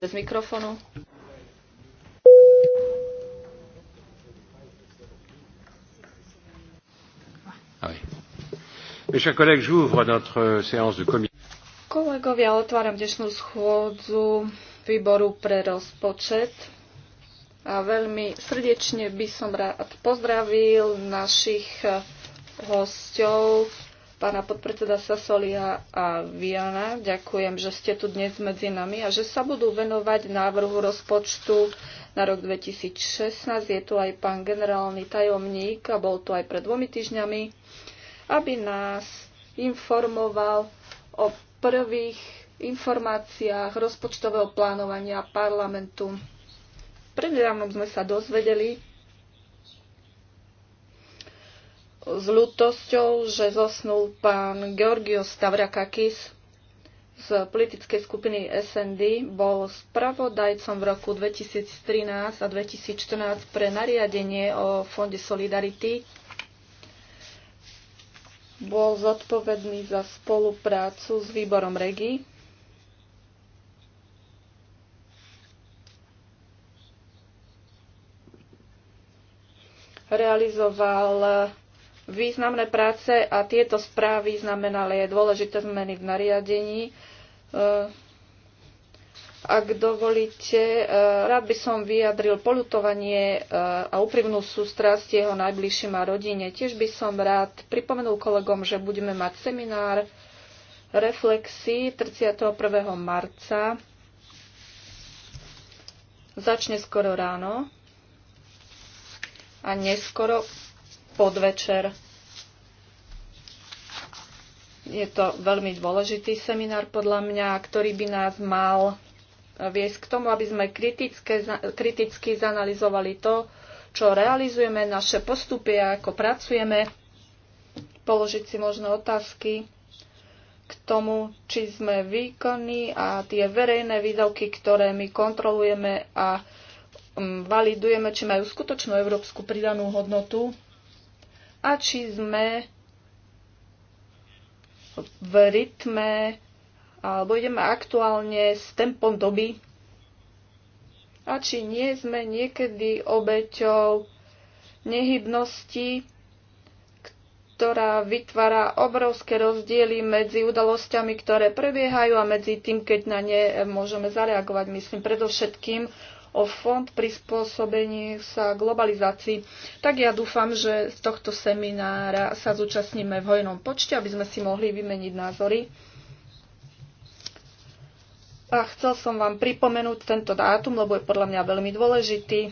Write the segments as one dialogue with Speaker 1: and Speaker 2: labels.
Speaker 1: bez mikrofonu. Ah Kolegovia, otváram dnešnú schôdzu výboru pre rozpočet. A veľmi srdečne by som rád pozdravil našich hostov, pána podpredseda Sasolia a Viana. Ďakujem, že ste tu dnes medzi nami a že sa budú venovať návrhu rozpočtu na rok 2016. Je tu aj pán generálny tajomník a bol tu aj pred dvomi týždňami, aby nás informoval o prvých informáciách rozpočtového plánovania parlamentu. Prednedávnom sme sa dozvedeli, s ľutosťou, že zosnul pán Georgios Stavrakakis z politickej skupiny SND. Bol spravodajcom v roku 2013 a 2014 pre nariadenie o Fonde Solidarity. Bol zodpovedný za spoluprácu s výborom REGI. realizoval významné práce a tieto správy znamenali aj dôležité zmeny v nariadení. Eh, ak dovolíte, eh, rád by som vyjadril polutovanie eh, a úprimnú sústrasť jeho najbližším a rodine. Tiež by som rád pripomenul kolegom, že budeme mať seminár reflexy 31. marca. Začne skoro ráno a neskoro podvečer. Je to veľmi dôležitý seminár podľa mňa, ktorý by nás mal eh, viesť k tomu, aby sme kritické, kriticky zanalizovali to, čo realizujeme, naše postupy, ako pracujeme, položiť si možno otázky k tomu, či sme výkonní a tie verejné výdavky, ktoré my kontrolujeme a mm, validujeme, či majú skutočnú európsku pridanú hodnotu a či sme v rytme alebo ideme aktuálne s tempom doby a či nie sme niekedy obeťou nehybnosti, ktorá vytvára obrovské rozdiely medzi udalosťami, ktoré prebiehajú a medzi tým, keď na ne môžeme zareagovať. Myslím predovšetkým o fond prispôsobenie sa globalizácii. Tak ja dúfam, že z tohto seminára sa zúčastníme v hojnom počte, aby sme si mohli vymeniť názory. A chcel som vám pripomenúť tento dátum, lebo je podľa mňa veľmi dôležitý.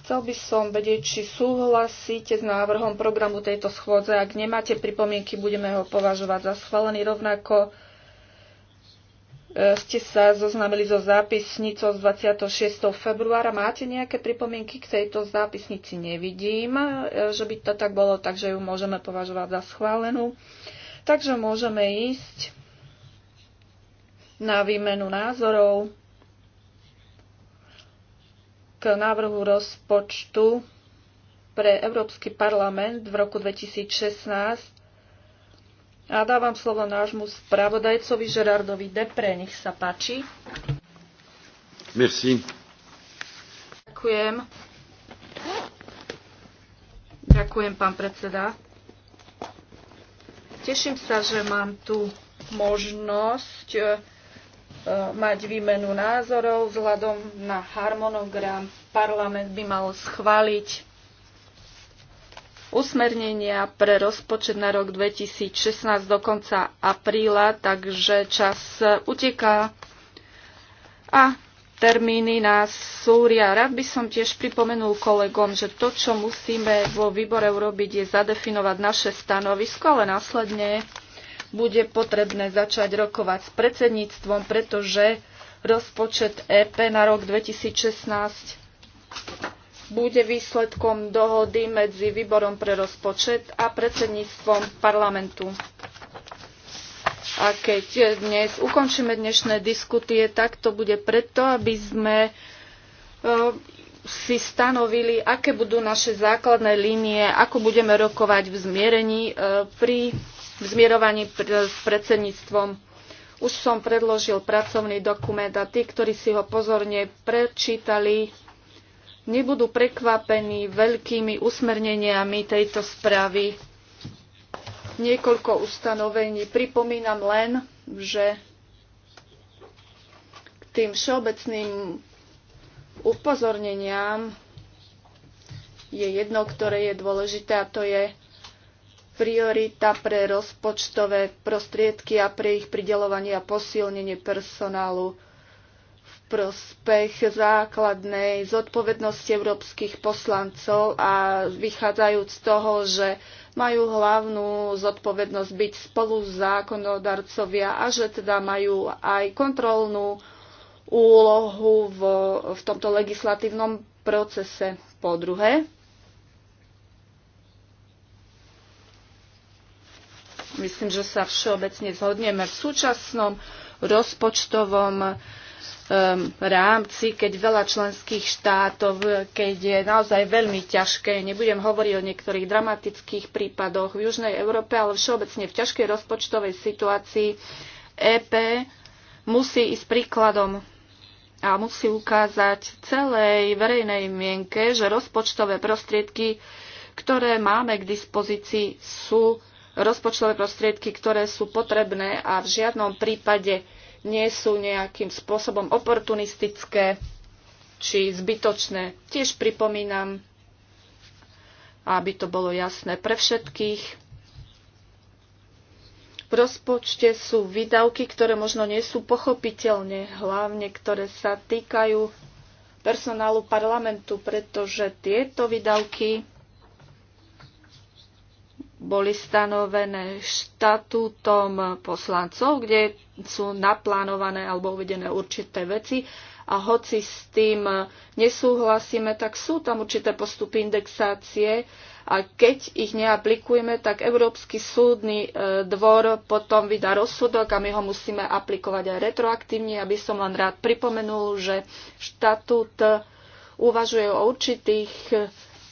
Speaker 1: Chcel by som vedieť, či súhlasíte s návrhom programu tejto schôdze. Ak nemáte pripomienky, budeme ho považovať za schválený rovnako Eh, ste sa zoznámili so zápisnicou z 26. februára. Máte nejaké pripomienky k tejto zápisnici? Nevidím, eh, že by to tak bolo, takže ju môžeme považovať za schválenú. Takže môžeme ísť na výmenu názorov k návrhu rozpočtu pre Európsky parlament v roku 2016 a dávam slovo nášmu spravodajcovi Žerardovi Depre. Nech sa páči. Merci. Ďakujem. Ďakujem, pán predseda. Teším sa, že mám tu možnosť e, mať výmenu názorov vzhľadom na harmonogram. Parlament by mal schváliť usmernenia pre rozpočet na rok 2016 do konca apríla, takže čas uteká a termíny nás súria. Rád by som tiež pripomenul kolegom, že to, čo musíme vo výbore urobiť, je zadefinovať naše stanovisko, ale následne bude potrebné začať rokovať s predsedníctvom, pretože rozpočet EP na rok 2016 bude výsledkom dohody medzi výborom pre rozpočet a predsedníctvom parlamentu. A keď dnes ukončíme dnešné diskutie, tak to bude preto, aby sme e, si stanovili, aké budú naše základné línie, ako budeme rokovať v zmierení e, pri v zmierovaní s predsedníctvom. Už som predložil pracovný dokument a tí, ktorí si ho pozorne prečítali, nebudú prekvapení veľkými usmerneniami tejto správy. Niekoľko ustanovení. Pripomínam len, že k tým všeobecným upozorneniam je jedno, ktoré je dôležité a to je priorita pre rozpočtové prostriedky a pre ich pridelovanie a posilnenie personálu prospech základnej zodpovednosti európskych poslancov a vychádzajúc z toho, že majú hlavnú zodpovednosť byť spolu zákonodarcovia a že teda majú aj kontrolnú úlohu v, v tomto legislatívnom procese. Po druhé, myslím, že sa všeobecne zhodneme v súčasnom rozpočtovom um, rámci, keď veľa členských štátov, uh, keď je naozaj veľmi ťažké, nebudem hovoriť o niektorých dramatických prípadoch v Južnej Európe, ale všeobecne v ťažkej rozpočtovej situácii EP musí ísť príkladom a musí ukázať celej verejnej mienke, že rozpočtové prostriedky, ktoré máme k dispozícii, sú rozpočtové prostriedky, ktoré sú potrebné a v žiadnom prípade nie sú nejakým spôsobom oportunistické či zbytočné. Tiež pripomínam, aby to bolo jasné pre všetkých, v rozpočte sú výdavky, ktoré možno nie sú pochopiteľne, hlavne ktoré sa týkajú personálu parlamentu, pretože tieto výdavky boli stanovené štatútom poslancov, kde sú naplánované alebo uvedené určité veci a hoci s tým nesúhlasíme, tak sú tam určité postupy indexácie a keď ich neaplikujeme, tak Európsky súdny e, dvor potom vydá rozsudok a my ho musíme aplikovať aj retroaktívne. Aby som len rád pripomenul, že štatút uvažuje o určitých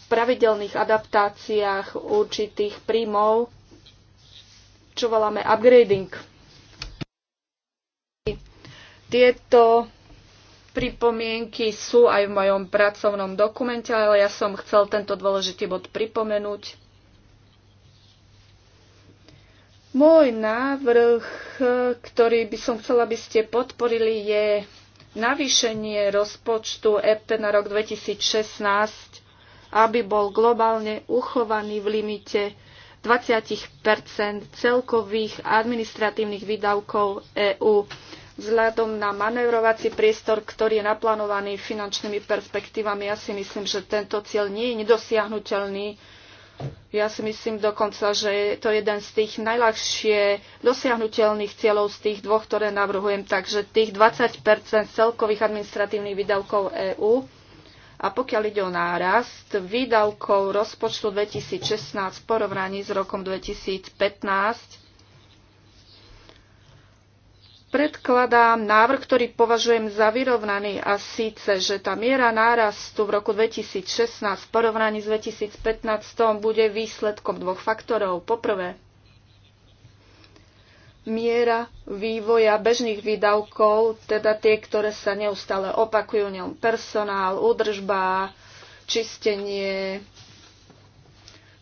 Speaker 1: pravidelných adaptáciách určitých príjmov, čo voláme upgrading. Tieto pripomienky sú aj v mojom pracovnom dokumente, ale ja som chcel tento dôležitý bod pripomenúť. Môj návrh, ktorý by som chcela, aby ste podporili, je navýšenie rozpočtu EP na rok 2016 aby bol globálne uchovaný v limite 20 celkových administratívnych výdavkov EÚ vzhľadom na manevrovací priestor, ktorý je naplánovaný finančnými perspektívami. Ja si myslím, že tento cieľ nie je nedosiahnuteľný. Ja si myslím dokonca, že je to jeden z tých najľahšie dosiahnutelných cieľov z tých dvoch, ktoré navrhujem. Takže tých 20 celkových administratívnych výdavkov EÚ a pokiaľ ide o nárast výdavkov rozpočtu 2016 v porovnaní s rokom 2015, predkladám návrh, ktorý považujem za vyrovnaný a síce, že tá miera nárastu v roku 2016 v porovnaní s 2015 bude výsledkom dvoch faktorov. Poprvé, miera vývoja bežných výdavkov, teda tie, ktoré sa neustále opakujú, ňom personál, údržba, čistenie,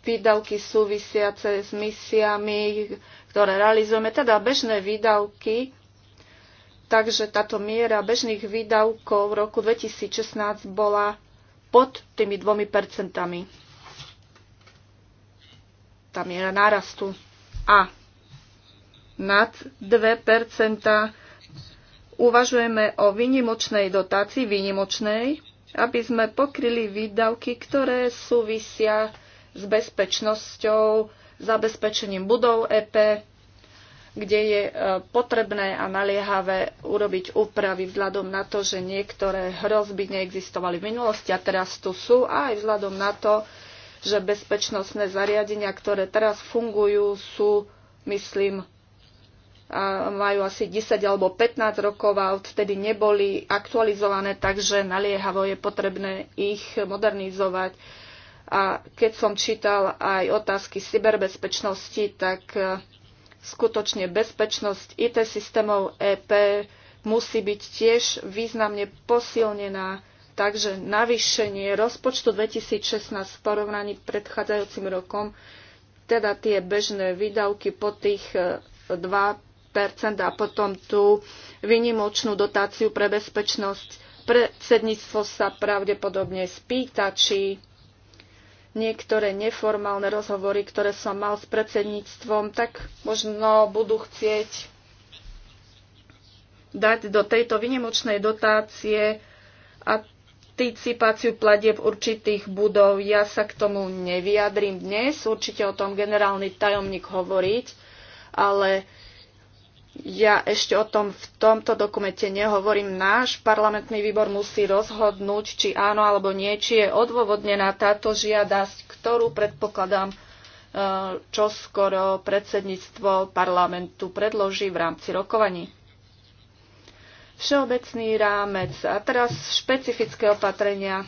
Speaker 1: výdavky súvisiace s misiami, ktoré realizujeme, teda bežné výdavky. Takže táto miera bežných výdavkov v roku 2016 bola pod tými dvomi percentami. Tá miera nárastu. A nad 2 uvažujeme o výnimočnej dotácii, výnimočnej, aby sme pokryli výdavky, ktoré súvisia s bezpečnosťou, zabezpečením budov EP, kde je e, potrebné a naliehavé urobiť úpravy vzhľadom na to, že niektoré hrozby neexistovali v minulosti a teraz tu sú a aj vzhľadom na to, že bezpečnostné zariadenia, ktoré teraz fungujú, sú, myslím, majú asi 10 alebo 15 rokov a odtedy neboli aktualizované, takže naliehavo je potrebné ich modernizovať. A keď som čítal aj otázky cyberbezpečnosti, tak e, skutočne bezpečnosť IT systémov EP musí byť tiež významne posilnená. Takže navýšenie rozpočtu 2016 v porovnaní s predchádzajúcim rokom, teda tie bežné výdavky po tých 2 e, a potom tú vynimočnú dotáciu pre bezpečnosť. Predsedníctvo sa pravdepodobne spýta, či niektoré neformálne rozhovory, ktoré som mal s predsedníctvom, tak možno budú chcieť dať do tejto vynimočnej dotácie anticipáciu platieb určitých budov. Ja sa k tomu nevyjadrím dnes, určite o tom generálny tajomník hovoriť, ale ja ešte o tom v tomto dokumente nehovorím. Náš parlamentný výbor musí rozhodnúť, či áno alebo nie, či je odôvodnená táto žiadosť, ktorú predpokladám, e, čo skoro predsedníctvo parlamentu predloží v rámci rokovaní. Všeobecný rámec a teraz špecifické opatrenia.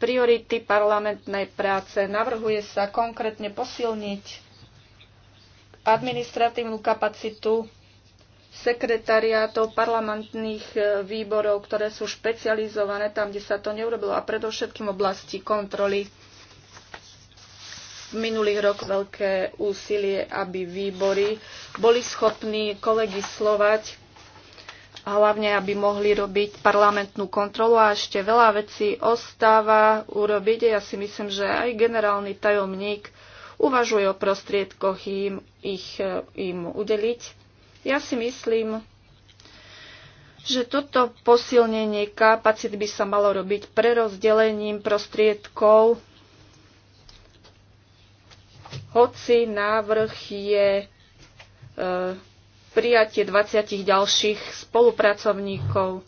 Speaker 1: Priority parlamentnej práce navrhuje sa konkrétne posilniť administratívnu kapacitu sekretariátov parlamentných e, výborov, ktoré sú špecializované tam, kde sa to neurobilo a predovšetkým oblasti kontroly. V minulých rok veľké úsilie, aby výbory boli schopní kolegislovať a hlavne, aby mohli robiť parlamentnú kontrolu a ešte veľa vecí ostáva urobiť. Ja si myslím, že aj generálny tajomník uvažuje o prostriedkoch im, ich, e, im udeliť. Ja si myslím, že toto posilnenie kapacit by sa malo robiť prerozdelením prostriedkov, hoci návrh je e, prijatie 20 ďalších spolupracovníkov.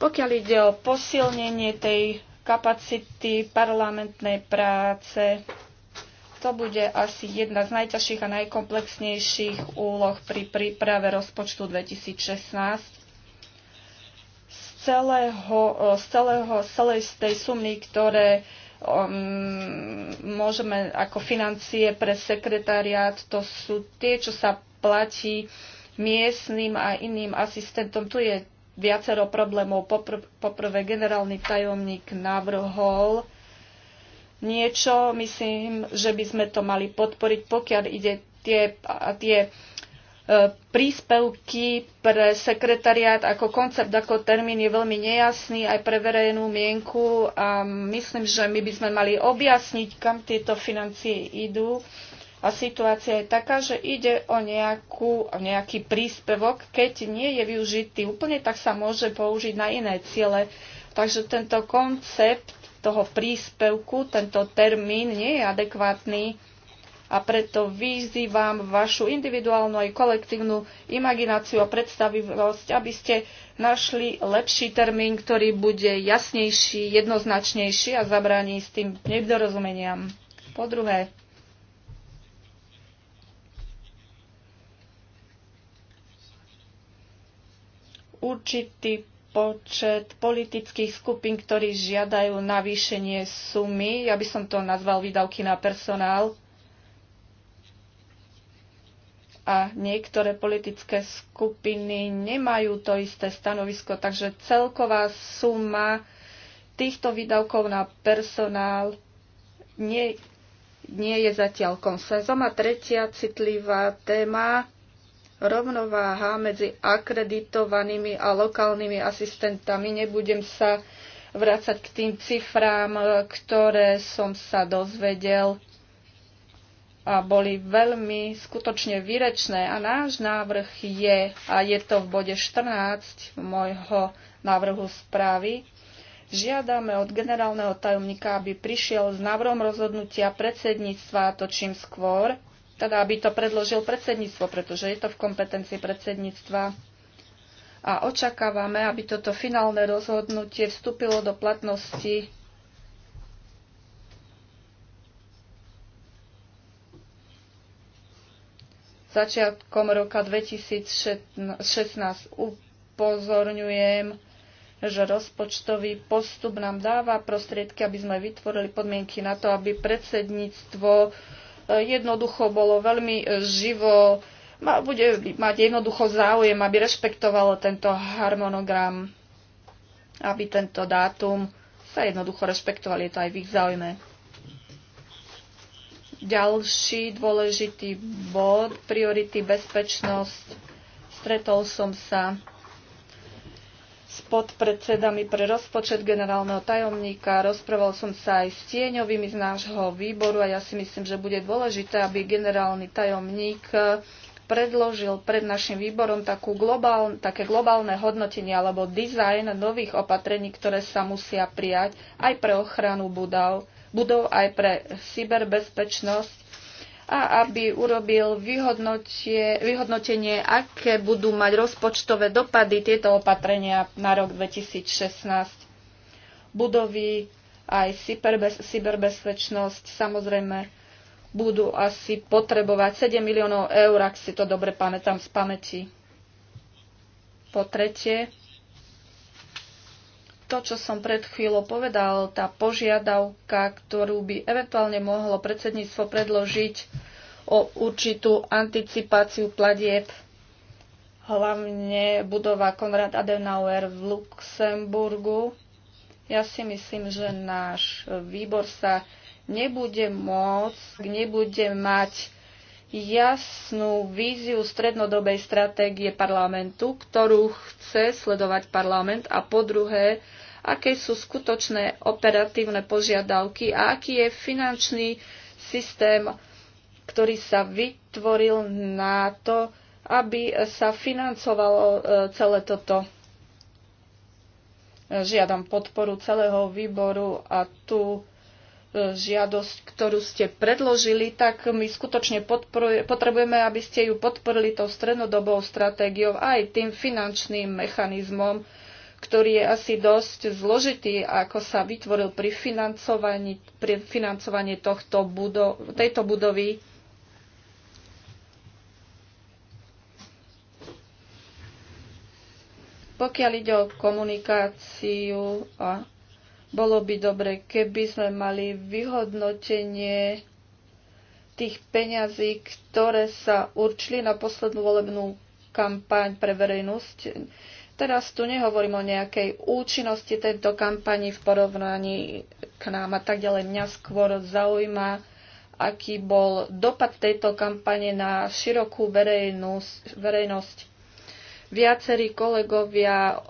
Speaker 1: Pokiaľ ide o posilnenie tej kapacity parlamentnej práce, to bude asi jedna z najťažších a najkomplexnejších úloh pri príprave rozpočtu 2016. Z, celého, z, celého, z celej z tej sumy, ktoré um, môžeme ako financie pre sekretariát, to sú tie, čo sa platí miestnym a iným asistentom. Tu je viacero problémov. Popr- poprvé generálny tajomník navrhol, niečo. Myslím, že by sme to mali podporiť, pokiaľ ide tie, tie e, príspevky pre sekretariát ako koncept, ako termín je veľmi nejasný aj pre verejnú mienku a myslím, že my by sme mali objasniť, kam tieto financie idú. A situácia je taká, že ide o nejakú, o nejaký príspevok, keď nie je využitý úplne, tak sa môže použiť na iné ciele. Takže tento koncept toho príspevku, tento termín nie je adekvátny a preto vyzývam vašu individuálnu aj kolektívnu imagináciu a predstavivosť, aby ste našli lepší termín, ktorý bude jasnejší, jednoznačnejší a zabraní s tým nedorozumeniam. Po druhé, určitý počet politických skupín, ktorí žiadajú navýšenie sumy. Ja by som to nazval výdavky na personál. A niektoré politické skupiny nemajú to isté stanovisko, takže celková suma týchto výdavkov na personál nie, nie je zatiaľ konsenzom. A tretia citlivá téma rovnováha medzi akreditovanými a lokálnymi asistentami. Nebudem sa vrácať k tým cifrám, ktoré som sa dozvedel a boli veľmi skutočne výrečné. A náš návrh je, a je to v bode 14 môjho návrhu správy, žiadame od generálneho tajomníka, aby prišiel s návrhom rozhodnutia predsedníctva to čím skôr, teda aby to predložil predsedníctvo, pretože je to v kompetencii predsedníctva. A očakávame, aby toto finálne rozhodnutie vstúpilo do platnosti začiatkom roka 2016. Upozorňujem, že rozpočtový postup nám dáva prostriedky, aby sme vytvorili podmienky na to, aby predsedníctvo jednoducho bolo veľmi e, živo, bude mať jednoducho záujem, aby rešpektovalo tento harmonogram, aby tento dátum sa jednoducho rešpektoval, je to aj v ich záujme. Ďalší dôležitý bod, priority bezpečnosť. Stretol som sa s podpredsedami pre rozpočet generálneho tajomníka. Rozprával som sa aj s tieňovými z nášho výboru a ja si myslím, že bude dôležité, aby generálny tajomník eh, predložil pred našim výborom takú globál, také globálne hodnotenie alebo dizajn nových opatrení, ktoré sa musia prijať aj pre ochranu budov, budov aj pre cyberbezpečnosť a aby urobil vyhodnotenie, aké budú mať rozpočtové dopady tieto opatrenia na rok 2016. Budovy, aj cyberbezpečnosť samozrejme budú asi potrebovať 7 miliónov eur, ak si to dobre pamätám z pamäti. Po tretie, to, čo som pred chvíľou povedal, tá požiadavka, ktorú by eventuálne mohlo predsedníctvo predložiť o určitú anticipáciu platieb, hlavne budova Konrad Adenauer v Luxemburgu. Ja si myslím, že náš výbor sa nebude môcť, nebude mať jasnú víziu strednodobej stratégie parlamentu, ktorú chce sledovať parlament a po druhé, aké sú skutočné operatívne požiadavky a aký je finančný systém, ktorý sa vytvoril na to, aby sa financovalo e, celé toto. Žiadam podporu celého výboru a tu žiadosť, ktorú ste predložili, tak my skutočne potrebujeme, aby ste ju podporili tou strednodobou stratégiou aj tým finančným mechanizmom, ktorý je asi dosť zložitý, ako sa vytvoril pri financovaní, pri financovaní tohto budov, tejto budovy. Pokiaľ ide o komunikáciu a bolo by dobre, keby sme mali vyhodnotenie tých peňazí, ktoré sa určili na poslednú volebnú kampaň pre verejnosť. Teraz tu nehovorím o nejakej účinnosti tejto kampani v porovnaní k nám a tak ďalej. Mňa skôr zaujíma, aký bol dopad tejto kampane na širokú verejnosť. Viacerí kolegovia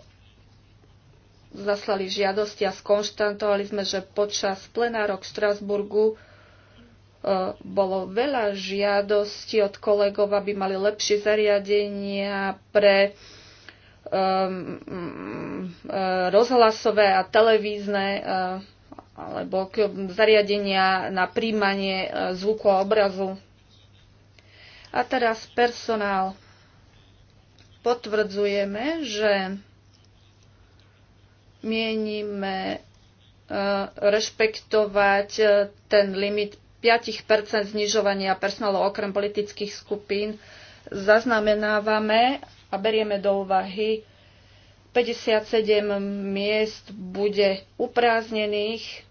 Speaker 1: zaslali žiadosti a skonštantovali sme, že počas plenárok v Štrasburgu e, bolo veľa žiadostí od kolegov, aby mali lepšie zariadenia pre um, rozhlasové a televízne alebo zariadenia na príjmanie zvuku a obrazu. A teraz personál. Potvrdzujeme, že mienime e, rešpektovať e, ten limit 5 znižovania personálu okrem politických skupín. Zaznamenávame a berieme do úvahy 57 miest bude upráznených.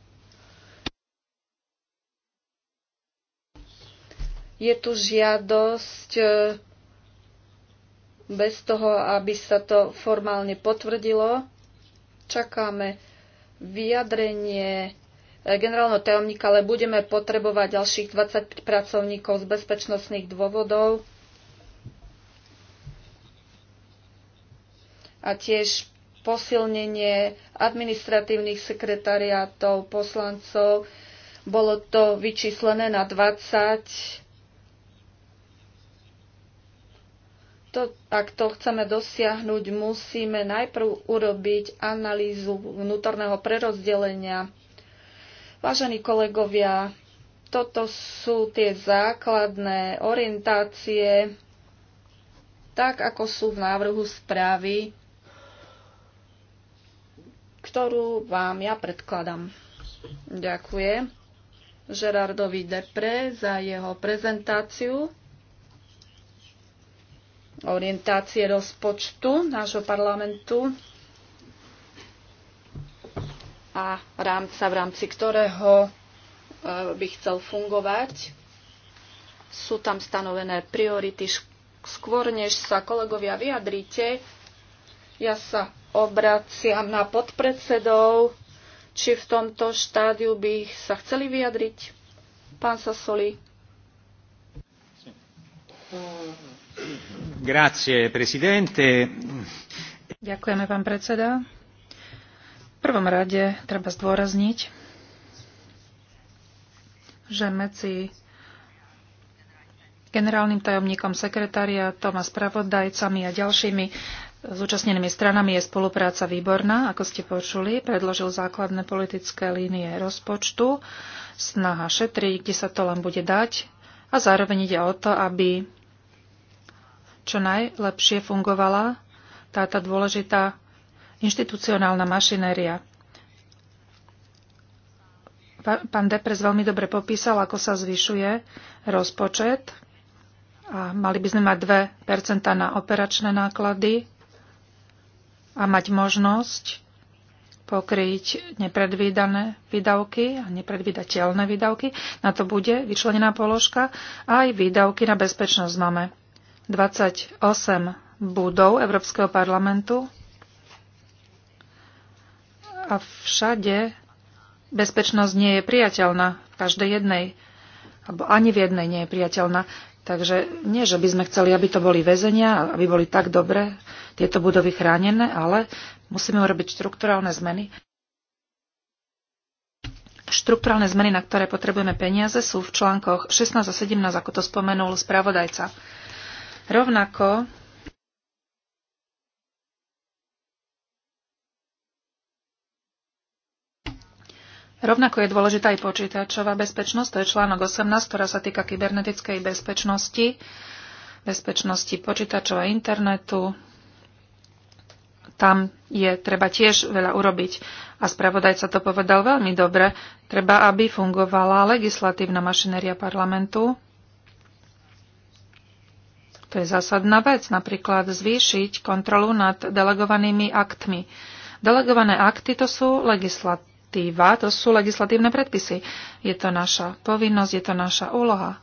Speaker 1: Je tu žiadosť e, bez toho, aby sa to formálne potvrdilo čakáme vyjadrenie e, generálneho tajomníka, ale budeme potrebovať ďalších 20 pracovníkov z bezpečnostných dôvodov. A tiež posilnenie administratívnych sekretariátov poslancov. Bolo to vyčíslené na 20 to, ak to chceme dosiahnuť, musíme najprv urobiť analýzu vnútorného prerozdelenia. Vážení kolegovia, toto sú tie základné orientácie, tak ako sú v návrhu správy, ktorú vám ja predkladám. Ďakujem Žerardovi Depre za jeho prezentáciu orientácie rozpočtu nášho parlamentu a rámca, v rámci ktorého e, by chcel fungovať. Sú tam stanovené priority. Skôr než sa kolegovia vyjadrite, ja sa obraciam na podpredsedov, či v tomto štádiu by sa chceli vyjadriť. Pán Sasoli.
Speaker 2: Hm.
Speaker 3: Ďakujeme, pán predseda. V prvom rade treba zdôrazniť, že medzi generálnym tajomníkom sekretariátom a spravodajcami a ďalšími zúčastnenými stranami je spolupráca výborná, ako ste počuli. Predložil základné politické línie rozpočtu, snaha šetriť, kde sa to len bude dať a zároveň ide o to, aby čo najlepšie fungovala táto dôležitá inštitucionálna mašinéria. Pán Depres veľmi dobre popísal, ako sa zvyšuje rozpočet a mali by sme mať 2% na operačné náklady a mať možnosť pokryť nepredvídané výdavky a nepredvídateľné výdavky. Na to bude vyčlenená položka a aj výdavky na bezpečnosť máme 28 budov Európskeho parlamentu a všade bezpečnosť nie je priateľná. V každej jednej, alebo ani v jednej nie je priateľná. Takže nie, že by sme chceli, aby to boli väzenia, aby boli tak dobre tieto budovy chránené, ale musíme urobiť štruktúralne zmeny. Štruktúralne zmeny, na ktoré potrebujeme peniaze, sú v článkoch 16 a 17, ako to spomenul spravodajca. Rovnako Rovnako je dôležitá aj počítačová bezpečnosť, to je článok 18, ktorá sa týka kybernetickej bezpečnosti, bezpečnosti počítačov a internetu. Tam je treba tiež veľa urobiť. A spravodajca to povedal veľmi dobre. Treba, aby fungovala legislatívna mašinéria parlamentu, to je zásadná vec, napríklad zvýšiť kontrolu nad delegovanými aktmi. Delegované akty to sú legislatíva, to sú legislatívne predpisy. Je to naša povinnosť, je to naša úloha.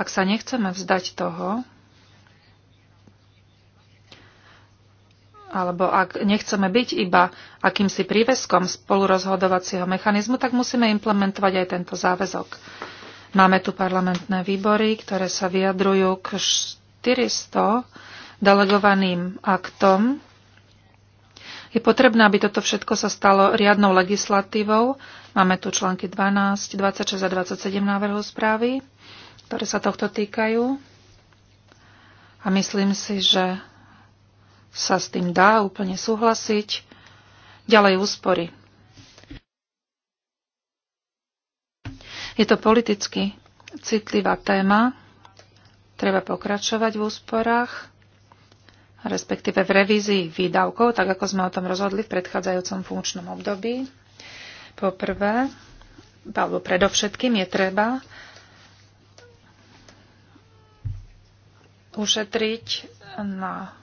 Speaker 3: Ak sa nechceme vzdať toho, alebo ak nechceme byť iba akýmsi príveskom spolurozhodovacieho mechanizmu, tak musíme implementovať aj tento záväzok. Máme tu parlamentné výbory, ktoré sa vyjadrujú k 400 delegovaným aktom. Je potrebné, aby toto všetko sa stalo riadnou legislatívou. Máme tu články 12, 26 a 27 návrhov správy, ktoré sa tohto týkajú. A myslím si, že sa s tým dá úplne súhlasiť. Ďalej úspory. Je to politicky citlivá téma. Treba pokračovať v úsporách, respektíve v revízii výdavkov, tak ako sme o tom rozhodli v predchádzajúcom funkčnom období. Poprvé, alebo predovšetkým je treba ušetriť na,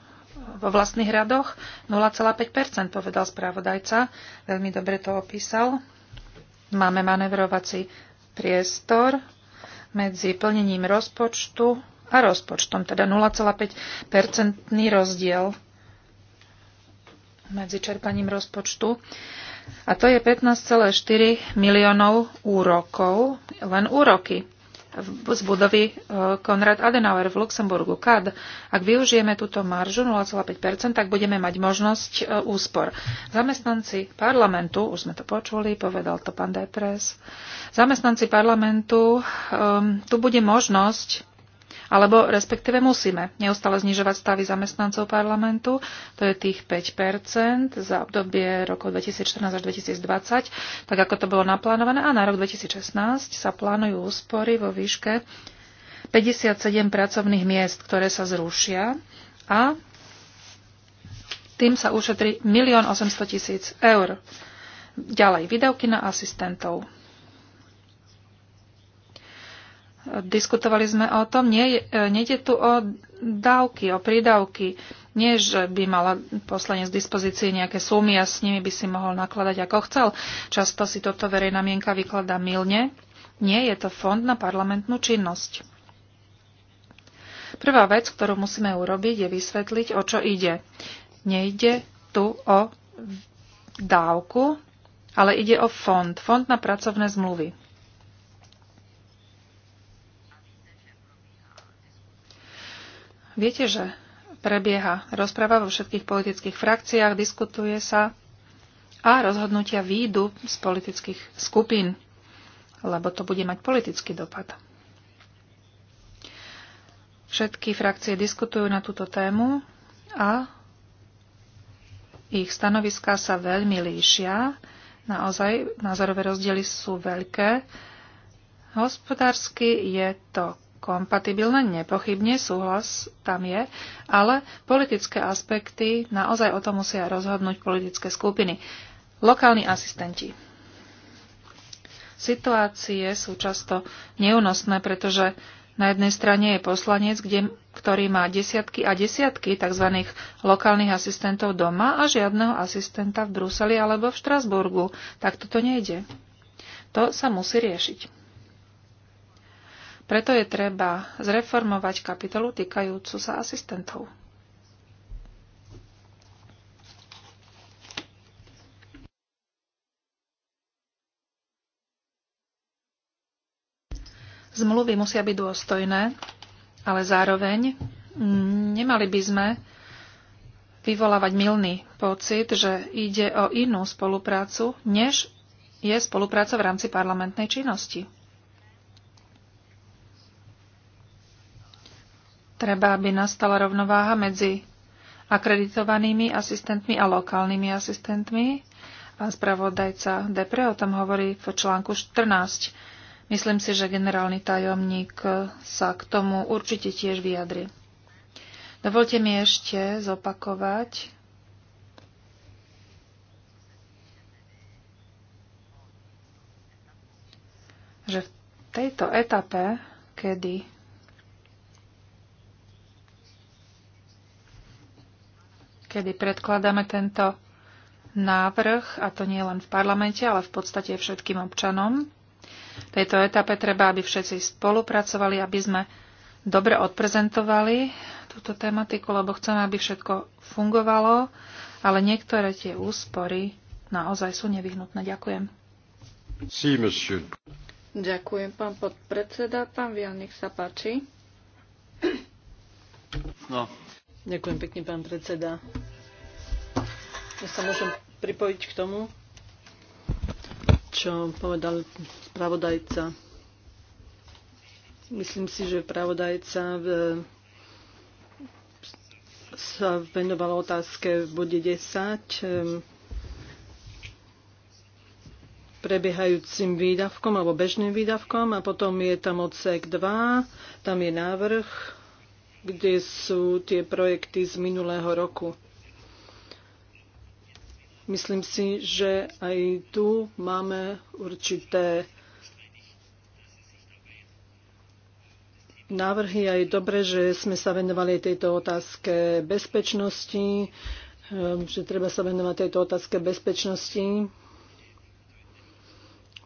Speaker 3: vo vlastných radoch 0,5%, povedal správodajca. Veľmi dobre to opísal. Máme manevrovací priestor medzi plnením rozpočtu a rozpočtom, teda 0,5-percentný rozdiel medzi čerpaním rozpočtu. A to je 15,4 miliónov úrokov, len úroky z budovy e, Konrad Adenauer v Luxemburgu, KAD. Ak využijeme túto maržu 0,5%, tak budeme mať možnosť e, úspor. Zamestnanci parlamentu, už sme to počuli, povedal to pán Depres, zamestnanci parlamentu, e, tu bude možnosť alebo respektíve musíme neustále znižovať stavy zamestnancov parlamentu, to je tých 5% za obdobie rokov 2014 až 2020, tak ako to bolo naplánované. A na rok 2016 sa plánujú úspory vo výške 57 pracovných miest, ktoré sa zrušia a tým sa ušetrí 1 800 000 eur. Ďalej, výdavky na asistentov. Diskutovali sme o tom, nie, e, nejde tu o dávky, o prídavky. Nie, že by mala poslanec z dispozície nejaké sumy a s nimi by si mohol nakladať ako chcel. Často si toto verejná mienka vykladá milne. Nie, je to fond na parlamentnú činnosť. Prvá vec, ktorú musíme urobiť, je vysvetliť, o čo ide. Nejde tu o dávku, ale ide o fond, fond na pracovné zmluvy. Viete, že prebieha rozpráva vo všetkých politických frakciách, diskutuje sa a rozhodnutia výjdu z politických skupín, lebo to bude mať politický dopad. Všetky frakcie diskutujú na túto tému a ich stanoviská sa veľmi líšia. Naozaj názorové rozdiely sú veľké. Hospodársky je to kompatibilné, nepochybne súhlas tam je, ale politické aspekty naozaj o tom musia rozhodnúť politické skupiny. Lokálni asistenti. Situácie sú často neúnosné, pretože na jednej strane je poslanec, kde, ktorý má desiatky a desiatky tzv. lokálnych asistentov doma a žiadneho asistenta v Bruseli alebo v Štrasburgu. Tak toto nejde. To sa musí riešiť. Preto je treba zreformovať kapitolu týkajúcu sa asistentov. Zmluvy musia byť dôstojné, ale zároveň mm, nemali by sme vyvolávať milný pocit, že ide o inú spoluprácu, než je spolupráca v rámci parlamentnej činnosti. Treba, aby nastala rovnováha medzi akreditovanými asistentmi a lokálnymi asistentmi. a spravodajca Depre o tom hovorí v článku 14. Myslím si, že generálny tajomník sa k tomu určite tiež vyjadri. Dovolte mi ešte zopakovať že v tejto etape, kedy kedy predkladáme tento návrh, a to nie len v parlamente, ale v podstate všetkým občanom. V tejto etape treba, aby všetci spolupracovali, aby sme dobre odprezentovali túto tematiku, lebo chceme, aby všetko fungovalo, ale niektoré tie úspory naozaj sú nevyhnutné. Ďakujem.
Speaker 1: Sí, Ďakujem, pán podpredseda. Pán Vian, nech sa páči.
Speaker 2: No, Ďakujem pekne, pán predseda. Ja sa môžem pripojiť k tomu, čo povedal spravodajca. Myslím si, že pravodajca e, sa venovala otázke v bode 10 e, prebiehajúcim výdavkom alebo bežným výdavkom a potom je tam odsek 2, tam je návrh kde sú tie projekty z minulého roku. Myslím si, že aj tu máme určité návrhy a je dobré, že sme sa venovali tejto otázke bezpečnosti, ehm, že treba sa venovať tejto otázke bezpečnosti,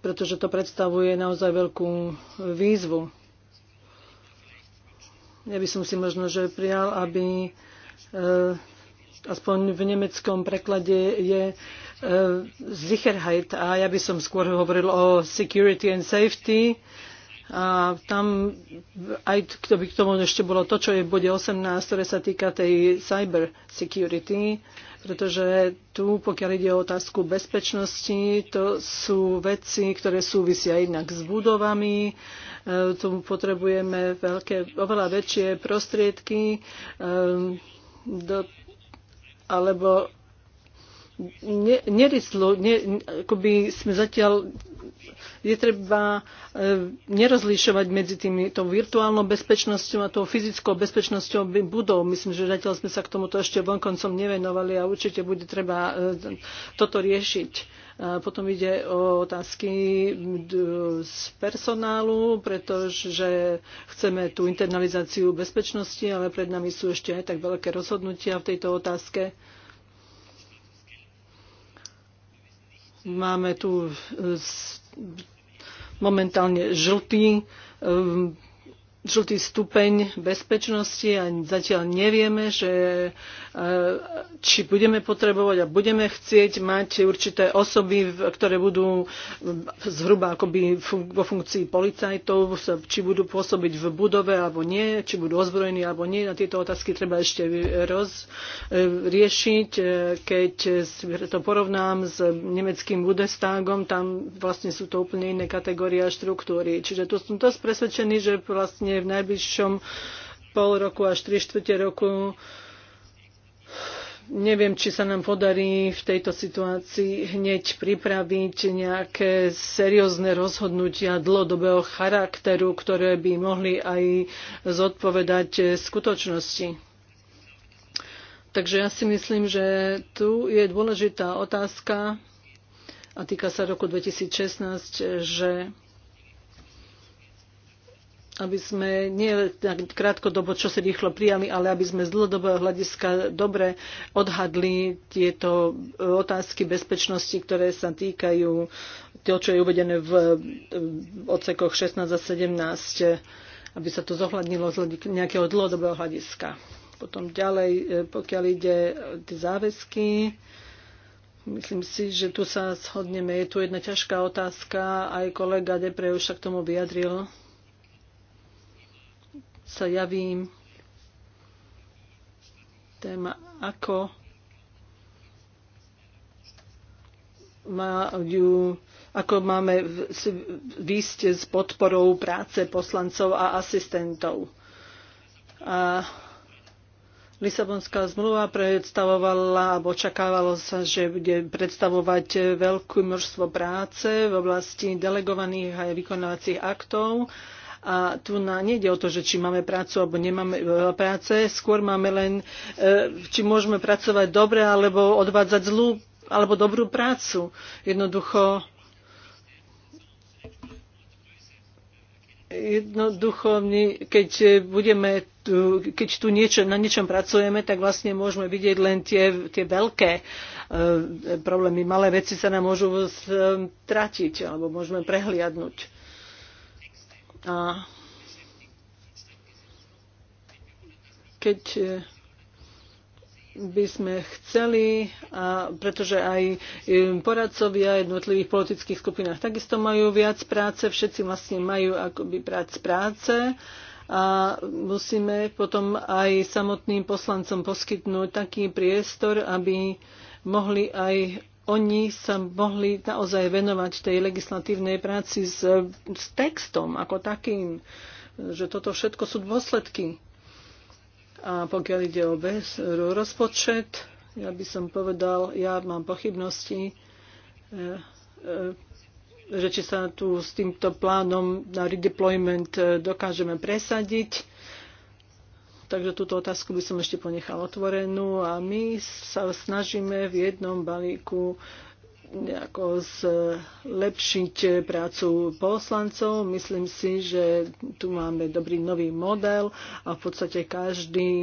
Speaker 2: pretože to predstavuje naozaj veľkú výzvu. Ja by som si možno, že prijal, aby e, aspoň v nemeckom preklade je e, Sicherheit a ja by som skôr hovoril o security and safety, a tam aj kto by k tomu ešte bolo to, čo je v bode 18, ktoré sa týka tej cyber security, pretože tu, pokiaľ ide o otázku bezpečnosti, to sú veci, ktoré súvisia inak s budovami. E, tu potrebujeme veľké, oveľa väčšie prostriedky, e, do, alebo ne, nerislo, ne, akoby sme zatiaľ je treba e, nerozlišovať medzi tými, tou virtuálnou bezpečnosťou a tou fyzickou bezpečnosťou budov. Myslím, že zatiaľ sme sa k tomuto ešte vonkoncom nevenovali a určite bude treba e, toto riešiť. Potom ide o otázky z personálu, pretože chceme tú internalizáciu bezpečnosti, ale pred nami sú ešte aj tak veľké rozhodnutia v tejto otázke. Máme tu momentálne žltý ehm, žltý stupeň bezpečnosti a zatiaľ nevieme, že, eh, či budeme potrebovať a budeme chcieť mať určité osoby, ktoré budú eh, zhruba akoby vo funkcii policajtov, či budú pôsobiť v budove alebo nie, či budú ozbrojení alebo nie. Na tieto otázky treba ešte rozriešiť. Eh, keď to porovnám s nemeckým Bundestagom, tam vlastne sú to úplne iné kategórie a štruktúry. Čiže tu som dosť presvedčený, že vlastne v najbližšom pol roku až tri štvrte roku neviem, či sa nám podarí v tejto situácii hneď pripraviť nejaké seriózne rozhodnutia dlhodobého charakteru, ktoré by mohli aj zodpovedať skutočnosti. Takže ja si myslím, že tu je dôležitá otázka a týka sa roku 2016, že aby sme nie krátkodobo, čo si rýchlo prijali, ale aby sme z dlhodobého hľadiska dobre odhadli tieto e, otázky bezpečnosti, ktoré sa týkajú toho, čo je uvedené v e, odsekoch 16 a 17, e, aby sa to zohľadnilo z nejakého dlhodobého hľadiska. Potom ďalej, pokiaľ ide tie záväzky, Myslím si, že tu sa shodneme. Je tu jedna ťažká otázka, aj kolega Depre už sa k tomu vyjadril sa javím téma, ako majú ako máme výjsť s podporou práce poslancov a asistentov. A Lisabonská zmluva predstavovala, alebo očakávalo sa, že bude predstavovať veľké množstvo práce v oblasti delegovaných a vykonávacích aktov a tu na, nejde o to, že či máme prácu alebo nemáme e, práce, skôr máme len, e, či môžeme pracovať dobre alebo odvádzať zlú alebo dobrú prácu. Jednoducho jednoducho, keď budeme tu, keď tu niečo, na niečom pracujeme, tak vlastne môžeme vidieť len tie, tie veľké e, problémy. Malé veci sa nám môžu e, stratiť alebo môžeme prehliadnúť. A keď eh, by sme chceli, a pretože aj eh, poradcovia jednotlivých politických skupinách takisto majú viac práce, všetci vlastne majú akoby prác práce a musíme potom aj samotným poslancom poskytnúť taký priestor, aby mohli aj oni sa mohli naozaj venovať tej legislatívnej práci s, s textom ako takým, že toto všetko sú dôsledky. A pokiaľ ide o bez, rozpočet, ja by som povedal, ja mám pochybnosti, e, e, že či sa tu s týmto plánom na redeployment e, dokážeme presadiť Takže túto otázku by som ešte ponechal otvorenú a my sa snažíme v jednom balíku nejako zlepšiť prácu poslancov. Myslím si, že tu máme dobrý nový model a v podstate každý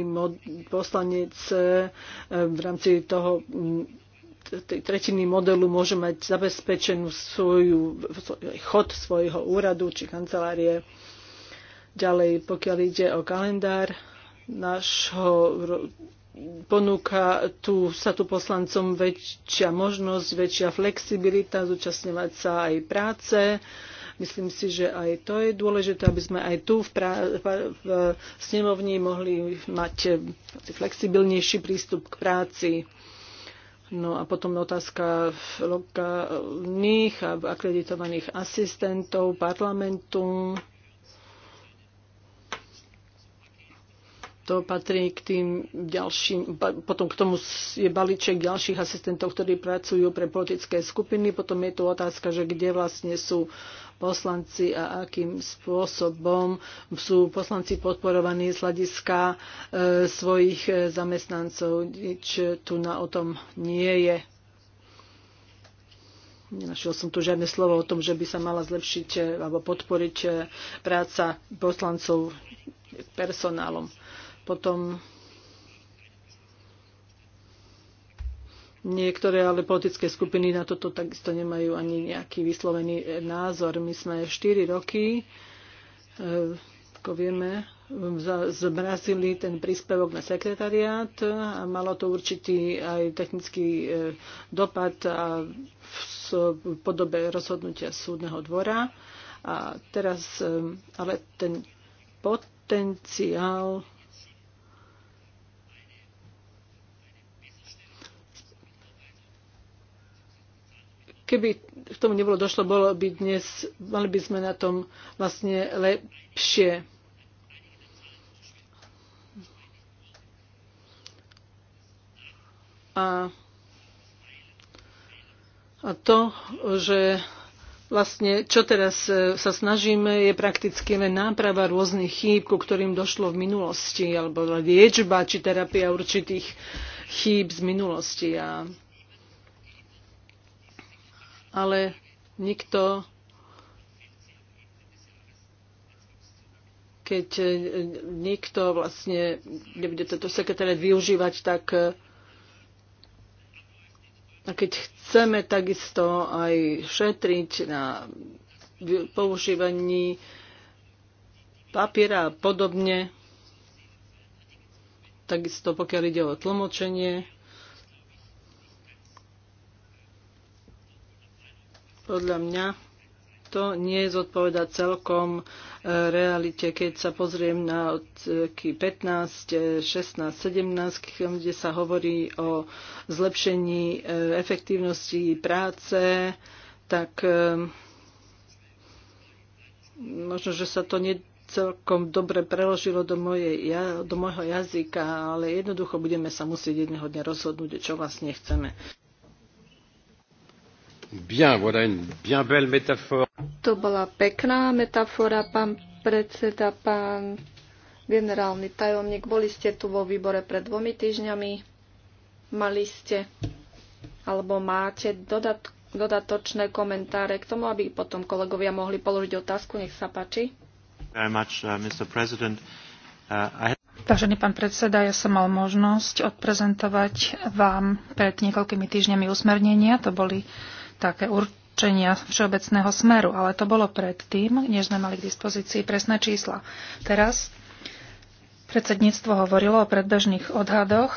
Speaker 2: poslanec eh, v rámci toho mm, tej tretiny modelu môže mať zabezpečenú svoju, chod svojho úradu či kancelárie. Ďalej, pokiaľ ide o kalendár, nášho ponúka tu, sa tu poslancom väčšia možnosť, väčšia flexibilita zúčastňovať sa aj práce. Myslím si, že aj to je dôležité, aby sme aj tu v, prá- v snemovni mohli mať flexibilnejší prístup k práci. No a potom otázka lokálnych a akreditovaných asistentov parlamentu. to patrí k tým ďalším, potom k tomu je balíček ďalších asistentov, ktorí pracujú pre politické skupiny. Potom je tu otázka, že kde vlastne sú poslanci a akým spôsobom sú poslanci podporovaní z hľadiska e, svojich e, zamestnancov. Nič tu na o tom nie je. Nenašiel som tu žiadne slovo o tom, že by sa mala zlepšiť e, alebo podporiť e, práca poslancov personálom. Potom Niektoré ale politické skupiny na toto takisto nemajú ani nejaký vyslovený e, názor. My sme 4 roky, e, ako vieme, zmrazili ten príspevok na sekretariát a malo to určitý aj technický e, dopad a v podobe rozhodnutia súdneho dvora. A teraz ale ten potenciál Keby k tomu nebolo došlo, bolo by dnes, mali by sme na tom vlastne lepšie. A, a to, že vlastne čo teraz e, sa snažíme, je prakticky len náprava rôznych chýb, ku ktorým došlo v minulosti, alebo liečba či terapia určitých chýb z minulosti. A ale nikto keď e, nikto vlastne nebude tento sekretariat využívať, tak e, a keď chceme takisto aj šetriť na používaní papiera a podobne, takisto pokiaľ ide o tlmočenie, Podľa mňa to nie je zodpoveda celkom e, realite, keď sa pozriem na odseky 15, 16, 17, kde sa hovorí o zlepšení e, efektívnosti práce, tak e, možno, že sa to nie celkom dobre preložilo do, mojej, do môjho jazyka, ale jednoducho budeme sa musieť jedného dňa rozhodnúť, čo vlastne chceme.
Speaker 1: To bola pekná metafora, pán predseda, pán generálny tajomník. Boli ste tu vo výbore pred dvomi týždňami. Mali ste alebo máte dodat, dodatočné komentáre k tomu, aby potom kolegovia mohli položiť otázku. Nech sa páči.
Speaker 4: Uh, uh,
Speaker 3: Vážený pán predseda, ja som mal možnosť odprezentovať vám pred niekoľkými týždňami usmernenia. To boli uh, také určenia všeobecného smeru, ale to bolo predtým, než sme mali k dispozícii presné čísla. Teraz predsedníctvo hovorilo o predbežných odhadoch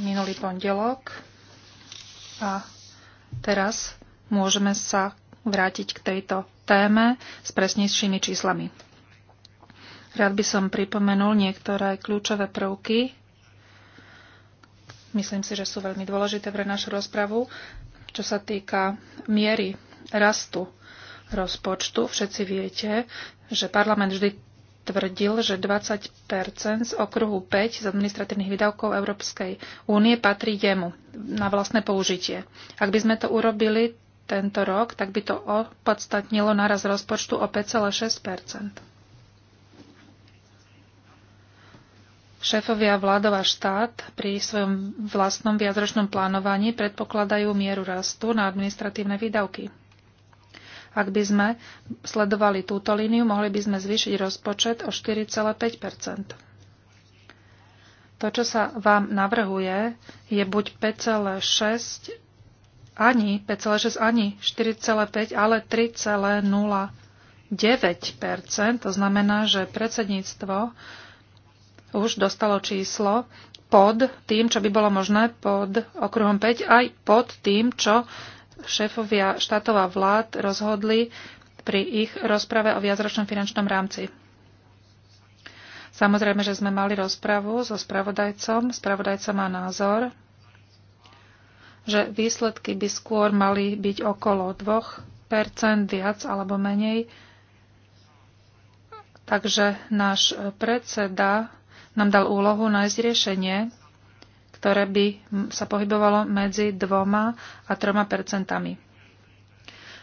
Speaker 3: minulý pondelok a teraz môžeme sa vrátiť k tejto téme s presnejšími číslami. Rád by som pripomenul niektoré kľúčové prvky. Myslím si, že sú veľmi dôležité pre našu rozpravu čo sa týka miery rastu rozpočtu. Všetci viete, že parlament vždy tvrdil, že 20 z okruhu 5 z administratívnych výdavkov Európskej únie patrí jemu na vlastné použitie. Ak by sme to urobili tento rok, tak by to opodstatnilo naraz rozpočtu o 5,6 Šéfovia vládov a štát pri svojom vlastnom viacročnom plánovaní predpokladajú mieru rastu na administratívne výdavky. Ak by sme sledovali túto líniu, mohli by sme zvýšiť rozpočet o 4,5 To, čo sa vám navrhuje, je buď 5,6 ani 5,6 ani 4,5, ale 3,09 To znamená, že predsedníctvo už dostalo číslo pod tým, čo by bolo možné pod okruhom 5, aj pod tým, čo šéfovia štátov a vlád rozhodli pri ich rozprave o viacročnom finančnom rámci. Samozrejme, že sme mali rozpravu so spravodajcom. Spravodajca má názor, že výsledky by skôr mali byť okolo 2% viac alebo menej. Takže náš predseda nám dal úlohu nájsť riešenie, ktoré by sa pohybovalo medzi dvoma a troma percentami.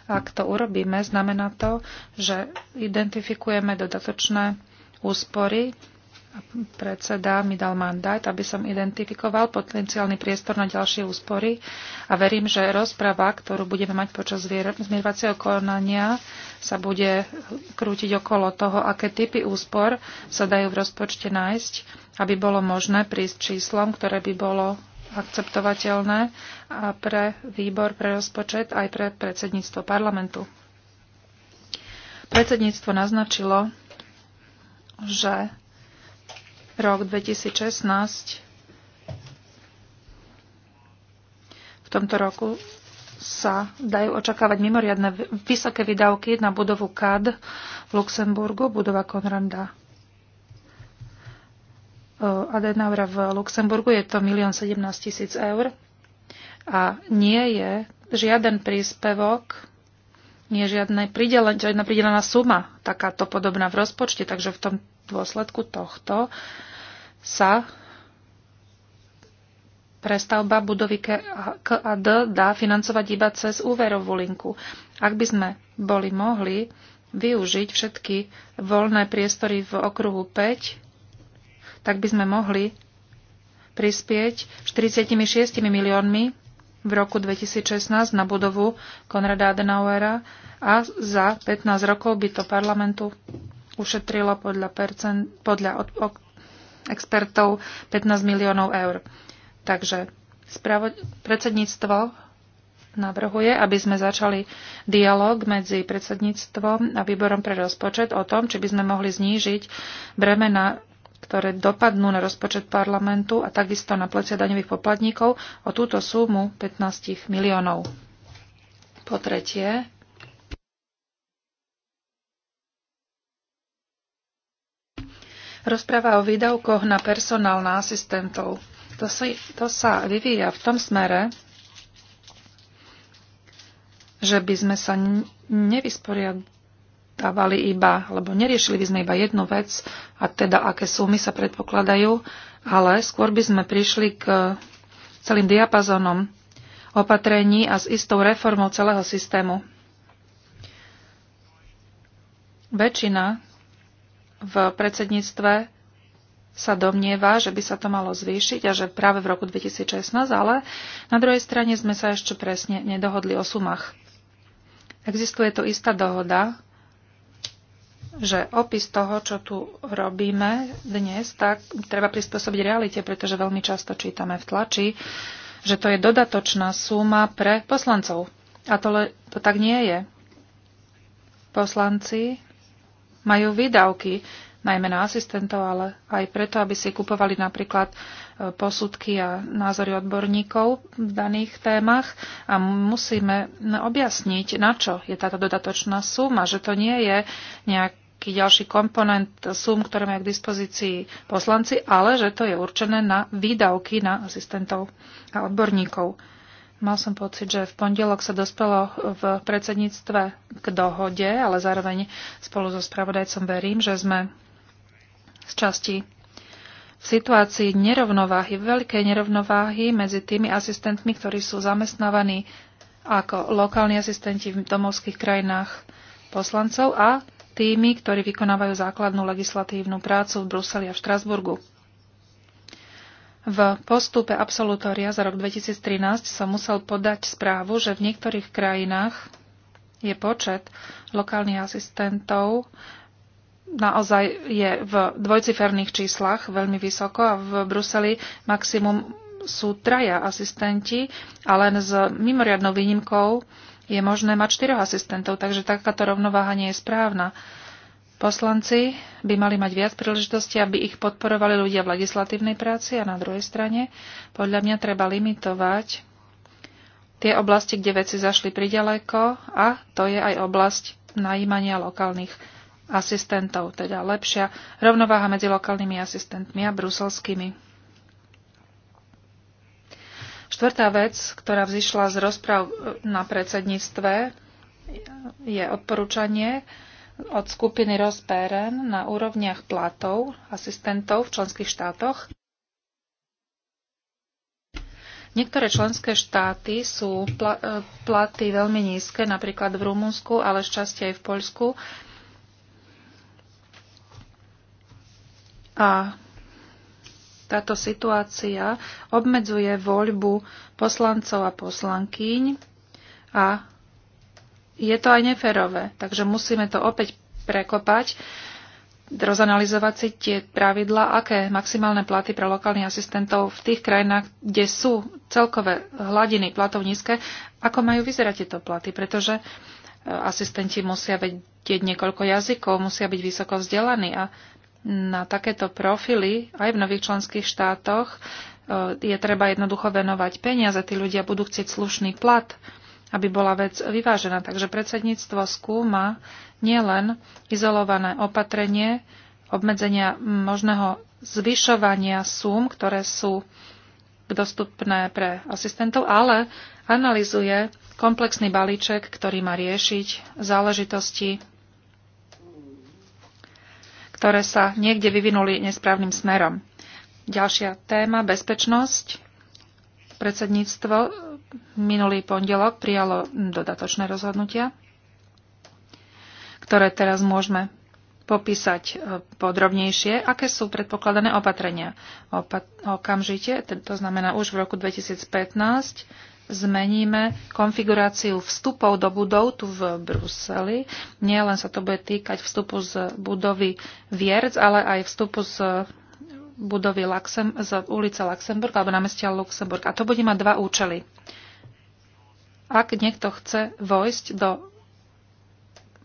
Speaker 3: Ak to urobíme, znamená to, že identifikujeme dodatočné úspory predseda mi dal mandát, aby som identifikoval potenciálny priestor na ďalšie úspory a verím, že rozprava, ktorú budeme mať počas zmierovacieho konania, sa bude krútiť okolo toho, aké typy úspor sa dajú v rozpočte nájsť, aby bolo možné prísť číslom, ktoré by bolo akceptovateľné a pre výbor pre rozpočet aj pre predsedníctvo parlamentu. Predsedníctvo naznačilo, že rok 2016. V tomto roku sa dajú očakávať mimoriadne vysoké výdavky na budovu CAD v Luxemburgu, budova Konranda e, Adenaura v Luxemburgu, je to 1 17 000 eur a nie je žiaden príspevok nie žiadne pridelen, žiadna pridelená suma takáto podobná v rozpočte, takže v tom dôsledku tohto sa prestavba budovy K a D dá financovať iba cez úverovú linku. Ak by sme boli mohli využiť všetky voľné priestory v okruhu 5, tak by sme mohli prispieť 46 miliónmi v roku 2016 na budovu Konrada Adenauera a za 15 rokov by to parlamentu ušetrilo podľa, percent, podľa od, od, expertov 15 miliónov eur. Takže spravo, predsedníctvo navrhuje, aby sme začali dialog medzi predsedníctvom a výborom pre rozpočet o tom, či by sme mohli znížiť bremena ktoré dopadnú na rozpočet parlamentu a takisto na plecia daňových poplatníkov o túto sumu 15 miliónov. Po tretie, rozpráva o výdavkoch na personál na asistentov. To sa, to sa vyvíja v tom smere, že by sme sa nevysporiadali dávali iba, alebo neriešili by sme iba jednu vec, a teda aké sumy sa predpokladajú, ale skôr by sme prišli k celým diapazonom opatrení a s istou reformou celého systému. Väčšina v predsedníctve sa domnieva, že by sa to malo zvýšiť a že práve v roku 2016, ale na druhej strane sme sa ešte presne nedohodli o sumách. Existuje to istá dohoda, že opis toho, čo tu robíme dnes, tak treba prispôsobiť realite, pretože veľmi často čítame v tlači, že to je dodatočná suma pre poslancov. A to, le, to tak nie je. Poslanci majú výdavky, najmä na asistentov, ale aj preto, aby si kupovali napríklad e, posudky a názory odborníkov v daných témach a musíme no, objasniť, na čo je táto dodatočná suma, že to nie je nejak nejaký ďalší komponent eh, sum, ktoré majú k dispozícii poslanci, ale že to je určené na výdavky na asistentov a odborníkov. Mal som pocit, že v pondelok sa dospelo v predsedníctve k dohode, ale zároveň spolu so spravodajcom verím, že sme z časti v situácii nerovnováhy, veľkej nerovnováhy medzi tými asistentmi, ktorí sú zamestnávaní ako lokálni asistenti v domovských krajinách poslancov a tými, ktorí vykonávajú základnú legislatívnu prácu v Bruseli a v Štrasburgu. V postupe absolutória za rok 2013 som musel podať správu, že v niektorých krajinách je počet lokálnych asistentov naozaj je v dvojciferných číslach veľmi vysoko a v Bruseli maximum sú traja asistenti a len s mimoriadnou výnimkou je možné mať štyroch asistentov, takže takáto rovnováha nie je správna. Poslanci by mali mať viac príležitosti, aby ich podporovali ľudia v legislatívnej práci a na druhej strane podľa mňa treba limitovať tie oblasti, kde veci zašli pridaleko a to je aj oblasť najímania lokálnych asistentov, teda lepšia rovnováha medzi lokálnymi asistentmi a bruselskými. Štvrtá vec, ktorá vzýšla z rozpráv na predsedníctve, je odporúčanie od skupiny Rosperen na úrovniach platov asistentov v členských štátoch. Niektoré členské štáty sú e, platy veľmi nízke, napríklad v Rumunsku, ale šťastie aj v Poľsku. A táto situácia obmedzuje voľbu poslancov a poslankyň a je to aj neférové, takže musíme to opäť prekopať, rozanalizovať si tie pravidla, aké maximálne platy pre lokálnych asistentov v tých krajinách, kde sú celkové hladiny platov nízke, ako majú vyzerať tieto platy, pretože e, asistenti musia vedieť niekoľko jazykov, musia byť vysoko vzdelaní a na takéto profily aj v nových členských štátoch e, je treba jednoducho venovať peniaze. Tí ľudia budú chcieť slušný plat, aby bola vec vyvážená. Takže predsedníctvo skúma nielen izolované opatrenie, obmedzenia možného zvyšovania súm, ktoré sú dostupné pre asistentov, ale analizuje komplexný balíček, ktorý má riešiť záležitosti ktoré sa niekde vyvinuli nesprávnym smerom. Ďalšia téma, bezpečnosť. Predsedníctvo minulý pondelok prijalo dodatočné rozhodnutia, ktoré teraz môžeme popísať e, podrobnejšie, aké sú predpokladané opatrenia. Opa- okamžite, to znamená už v roku 2015, zmeníme konfiguráciu vstupov do budov tu v Bruseli. Nie len sa to bude týkať vstupu z budovy Vierc, ale aj vstupu z budovy Laxem, z ulice Luxemburg alebo námestia Luxemburg. A to bude mať dva účely. Ak niekto chce vojsť do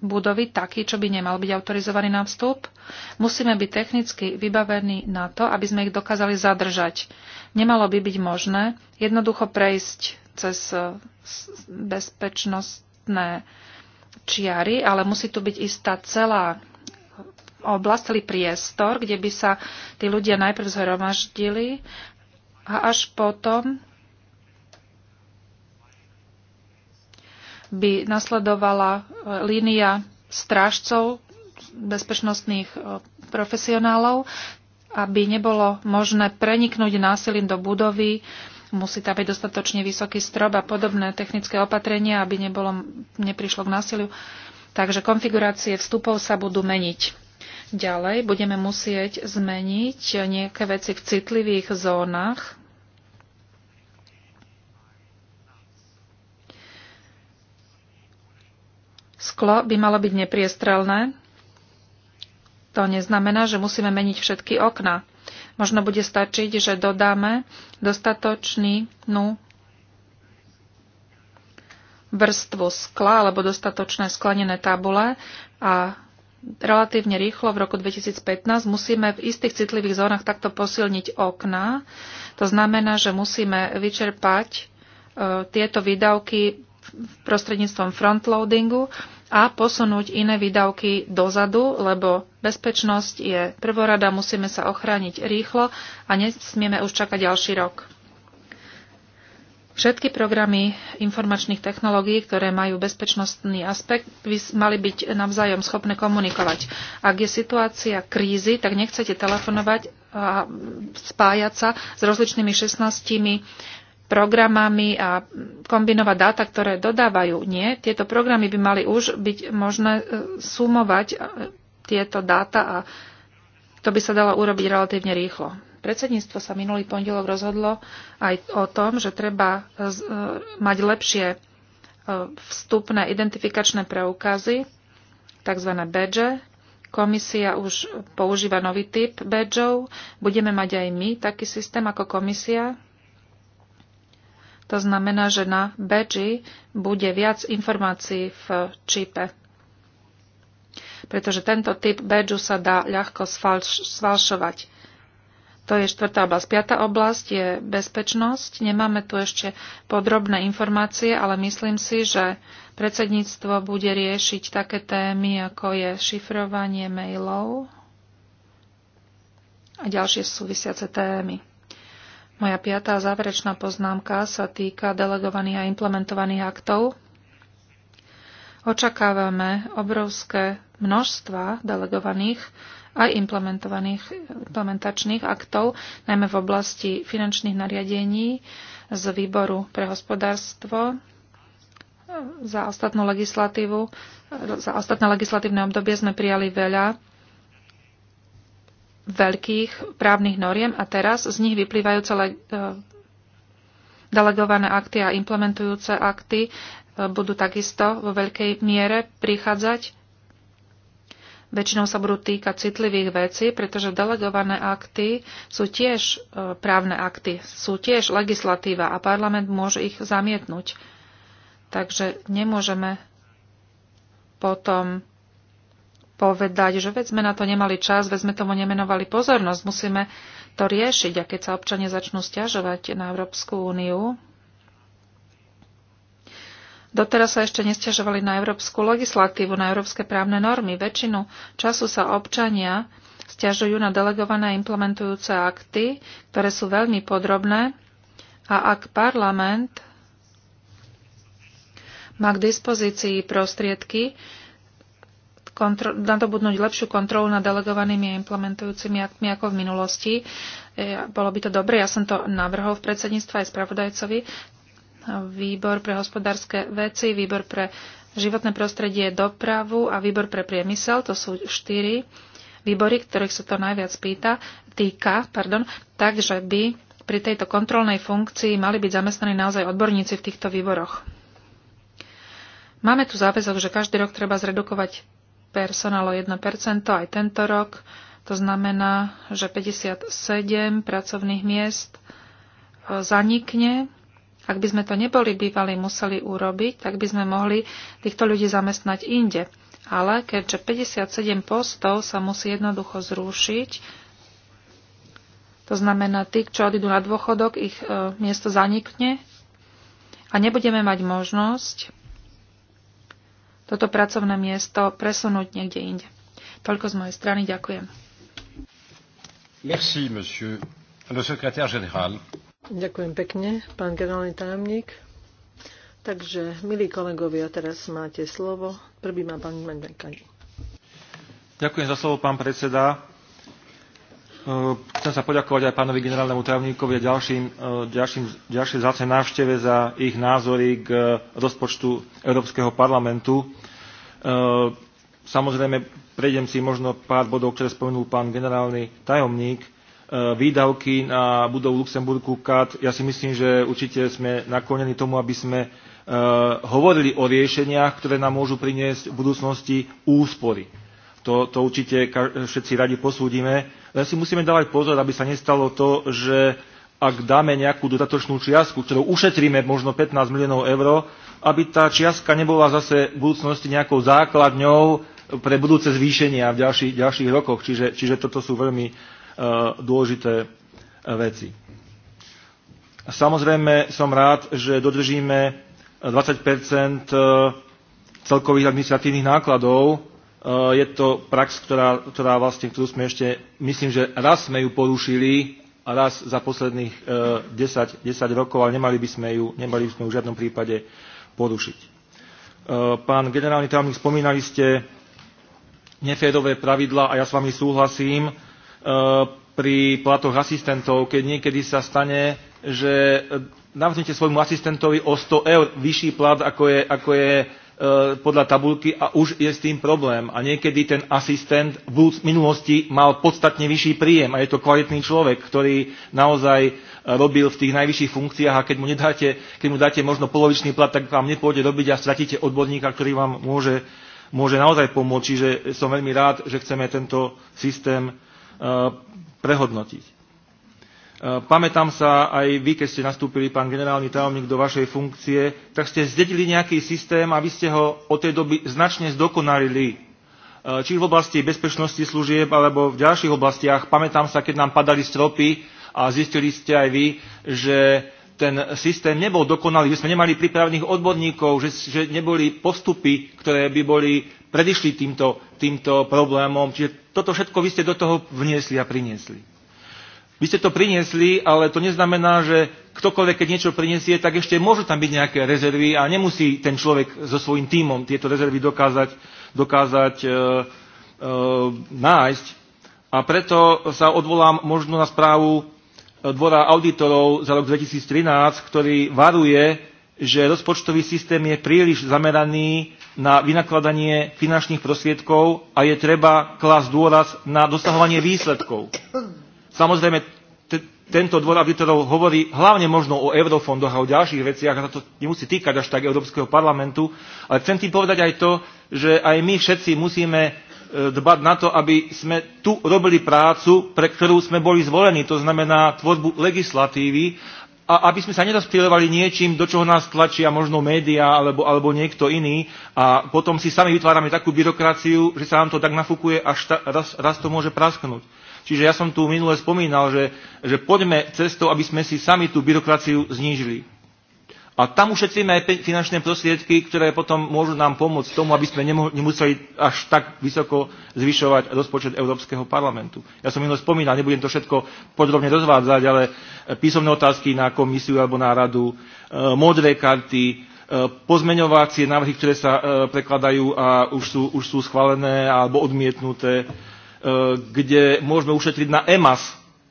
Speaker 3: budovy taký, čo by nemal byť autorizovaný na vstup, musíme byť technicky vybavení na to, aby sme ich dokázali zadržať. Nemalo by byť možné jednoducho prejsť cez eh, bezpečnostné čiary, ale musí tu byť istá celá oblasť, celý priestor, kde by sa tí ľudia najprv zhromaždili a až potom by nasledovala eh, línia strážcov, bezpečnostných eh, profesionálov, aby nebolo možné preniknúť násilím do budovy musí tam byť dostatočne vysoký strop a podobné technické opatrenia, aby nebolo, neprišlo k násiliu. Takže konfigurácie vstupov sa budú meniť. Ďalej budeme musieť zmeniť nejaké veci v citlivých zónach. Sklo by malo byť nepriestrelné. To neznamená, že musíme meniť všetky okna. Možno bude stačiť, že dodáme dostatočnú vrstvu skla alebo dostatočné sklenené tabule a relatívne rýchlo v roku 2015 musíme v istých citlivých zónach takto posilniť okná. To znamená, že musíme vyčerpať e, tieto výdavky prostredníctvom frontloadingu a posunúť iné výdavky dozadu, lebo bezpečnosť je prvorada, musíme sa ochrániť rýchlo a nesmieme už čakať ďalší rok. Všetky programy informačných technológií, ktoré majú bezpečnostný aspekt, by mali byť navzájom schopné komunikovať. Ak je situácia krízy, tak nechcete telefonovať a spájať sa s rozličnými 16 programami a kombinovať dáta, ktoré dodávajú. Nie, tieto programy by mali už byť možné e, sumovať e, tieto dáta a to by sa dalo urobiť relatívne rýchlo. Predsedníctvo sa minulý pondelok rozhodlo aj o tom, že treba e, mať lepšie vstupné identifikačné preukazy, tzv. badge. Komisia už používa nový typ badgeov. Budeme mať aj my taký systém ako komisia, to znamená, že na badge bude viac informácií v čipe. Pretože tento typ badžu sa dá ľahko sfalšovať. To je štvrtá oblasť. Piatá oblasť je bezpečnosť. Nemáme tu ešte podrobné informácie, ale myslím si, že predsedníctvo bude riešiť také témy, ako je šifrovanie mailov a ďalšie súvisiace témy. Moja piatá záverečná poznámka sa týka delegovaných a implementovaných aktov. Očakávame obrovské množstva delegovaných aj implementovaných, implementačných aktov, najmä v oblasti finančných nariadení z výboru pre hospodárstvo eh, za ostatnú legislatívu. Za ostatné legislatívne obdobie sme prijali veľa veľkých právnych noriem a teraz z nich vyplývajú celé e, delegované akty a implementujúce akty e, budú takisto vo veľkej miere prichádzať. Väčšinou sa budú týkať citlivých vecí, pretože delegované akty sú tiež e, právne akty, sú tiež legislatíva a parlament môže ich zamietnúť. Takže nemôžeme potom povedať, že veď sme na to nemali čas, veď sme tomu nemenovali pozornosť, musíme to riešiť. A keď sa občania začnú stiažovať na Európsku úniu, Doteraz sa ešte nestiažovali na európsku legislatívu, na európske právne normy. Väčšinu času sa občania stiažujú na delegované implementujúce akty, ktoré sú veľmi podrobné a ak parlament má k dispozícii prostriedky, kontro- nadobudnúť lepšiu kontrolu nad delegovanými a implementujúcimi aktmi ako v minulosti. E, bolo by to dobre, ja som to navrhol v predsedníctve aj spravodajcovi. Výbor pre hospodárske veci, výbor pre životné prostredie, dopravu a výbor pre priemysel, to sú štyri výbory, ktorých sa to najviac pýta, týka, pardon, takže by pri tejto kontrolnej funkcii mali byť zamestnaní naozaj odborníci v týchto výboroch. Máme tu záväzok, že každý rok treba zredukovať personál o 1%, aj tento rok. To znamená, že 57 pracovných miest e, zanikne. Ak by sme to neboli bývali museli urobiť, tak by sme mohli týchto ľudí zamestnať inde. Ale keďže 57 postov sa musí jednoducho zrušiť, to znamená, tí, čo odídu na dôchodok, ich e, miesto zanikne a nebudeme mať možnosť toto pracovné miesto presunúť niekde inde. Toľko z mojej strany. Ďakujem.
Speaker 4: Merci, monsieur le secrétaire général.
Speaker 2: Ďakujem pekne, pán generálny tajomník. Takže, milí kolegovia, teraz máte slovo. Prvý má pán
Speaker 4: Mendenkani. Ďakujem za slovo, pán predseda Eh, chcem sa poďakovať aj pánovi generálnemu tajomníkovi a ďalším, eh, ďalším, ďalšej zácnej návšteve za ich názory k eh, rozpočtu Európskeho parlamentu. Samozrejme, prejdem si možno pár bodov, ktoré spomenul pán generálny tajomník. Výdavky na budovu Luxemburku KAT, ja si myslím, že určite sme naklonení tomu, aby sme hovorili o riešeniach, ktoré nám môžu priniesť v budúcnosti úspory to, to určite všetci radi posúdime. Len si musíme dávať pozor, aby sa nestalo to, že ak dáme nejakú dodatočnú čiastku, ktorou ušetríme možno 15 miliónov eur, aby tá čiastka nebola zase v budúcnosti nejakou základňou pre budúce zvýšenia v ďalších, ďalších rokoch. Čiže, čiže toto sú veľmi uh, dôležité e, veci. Samozrejme som rád, že dodržíme 20 e, celkových administratívnych nákladov, Eh, je to prax, ktorá, ktorá vlastne, ktorú sme ešte, myslím, že raz sme ju porušili a raz za posledných 10, eh, 10 rokov, ale nemali by sme ju, nemali by sme ju v žiadnom prípade porušiť. Eh, pán generálny tajomník, spomínali ste neférové pravidla a ja s vami súhlasím pri platoch asistentov, keď niekedy sa stane, že navrhnete svojmu asistentovi o 100 eur vyšší plat, ako je, ako je Eh, podľa tabulky a už je s tým problém. A niekedy ten asistent v minulosti mal podstatne vyšší príjem a je to kvalitný človek, ktorý naozaj eh, robil v tých najvyšších funkciách a keď mu, nedáte, keď mu dáte možno polovičný plat, tak vám nepôjde robiť a stratíte odborníka, ktorý vám môže, môže naozaj pomôcť. Čiže som veľmi rád, že chceme tento systém eh, prehodnotiť. E, pamätám sa, aj vy, keď ste nastúpili, pán generálny tajomník, do vašej funkcie, tak ste zdedili nejaký systém a vy ste ho od tej doby značne zdokonalili. E, či v oblasti bezpečnosti služieb, alebo v ďalších oblastiach. Pamätám sa, keď nám padali stropy a zistili ste aj vy, že ten systém nebol dokonalý, že sme nemali prípravných odborníkov, že, že neboli postupy, ktoré by boli predišli týmto, týmto problémom. Čiže toto všetko vy ste do toho vniesli a priniesli. Vy ste to priniesli, ale to neznamená, že ktokoľvek, keď niečo prinesie, tak ešte môžu tam byť nejaké rezervy a nemusí ten človek so svojím tímom tieto rezervy dokázať, dokázať e, e, nájsť. A preto sa odvolám možno na správu e, Dvora auditorov za rok 2013, ktorý varuje, že rozpočtový systém je príliš zameraný na vynakladanie finančných prostriedkov a je treba klásť dôraz na dosahovanie výsledkov. Samozrejme, te, tento dvor auditorov hovorí hlavne možno o eurofondoch a o ďalších veciach, a to nemusí týkať až tak Európskeho parlamentu, ale chcem tým povedať aj to, že aj my všetci musíme e, dbať na to, aby sme tu robili prácu, pre ktorú sme boli zvolení, to znamená tvorbu legislatívy a aby sme sa nerozptýlovali niečím, do čoho nás tlačia možno médiá alebo, alebo niekto iný a potom si sami vytvárame takú byrokraciu, že sa nám to tak nafúkuje, až ta, raz, raz to môže prasknúť. Čiže ja som tu minule spomínal, že, že poďme cestou, aby sme si sami tú byrokraciu znížili. A tam ušetríme aj finančné prostriedky, ktoré potom môžu nám pomôcť tomu, aby sme nemuseli až tak vysoko zvyšovať rozpočet Európskeho parlamentu. Ja som minule spomínal, nebudem to všetko podrobne rozvádzať, ale e, písomné otázky na komisiu alebo na radu, e, modré karty, e, pozmeňovacie návrhy, ktoré sa prekladajú a už sú, už sú schválené alebo odmietnuté, Eh, kde môžeme ušetriť na EMAS,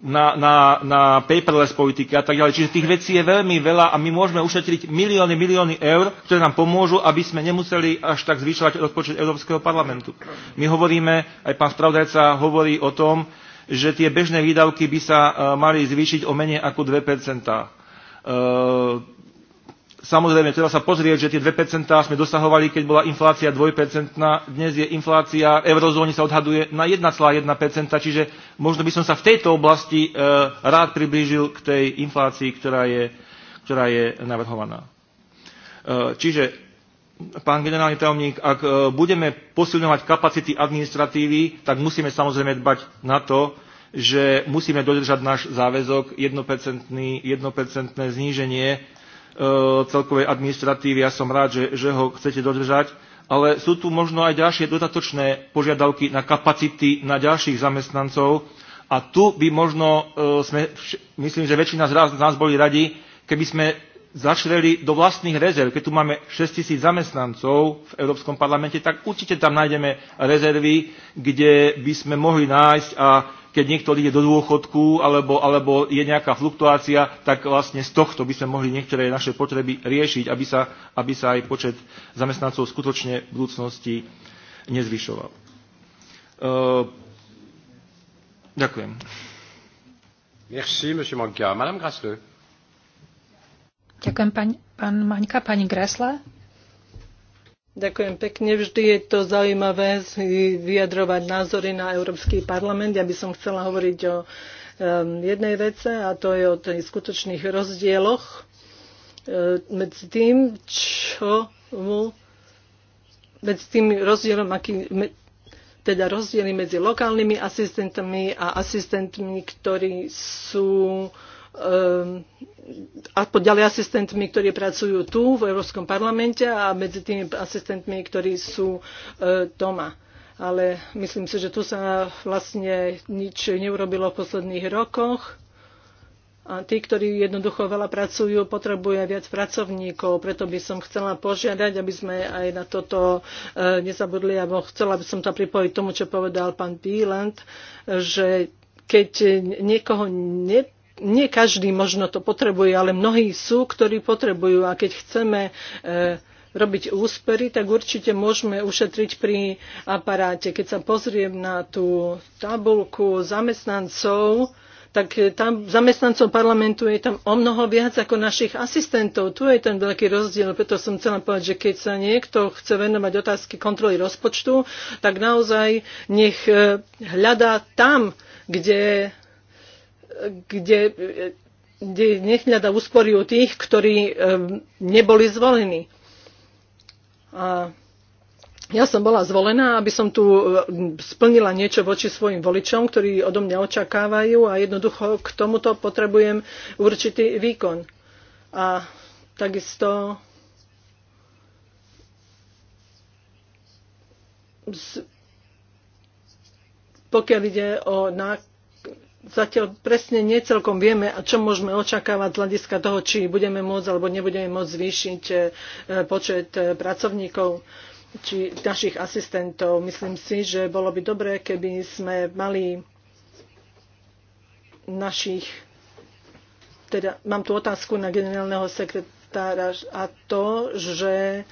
Speaker 4: na, na, na paperless politiky a tak ďalej. Čiže tých vecí je veľmi veľa a my môžeme ušetriť milióny, milióny eur, ktoré nám pomôžu, aby sme nemuseli až tak zvyšovať rozpočet Európskeho parlamentu. My hovoríme, aj pán spravodajca hovorí o tom, že tie bežné výdavky by sa eh, mali zvýšiť o menej ako 2 Samozrejme, treba sa pozrieť, že tie 2% sme dosahovali, keď bola inflácia 2%, dnes je inflácia v eurozóne sa odhaduje na 1,1%, čiže možno by som sa v tejto oblasti e, rád priblížil k tej inflácii, ktorá je, ktorá je navrhovaná. E, čiže, pán generálny tajomník, ak e, budeme posilňovať kapacity administratívy, tak musíme samozrejme dbať na to, že musíme dodržať náš záväzok 1%, 1% zníženie E, celkovej administratívy. Ja som rád, že, že ho chcete dodržať, ale sú tu možno aj ďalšie dodatočné požiadavky na kapacity na ďalších zamestnancov a tu by možno e, sme, myslím, že väčšina z nás, z nás boli radi, keby sme zašreli do vlastných rezerv. Keď tu máme 6 tisíc zamestnancov v Európskom parlamente, tak určite tam nájdeme rezervy, kde by sme mohli nájsť a keď niekto ide do dôchodku alebo, alebo je nejaká fluktuácia, tak vlastne z tohto by sme mohli niektoré naše potreby riešiť, aby sa, aby sa aj počet zamestnancov skutočne v budúcnosti nezvyšoval. Uh, ďakujem. Merci, monsieur Manka. Madame Grasle.
Speaker 2: Ďakujem, pani, pán Maňka, pani Grasle. Ďakujem pekne. Vždy je to zaujímavé vyjadrovať názory na Európsky parlament. Ja by som chcela hovoriť o jednej vece a to je o tých skutočných rozdieloch e, medzi tým, čo mu medzi tým rozdielom, aký, teda rozdiely medzi lokálnymi asistentami a asistentmi, ktorí sú uh, Ehm, a ďalej asistentmi, ktorí pracujú tu v Európskom parlamente a medzi tými asistentmi, ktorí sú e, doma. Ale myslím si, že tu sa vlastne nič neurobilo v posledných rokoch. A tí, ktorí jednoducho veľa pracujú, potrebuje viac pracovníkov. Preto by som chcela požiadať, aby sme aj na toto e, nezabudli, alebo chcela by som to pripojiť tomu, čo povedal pán Bieland, že keď niekoho ne nie každý možno to potrebuje, ale mnohí sú, ktorí potrebujú. A keď chceme e, robiť úspery, tak určite môžeme ušetriť pri aparáte. Keď sa pozriem na tú tabulku zamestnancov, tak tam zamestnancov parlamentu je tam o mnoho viac ako našich asistentov. Tu je ten veľký rozdiel, preto som chcela povedať, že keď sa niekto chce venovať otázky kontroly rozpočtu, tak naozaj nech e, hľadá tam, kde kde, kde nehľada úspory u tých, ktorí e, neboli zvolení. A ja som bola zvolená, aby som tu e, splnila niečo voči svojim voličom, ktorí odo mňa očakávajú a jednoducho k tomuto potrebujem určitý výkon. A takisto pokiaľ ide o náklady, zatiaľ presne necelkom vieme, čo môžeme očakávať z hľadiska toho, či budeme môcť alebo nebudeme môcť zvýšiť e, počet e, pracovníkov či našich asistentov. Myslím si, že bolo by dobré, keby sme mali našich, teda mám tu otázku na generálneho sekretára a to, že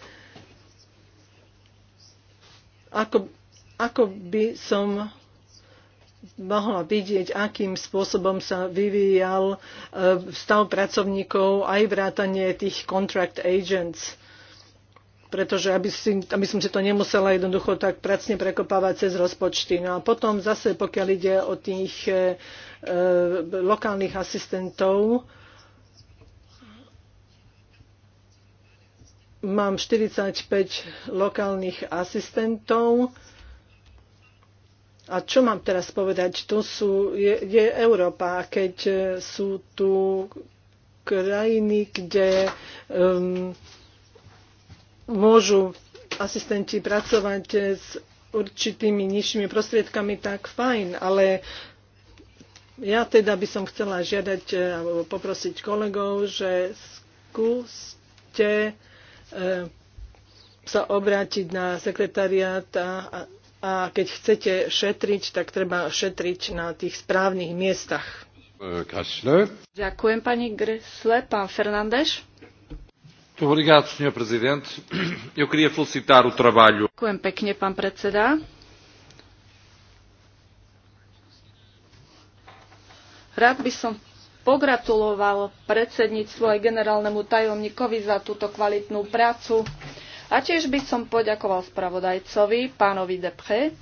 Speaker 2: ako, ako by som mohla vidieť, akým spôsobom sa vyvíjal e, stav pracovníkov aj vrátanie tých contract agents pretože aby, si, aby som si to nemusela jednoducho tak pracne prekopávať cez rozpočty. No a potom zase, pokiaľ ide o tých e, e lokálnych asistentov, mám 45 lokálnych asistentov, a čo mám teraz povedať? Tu sú, je, je Európa, keď e, sú tu krajiny, kde um, môžu asistenti pracovať s určitými nižšími prostriedkami, tak fajn, ale ja teda by som chcela žiadať e, alebo poprosiť kolegov, že skúste e, sa obrátiť na sekretariát a, a a keď chcete šetriť, tak treba šetriť na tých správnych miestach.
Speaker 1: Kašle. Ďakujem pani
Speaker 2: Gresle. Pán Fernández.
Speaker 4: Obrigado, senhor presidente. Eu queria felicitar o trabalho.
Speaker 1: Ďakujem pekne, pán predseda. Rád by som pogratuloval predsedníctvu aj generálnemu tajomníkovi za túto kvalitnú prácu. A tiež by som poďakoval spravodajcovi, pánovi Depre,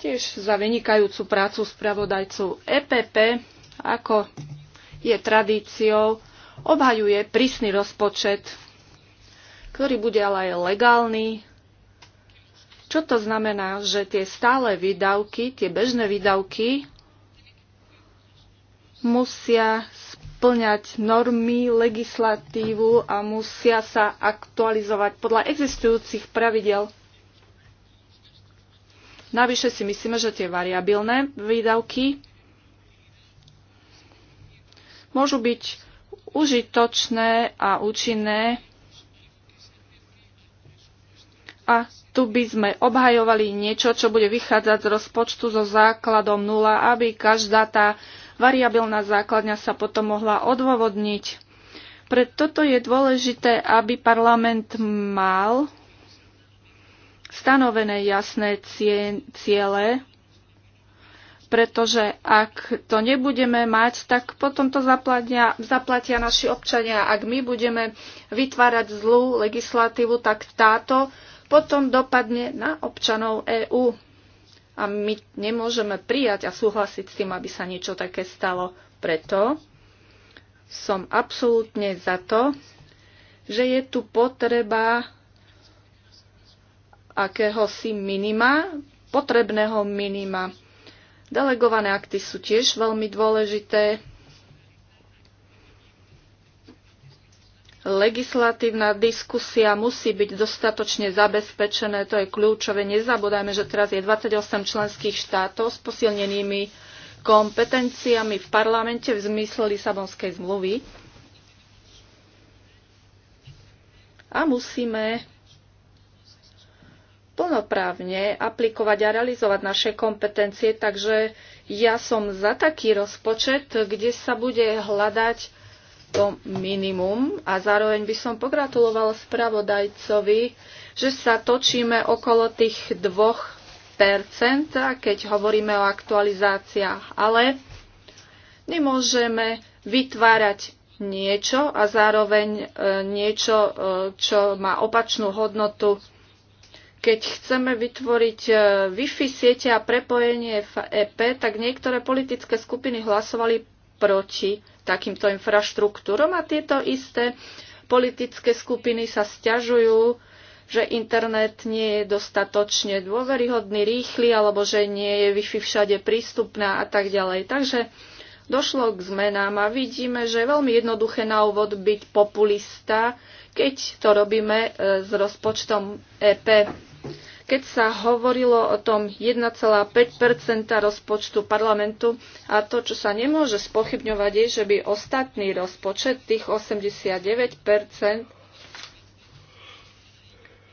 Speaker 1: tiež za vynikajúcu prácu spravodajcu EPP, ako je tradíciou, obhajuje prísny rozpočet, ktorý bude ale aj legálny. Čo to znamená, že tie stále výdavky, tie bežné výdavky musia splňať normy, legislatívu a musia sa aktualizovať podľa existujúcich pravidel. Navyše si myslíme, že tie variabilné výdavky môžu byť užitočné a účinné. A tu by sme obhajovali niečo, čo bude vychádzať z rozpočtu so základom nula, aby každá tá variabilná základňa sa potom mohla odôvodniť. Pre toto je dôležité, aby parlament mal stanovené jasné ciele, pretože ak to nebudeme mať, tak potom to zaplatia, zaplatia naši občania. Ak my budeme vytvárať zlú legislatívu, tak táto potom dopadne na občanov EÚ a my nemôžeme prijať a súhlasiť s tým, aby sa niečo také stalo. Preto som absolútne za to, že je tu potreba akéhosi minima, potrebného minima. Delegované akty sú tiež veľmi dôležité, legislatívna diskusia musí byť dostatočne zabezpečené, to je kľúčové. Nezabúdajme, že teraz je 28 členských štátov s posilnenými kompetenciami v parlamente v zmysle Lisabonskej zmluvy. A musíme plnoprávne aplikovať a realizovať naše kompetencie, takže ja som za taký rozpočet, kde sa bude hľadať to minimum a zároveň by som pogratulovala spravodajcovi, že sa točíme okolo tých 2%, keď hovoríme o aktualizáciách, ale nemôžeme vytvárať niečo a zároveň e, niečo, e, čo má opačnú hodnotu. Keď chceme vytvoriť e, Wi-Fi siete a prepojenie v EP, tak niektoré politické skupiny hlasovali proti takýmto infraštruktúrom a tieto isté politické skupiny sa stiažujú, že internet nie je dostatočne dôveryhodný, rýchly alebo že nie je Wi-Fi všade prístupná a tak ďalej. Takže došlo k zmenám a vidíme, že je veľmi jednoduché na úvod byť populista, keď to robíme e, s rozpočtom EP keď sa hovorilo o tom 1,5 rozpočtu parlamentu a to, čo sa nemôže spochybňovať, je, že by ostatný rozpočet, tých 89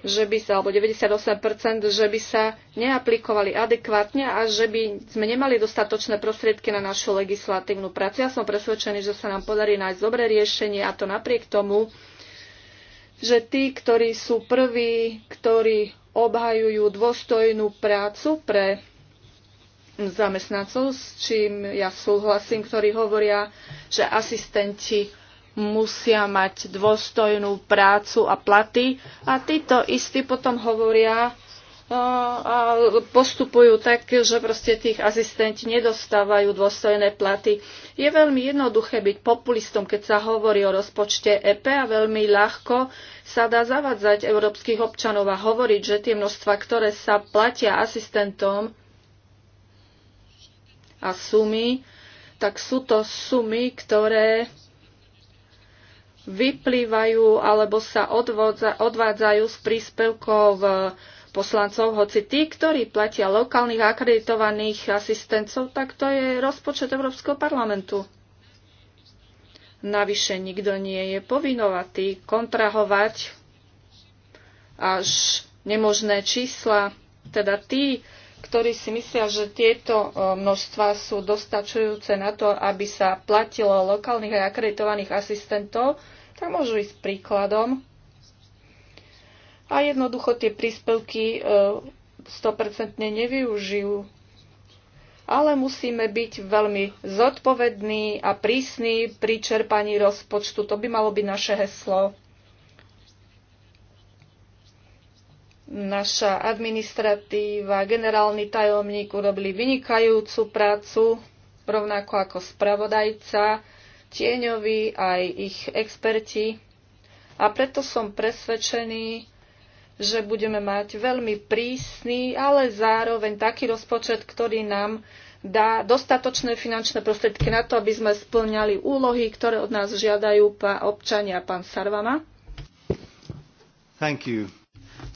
Speaker 1: že by sa, alebo 98%, že by sa neaplikovali adekvátne a že by sme nemali dostatočné prostriedky na našu legislatívnu prácu. Ja som presvedčený, že sa nám podarí nájsť dobré riešenie a to napriek tomu, že tí, ktorí sú prví, ktorí obhajujú dôstojnú prácu pre zamestnancov, s čím ja súhlasím, ktorí hovoria, že asistenti musia mať dôstojnú prácu a platy. A títo istí potom hovoria, a postupujú tak, že proste tých asistenti nedostávajú dôstojné platy. Je veľmi jednoduché byť populistom, keď sa hovorí o rozpočte EP a veľmi ľahko sa dá zavadzať európskych občanov a hovoriť, že tie množstva, ktoré sa platia asistentom a sumy, tak sú to sumy, ktoré vyplývajú alebo sa odvádzajú z príspevkov v e, poslancov, hoci tí, ktorí platia lokálnych akreditovaných asistencov, tak to je rozpočet Európskeho parlamentu. Navyše nikto nie je povinovatý kontrahovať až nemožné čísla. Teda tí, ktorí si myslia, že tieto e, množstva sú dostačujúce na to, aby sa platilo lokálnych a akreditovaných asistentov, tak môžu ísť príkladom a jednoducho tie príspevky 100% e, nevyužijú. Ale musíme byť veľmi zodpovední a prísni pri čerpaní rozpočtu. To by malo byť naše heslo. Naša administratíva, generálny tajomník urobili vynikajúcu prácu, rovnako ako spravodajca, tieňovi aj ich experti. A preto som presvedčený, že budeme mať veľmi prísny, ale zároveň taký rozpočet, ktorý nám dá dostatočné finančné prostriedky na to, aby sme splňali úlohy, ktoré od nás žiadajú pá, občania pán Sarvama.
Speaker 2: Thank you.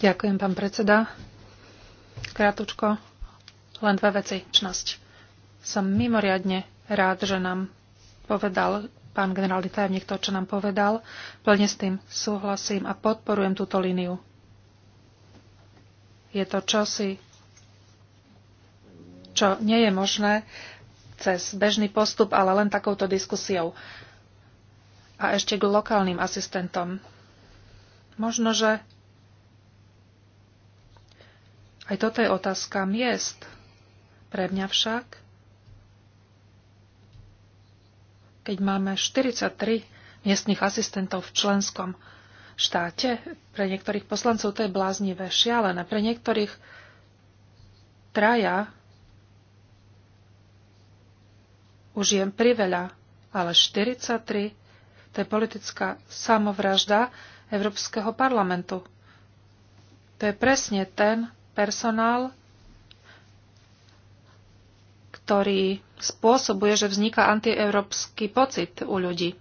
Speaker 3: Ďakujem, pán predseda. Krátučko, len dve veci. Čnosť. Som mimoriadne rád, že nám povedal pán generálny tajemník to, čo nám povedal. Plne s tým súhlasím a podporujem túto líniu. Je to čosi, čo nie je možné cez bežný postup, ale len takouto diskusiou. A ešte k lokálnym asistentom. Možno, že aj toto je otázka miest. Pre mňa však, keď máme 43 miestnych asistentov v členskom štáte. Pre niektorých poslancov to je bláznivé, šialené. Pre niektorých traja už jem priveľa, ale 43 to je politická samovražda Európskeho parlamentu. To je presne ten personál, ktorý spôsobuje, že vzniká antieurópsky pocit u ľudí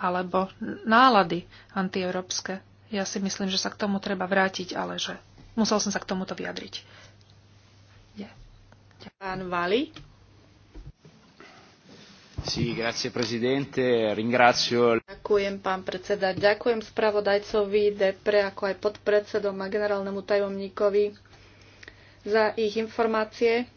Speaker 3: alebo nálady antieurópske. Ja si myslím, že sa k tomu treba vrátiť, ale že musel som sa k tomuto vyjadriť.
Speaker 1: Pán Vali.
Speaker 4: Sí, grazie, presidente. Ringrazio...
Speaker 1: Ďakujem, pán predseda. Ďakujem spravodajcovi DEPRE, ako aj podpredsedom a generálnemu tajomníkovi za ich informácie.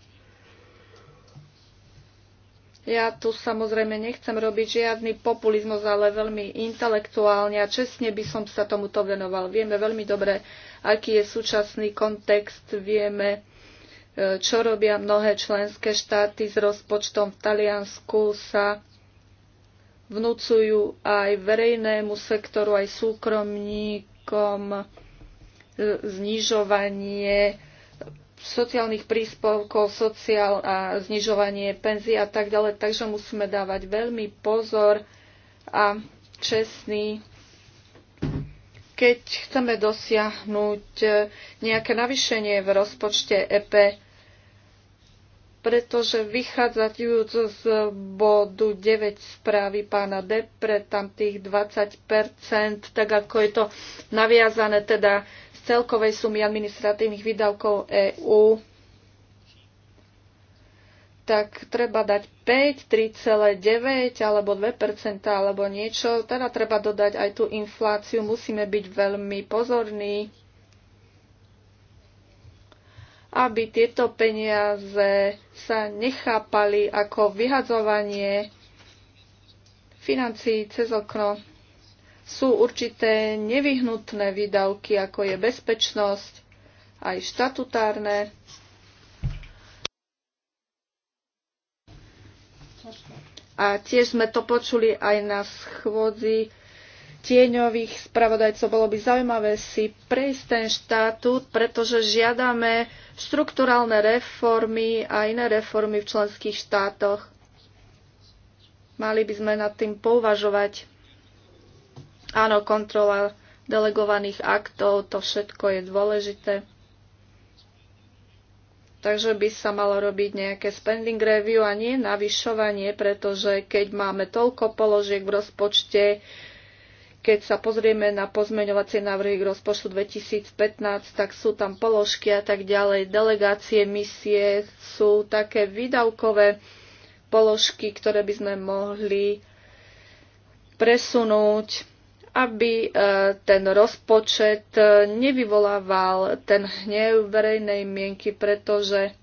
Speaker 1: Ja tu samozrejme nechcem robiť žiadny populizmus, ale veľmi intelektuálne a čestne by som sa tomuto venoval. Vieme veľmi dobre, aký je súčasný kontext, vieme, e, čo robia mnohé členské štáty s rozpočtom v Taliansku, sa vnúcujú aj verejnému sektoru, aj súkromníkom e, znižovanie sociálnych príspevkov, sociál a znižovanie penzí a tak ďalej. Takže musíme dávať veľmi pozor a čestný, keď chceme dosiahnuť e, nejaké navýšenie v rozpočte EP, pretože vychádzať z bodu 9 správy pána Depre, tam tých 20%, tak ako je to naviazané teda celkovej sumy administratívnych výdavkov EÚ, tak treba dať 5, 3,9 alebo 2 alebo niečo. Teda treba dodať aj tú infláciu. Musíme byť veľmi pozorní, aby tieto peniaze sa nechápali ako vyhadzovanie financií cez okno sú určité nevyhnutné výdavky, ako je bezpečnosť, aj štatutárne. A tiež sme to počuli aj na schôdzi tieňových spravodajcov. Bolo by zaujímavé si prejsť ten štatút, pretože žiadame štrukturálne reformy a iné reformy v členských štátoch. Mali by sme nad tým pouvažovať. Áno, kontrola delegovaných aktov, to všetko je dôležité. Takže by sa malo robiť nejaké spending review a nie navyšovanie, pretože keď máme toľko položiek v rozpočte, keď sa pozrieme na pozmeňovacie návrhy k rozpočtu 2015, tak sú tam položky a tak ďalej. Delegácie, misie sú také výdavkové položky, ktoré by sme mohli presunúť aby e, ten rozpočet e, nevyvolával ten hnev verejnej mienky, pretože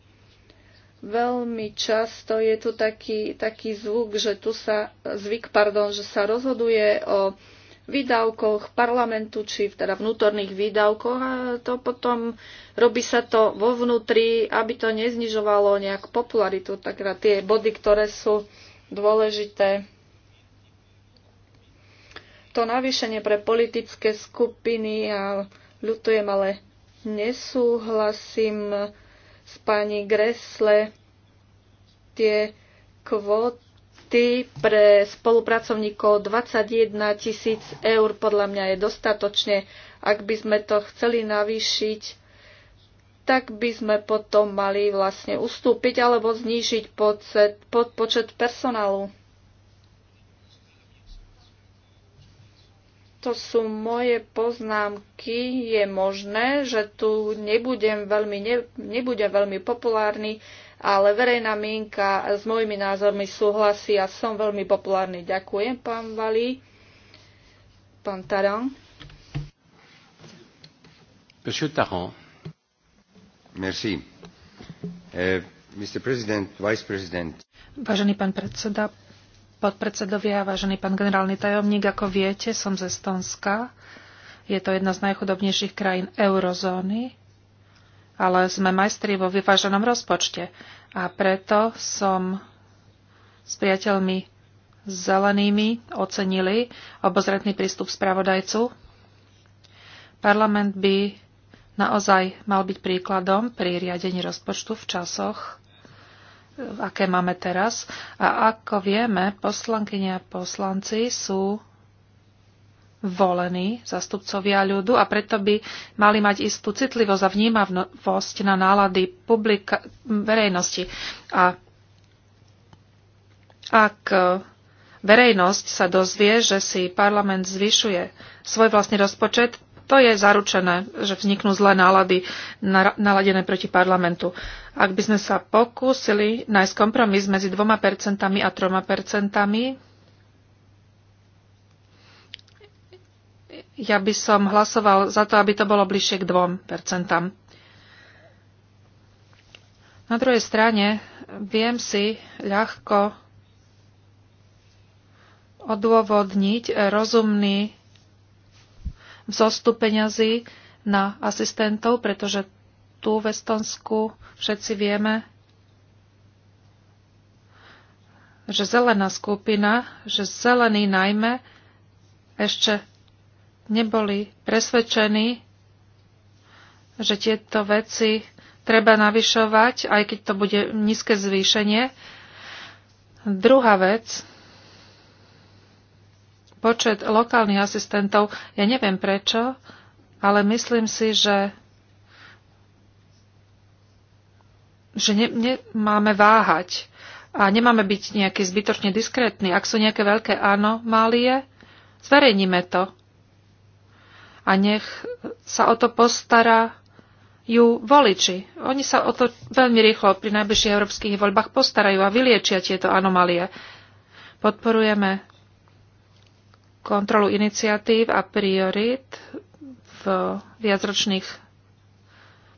Speaker 1: veľmi často je tu taký, taký zvuk, že tu sa, zvyk, pardon, že sa rozhoduje o výdavkoch parlamentu, či teda vnútorných výdavkoch a to potom robí sa to vo vnútri, aby to neznižovalo nejak popularitu, tak tie body, ktoré sú dôležité to navýšenie pre politické skupiny a ľutujem, ale nesúhlasím s pani Gresle. Tie kvóty pre spolupracovníkov 21 tisíc eur podľa mňa je dostatočne. Ak by sme to chceli navýšiť, tak by sme potom mali vlastne ustúpiť alebo znížiť počet, počet personálu. To sú moje poznámky. Je možné, že tu nebudem veľmi, ne, nebudem veľmi populárny, ale verejná mienka s mojimi názormi súhlasí a som veľmi populárny. Ďakujem, pán Valí. Pán Taran.
Speaker 4: Monsieur Taran. Merci. Eh, Mr. President, Vice
Speaker 1: President.
Speaker 3: Vážený pán predseda, podpredsedovia, vážený pán generálny tajomník, ako viete, som z Estonska. Je to jedna z najchudobnejších krajín eurozóny, ale sme majstri vo vyváženom rozpočte. A preto som s priateľmi zelenými ocenili obozretný prístup spravodajcu. Parlament by naozaj mal byť príkladom pri riadení rozpočtu v časoch, aké máme teraz. A ako vieme, poslankyne a poslanci sú volení zastupcovia ľudu a preto by mali mať istú citlivosť a vnímavosť na nálady publika- verejnosti. A ak verejnosť sa dozvie, že si parlament zvyšuje svoj vlastný rozpočet, to je zaručené, že vzniknú zlé nálady naladené proti parlamentu. Ak by sme sa pokúsili nájsť kompromis medzi 2% a 3%, ja by som hlasoval za to, aby to bolo bližšie k 2%. Na druhej strane viem si ľahko odôvodniť rozumný vzostup peňazí na asistentov, pretože tu v Estonsku všetci vieme, že zelená skupina, že zelení najmä ešte neboli presvedčení, že tieto veci treba navyšovať, aj keď to bude nízke zvýšenie. Druhá vec, počet lokálnych asistentov, ja neviem prečo, ale myslím si, že, že ne, nemáme váhať a nemáme byť nejaký zbytočne diskrétny. Ak sú nejaké veľké anomálie, zverejníme to. A nech sa o to postará ju voliči. Oni sa o to veľmi rýchlo pri najbližších európskych voľbách postarajú a vyliečia tieto anomálie. Podporujeme kontrolu iniciatív a priorit v viacročných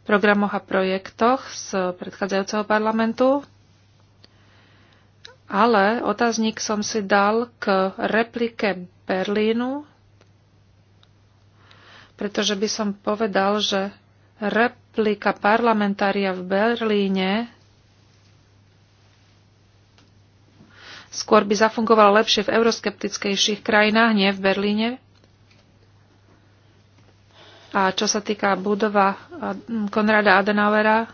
Speaker 3: programoch a projektoch z predchádzajúceho parlamentu. Ale otáznik som si dal k replike Berlínu, pretože by som povedal, že replika parlamentária v Berlíne skôr by zafungovala lepšie v euroskeptickejších krajinách, nie v Berlíne. A čo sa týka budova Konrada Adenauera,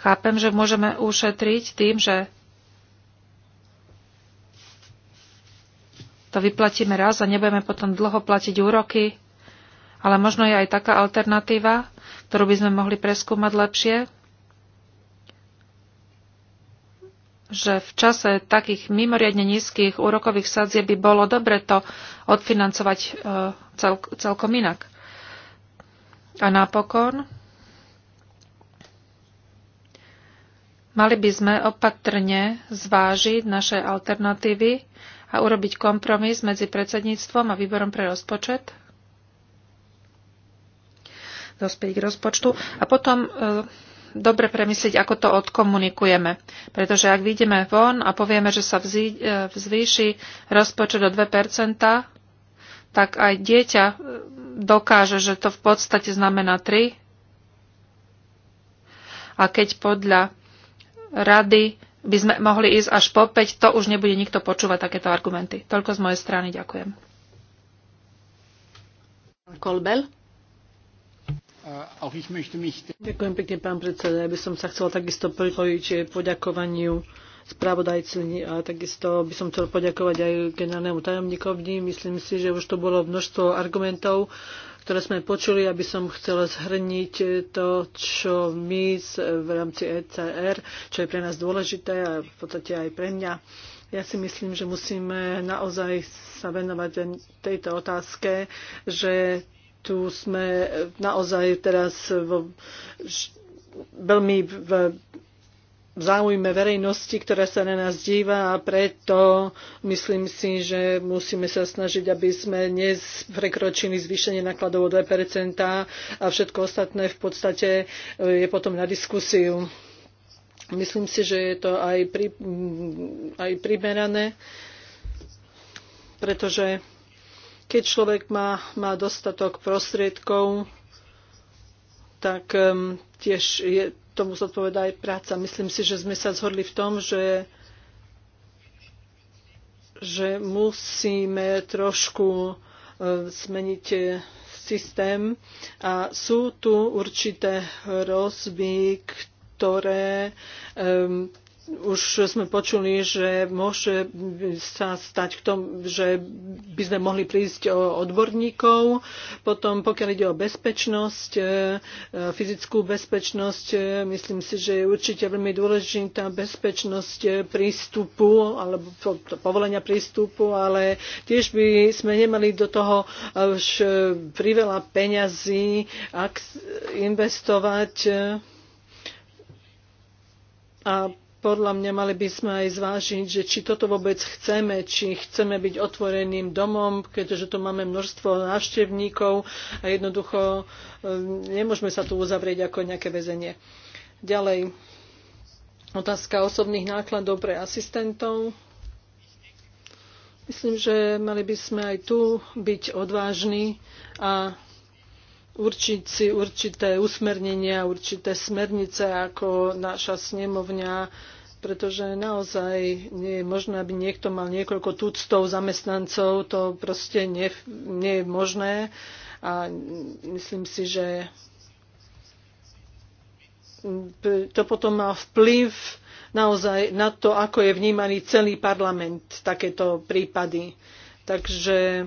Speaker 3: chápem, že môžeme ušetriť tým, že to vyplatíme raz a nebudeme potom dlho platiť úroky, ale možno je aj taká alternatíva, ktorú by sme mohli preskúmať lepšie. že v čase takých mimoriadne nízkych úrokových sadzie by bolo dobre to odfinancovať e, cel, celkom inak. A napokon mali by sme opatrne zvážiť naše alternatívy a urobiť kompromis medzi predsedníctvom a výborom pre rozpočet dospieť k rozpočtu a potom e, dobre premyslieť, ako to odkomunikujeme. Pretože ak vidíme von a povieme, že sa vzí, e, zvýši rozpočet o 2%, tak aj dieťa e, dokáže, že to v podstate znamená 3. A keď podľa rady by sme mohli ísť až po 5, to už nebude nikto počúvať takéto argumenty. Toľko z mojej strany. Ďakujem.
Speaker 2: Kolbel?
Speaker 4: Eh,
Speaker 2: Ďakujem pekne, pán predseda. Ja by som sa chcela takisto pripojiť poďakovaniu spravodajcovi a takisto by som chcel poďakovať aj generálnemu tajomníkovi. Myslím si, že už to bolo množstvo argumentov, ktoré sme počuli, aby som chcela zhrniť to, čo my v rámci ECR, čo je pre nás dôležité a v podstate aj pre mňa. Ja si myslím, že musíme naozaj sa venovať tejto otázke, že tu sme naozaj teraz vo, veľmi v záujme verejnosti, ktorá sa na nás díva a preto myslím si, že musíme sa snažiť, aby sme prekročili zvýšenie nákladov o 2% a všetko ostatné v podstate eh, je potom na diskusiu. Myslím si, že je to aj, pri, mm, aj primerané, pretože keď človek má, má dostatok prostriedkov, tak um, tiež je, tomu zodpovedá aj práca. Myslím si, že sme sa zhodli v tom, že že musíme trošku eh, zmeniť eh, systém a sú tu určité hrozby, ktoré už sme počuli, že môže sa stať k tomu, že by sme mohli prísť o odborníkov. Potom, pokiaľ ide o bezpečnosť, e, fyzickú bezpečnosť, e, myslím si, že je určite veľmi dôležitá bezpečnosť e, prístupu alebo povolenia prístupu, ale tiež by sme nemali do toho už priveľa peňazí, ak investovať a podľa mňa mali by sme aj zvážiť, že či toto vôbec chceme, či chceme byť otvoreným domom, keďže tu máme množstvo návštevníkov a jednoducho eh, nemôžeme sa tu uzavrieť ako nejaké väzenie. Ďalej, otázka osobných nákladov pre asistentov. Myslím, že mali by sme aj tu byť odvážni a určiť si určité usmernenia, určité smernice, ako naša snemovňa pretože naozaj nie je možné, aby niekto mal niekoľko tuctov zamestnancov, to proste nie, nie je možné a myslím si, že to potom má vplyv naozaj na to, ako je vnímaný celý parlament takéto prípady. Takže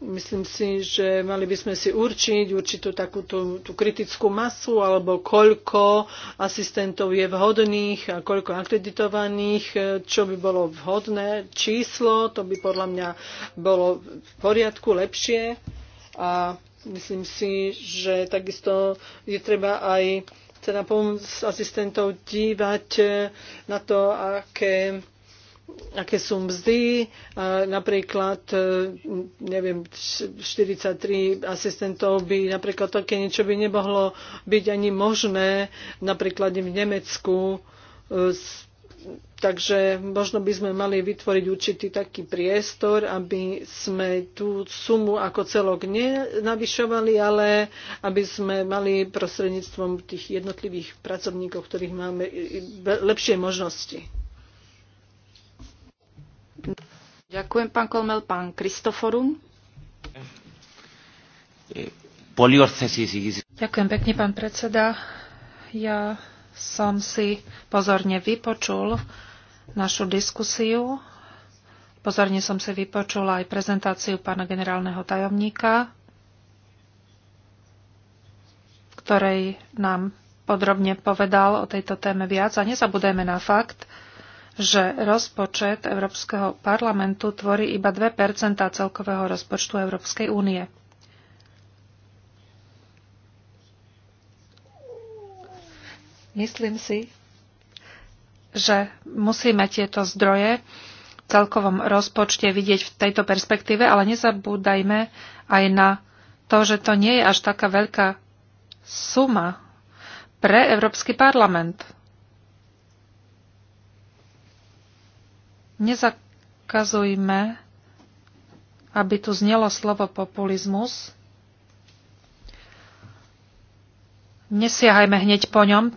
Speaker 2: Myslím si, že mali by sme si určiť určitú takúto tú kritickú masu, alebo koľko asistentov je vhodných a koľko akreditovaných, e, čo by bolo vhodné číslo, to by podľa mňa bolo v poriadku lepšie. A myslím si, že takisto je treba aj teda pomôcť asistentov dívať e, na to, aké aké sú mzdy. Napríklad, e, neviem, 43 asistentov by napríklad také niečo by nemohlo byť ani možné, napríklad v Nemecku. E, takže možno by sme mali vytvoriť určitý taký priestor, aby sme tú sumu ako celok nenavyšovali, ale aby sme mali prostredníctvom tých jednotlivých pracovníkov, ktorých máme lepšie možnosti. Ďakujem, pán Kolmel. Pán
Speaker 1: Kristoforum.
Speaker 3: Ďakujem pekne, pán predseda. Ja som si pozorne vypočul našu diskusiu. Pozorne som si vypočul aj prezentáciu pána generálneho tajomníka, ktorej nám podrobne povedal o tejto téme viac. A nezabudajme na fakt, že rozpočet Európskeho parlamentu tvorí iba 2 celkového rozpočtu Európskej únie. Myslím si, že musíme tieto zdroje v celkovom rozpočte vidieť v tejto perspektíve, ale nezabúdajme aj na to, že to nie je až taká veľká suma pre Európsky parlament. Nezakazujme, aby tu znelo slovo populizmus. Nesiahajme hneď po ňom,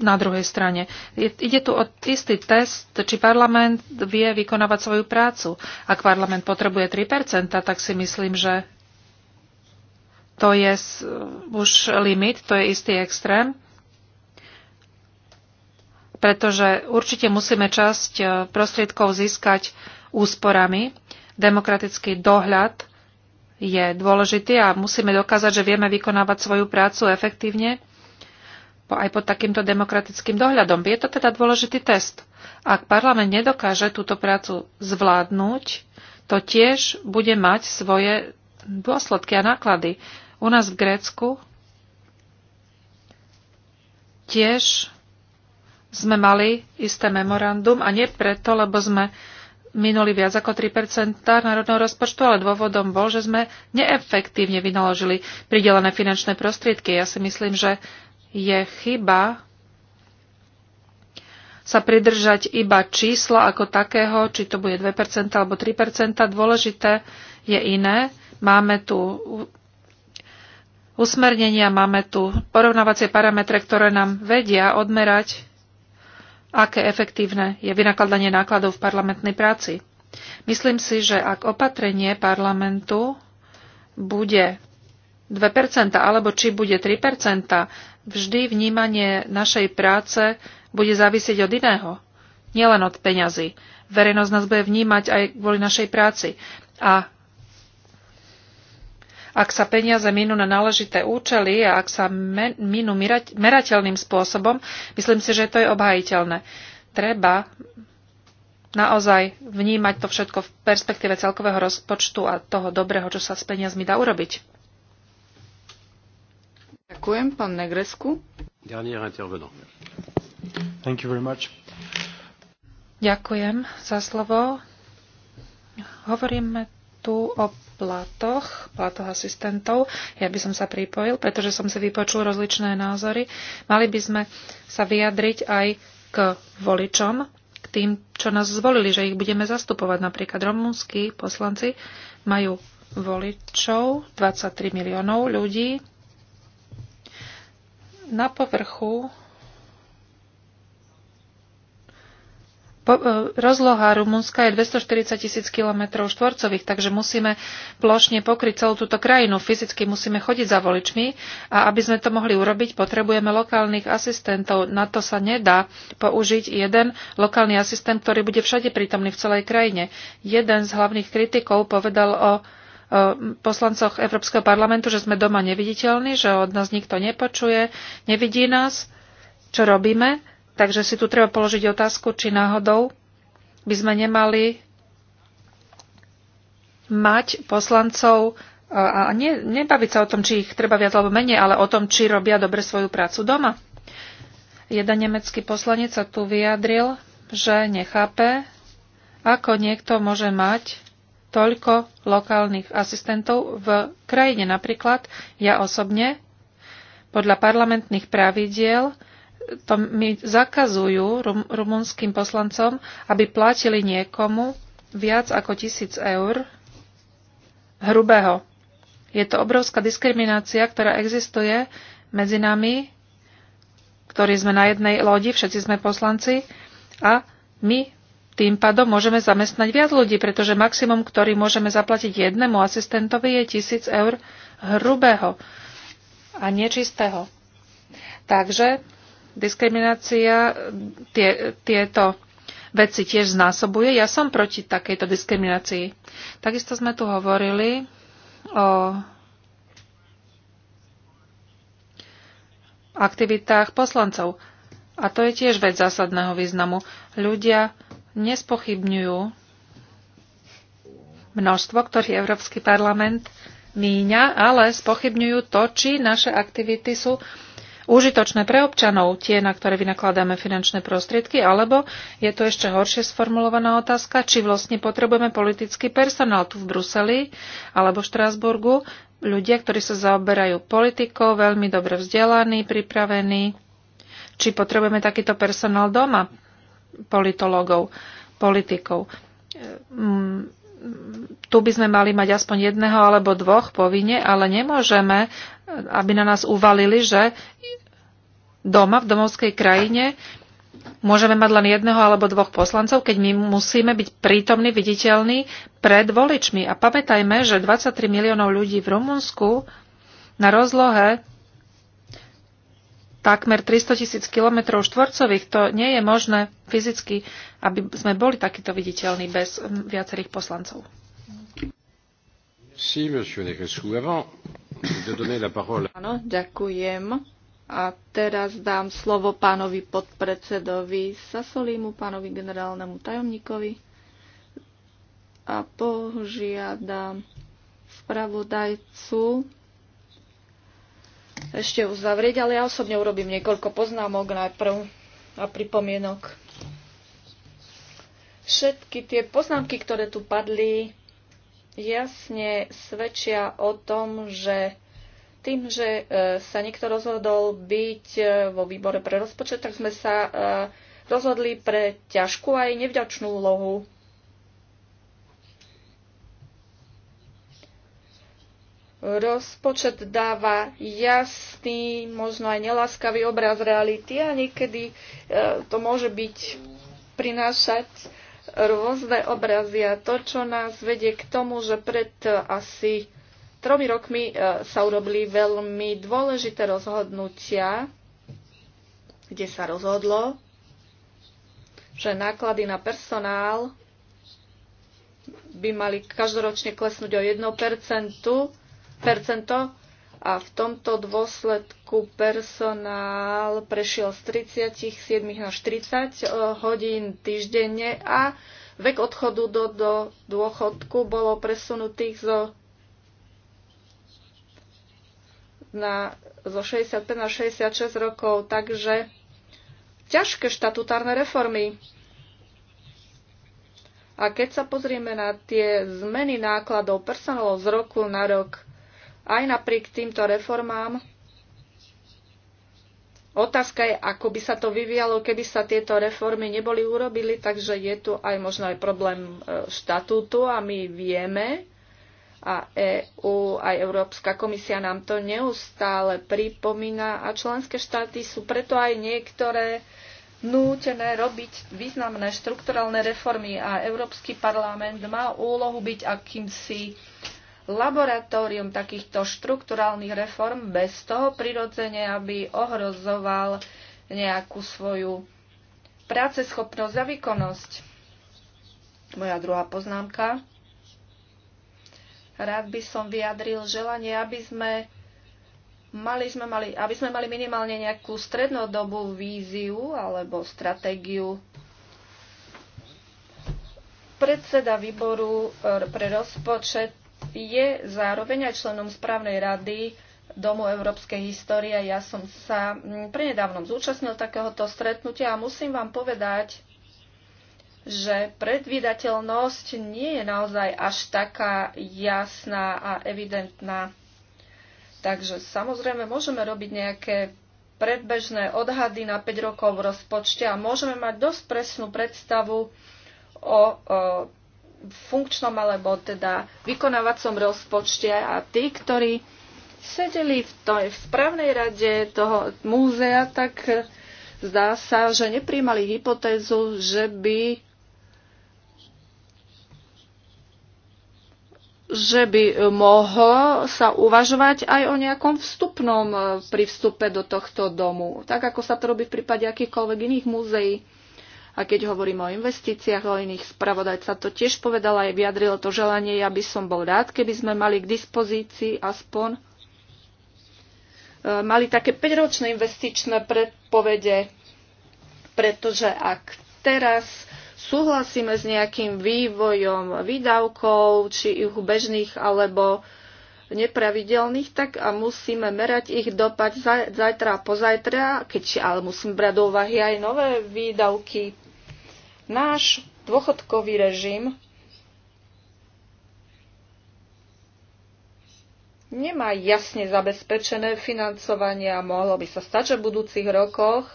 Speaker 3: na druhej strane. Ide tu o istý test, či parlament vie vykonávať svoju prácu. Ak parlament potrebuje 3%, tak si myslím, že to je už limit, to je istý extrém pretože určite musíme časť e, prostriedkov získať úsporami. Demokratický dohľad je dôležitý a musíme dokázať, že vieme vykonávať svoju prácu efektívne aj pod takýmto demokratickým dohľadom. Je to teda dôležitý test. Ak parlament nedokáže túto prácu zvládnuť, to tiež bude mať svoje dôsledky a náklady. U nás v Grécku tiež sme mali isté memorandum a nie preto, lebo sme minuli viac ako 3 národného rozpočtu, ale dôvodom bol, že sme neefektívne vynaložili pridelené finančné prostriedky. Ja si myslím, že je chyba sa pridržať iba čísla ako takého, či to bude 2% alebo 3%. Dôležité je iné. Máme tu usmernenia, máme tu porovnávacie parametre, ktoré nám vedia odmerať aké efektívne je vynakladanie nákladov v parlamentnej práci. Myslím si, že ak opatrenie parlamentu bude 2% alebo či bude 3%, vždy vnímanie našej práce bude závisieť od iného, nielen od peňazí. Verejnosť nás bude vnímať aj kvôli našej práci. A ak sa peniaze minú na náležité účely a ak sa minú merateľným spôsobom, myslím si, že to je obhajiteľné. Treba naozaj vnímať to všetko v perspektíve celkového rozpočtu a toho dobrého, čo sa s peniazmi dá urobiť. Ďakujem, pán Negresku.
Speaker 1: Thank you very much.
Speaker 3: Ďakujem za slovo. Hovoríme debatu o platoch, platoch asistentov. Ja by som sa pripojil, pretože som si vypočul rozličné názory. Mali by sme sa vyjadriť aj k voličom, k tým, čo nás zvolili, že ich budeme zastupovať. Napríklad rumúnsky poslanci majú voličov, 23 miliónov ľudí. Na povrchu E, rozloha Rumunska je 240 tisíc kilometrov štvorcových, takže musíme plošne pokryť celú túto krajinu. Fyzicky musíme chodiť za voličmi a aby sme to mohli urobiť, potrebujeme lokálnych asistentov. Na to sa nedá použiť jeden lokálny asistent, ktorý bude všade prítomný v celej krajine. Jeden z hlavných kritikov povedal o poslancoch Európskeho parlamentu, že sme doma neviditeľní, že od nás nikto nepočuje, nevidí nás, čo robíme Takže si tu treba položiť otázku, či náhodou by sme nemali mať poslancov a ne, nebaviť sa o tom, či ich treba viac alebo menej, ale o tom, či robia dobre svoju prácu doma. Jeden nemecký poslanec sa tu vyjadril, že nechápe, ako niekto môže mať toľko lokálnych asistentov v krajine. Napríklad ja osobne podľa parlamentných pravidiel to mi zakazujú rum, rumunským poslancom, aby platili niekomu viac ako tisíc eur hrubého. Je to obrovská diskriminácia, ktorá existuje medzi nami, ktorí sme na jednej lodi, všetci sme poslanci, a my tým pádom môžeme zamestnať viac ľudí, pretože maximum, ktorý môžeme zaplatiť jednému asistentovi, je tisíc eur hrubého a nečistého. Takže diskriminácia tie, tieto veci tiež znásobuje. Ja som proti takejto diskriminácii. Takisto sme tu hovorili o aktivitách poslancov. A to je tiež vec zásadného významu. Ľudia nespochybňujú množstvo, ktorý Európsky parlament míňa, ale spochybňujú to, či naše aktivity sú užitočné pre občanov, tie, na ktoré vynakladáme finančné prostriedky, alebo je to ešte horšie sformulovaná otázka, či vlastne potrebujeme politický personál tu v Bruseli alebo v Štrásburgu, ľudia, ktorí sa zaoberajú politikou, veľmi dobre vzdelaní, pripravení, či potrebujeme takýto personál doma, politologov, politikov ehm, tu by sme mali mať aspoň jedného alebo dvoch povinne, ale nemôžeme aby na nás uvalili, že doma, v domovskej krajine, môžeme mať len jedného alebo dvoch poslancov, keď my musíme byť prítomní, viditeľní pred voličmi. A pamätajme, že 23 miliónov ľudí v Rumunsku na rozlohe takmer 300 tisíc kilometrov štvorcových, to nie je možné fyzicky, aby sme boli takýto viditeľní bez viacerých poslancov
Speaker 1: ďakujem. A teraz dám slovo pánovi podpredsedovi Sasolímu, pánovi generálnemu tajomníkovi a požiadam spravodajcu ešte uzavrieť, ale ja osobne urobím niekoľko poznámok najprv a pripomienok. Všetky tie poznámky, ktoré tu padli, jasne svedčia o tom, že tým, že e, sa niekto rozhodol byť e, vo výbore pre rozpočet, tak sme sa e, rozhodli pre ťažkú aj nevďačnú úlohu. Rozpočet dáva jasný, možno aj neláskavý obraz reality a niekedy to môže byť prinášať rôzne obrazy a to, čo nás vedie k tomu, že pred e, asi tromi rokmi e, sa urobili veľmi dôležité rozhodnutia, kde sa rozhodlo, že náklady na personál by mali každoročne klesnúť o 1 percento a v tomto dôsledku personál prešiel z 37 na 40 eh, hodín týždenne a vek odchodu do, do dôchodku bolo presunutých zo, na, zo 65 na 66 rokov. Takže ťažké štatutárne reformy. A keď sa pozrieme na tie zmeny nákladov personálov z roku na rok, aj napriek týmto reformám Otázka je, ako by sa to vyvíjalo, keby sa tieto reformy neboli urobili, takže je tu aj možno aj problém e, štatútu a my vieme, a EÚ, EU, aj Európska komisia nám to neustále pripomína a členské štáty sú preto aj niektoré nútené robiť významné štrukturálne reformy a Európsky parlament má úlohu byť akýmsi laboratórium takýchto štrukturálnych reform bez toho prirodzene, aby ohrozoval nejakú svoju práceschopnosť a výkonnosť. Moja druhá poznámka. Rád by som vyjadril želanie, aby sme mali, sme mali, aby sme mali minimálne nejakú strednodobú víziu alebo stratégiu. Predseda výboru pre rozpočet je zároveň aj členom správnej rady Domu európskej histórie. Ja som sa mm, prenedávnom zúčastnil takéhoto stretnutia a musím vám povedať, že predvydateľnosť nie je naozaj až taká jasná a evidentná. Takže samozrejme môžeme robiť nejaké predbežné odhady na 5 rokov v rozpočte a môžeme mať dosť presnú predstavu o, o funkčnom alebo teda vykonávacom rozpočte a tí, ktorí sedeli v, to, v správnej rade toho múzea, tak eh, zdá sa, že nepríjmali hypotézu, že by že by eh, mohlo sa uvažovať aj o nejakom vstupnom eh, pri vstupe do tohto domu, tak ako sa to robí v prípade akýchkoľvek iných múzeí. A keď hovorím o investíciách, o iných spravodajca to tiež povedala, aj vyjadrilo to želanie, ja by som bol rád, keby sme mali k dispozícii aspoň e, mali také 5-ročné investičné predpovede, pretože ak teraz súhlasíme s nejakým vývojom výdavkov, či ich bežných alebo nepravidelných, tak a musíme merať ich dopad zajtra a pozajtra, keď, ale musíme brať do úvahy aj nové výdavky. Náš dôchodkový režim nemá jasne zabezpečené financovanie a mohlo by sa stať, že v budúcich rokoch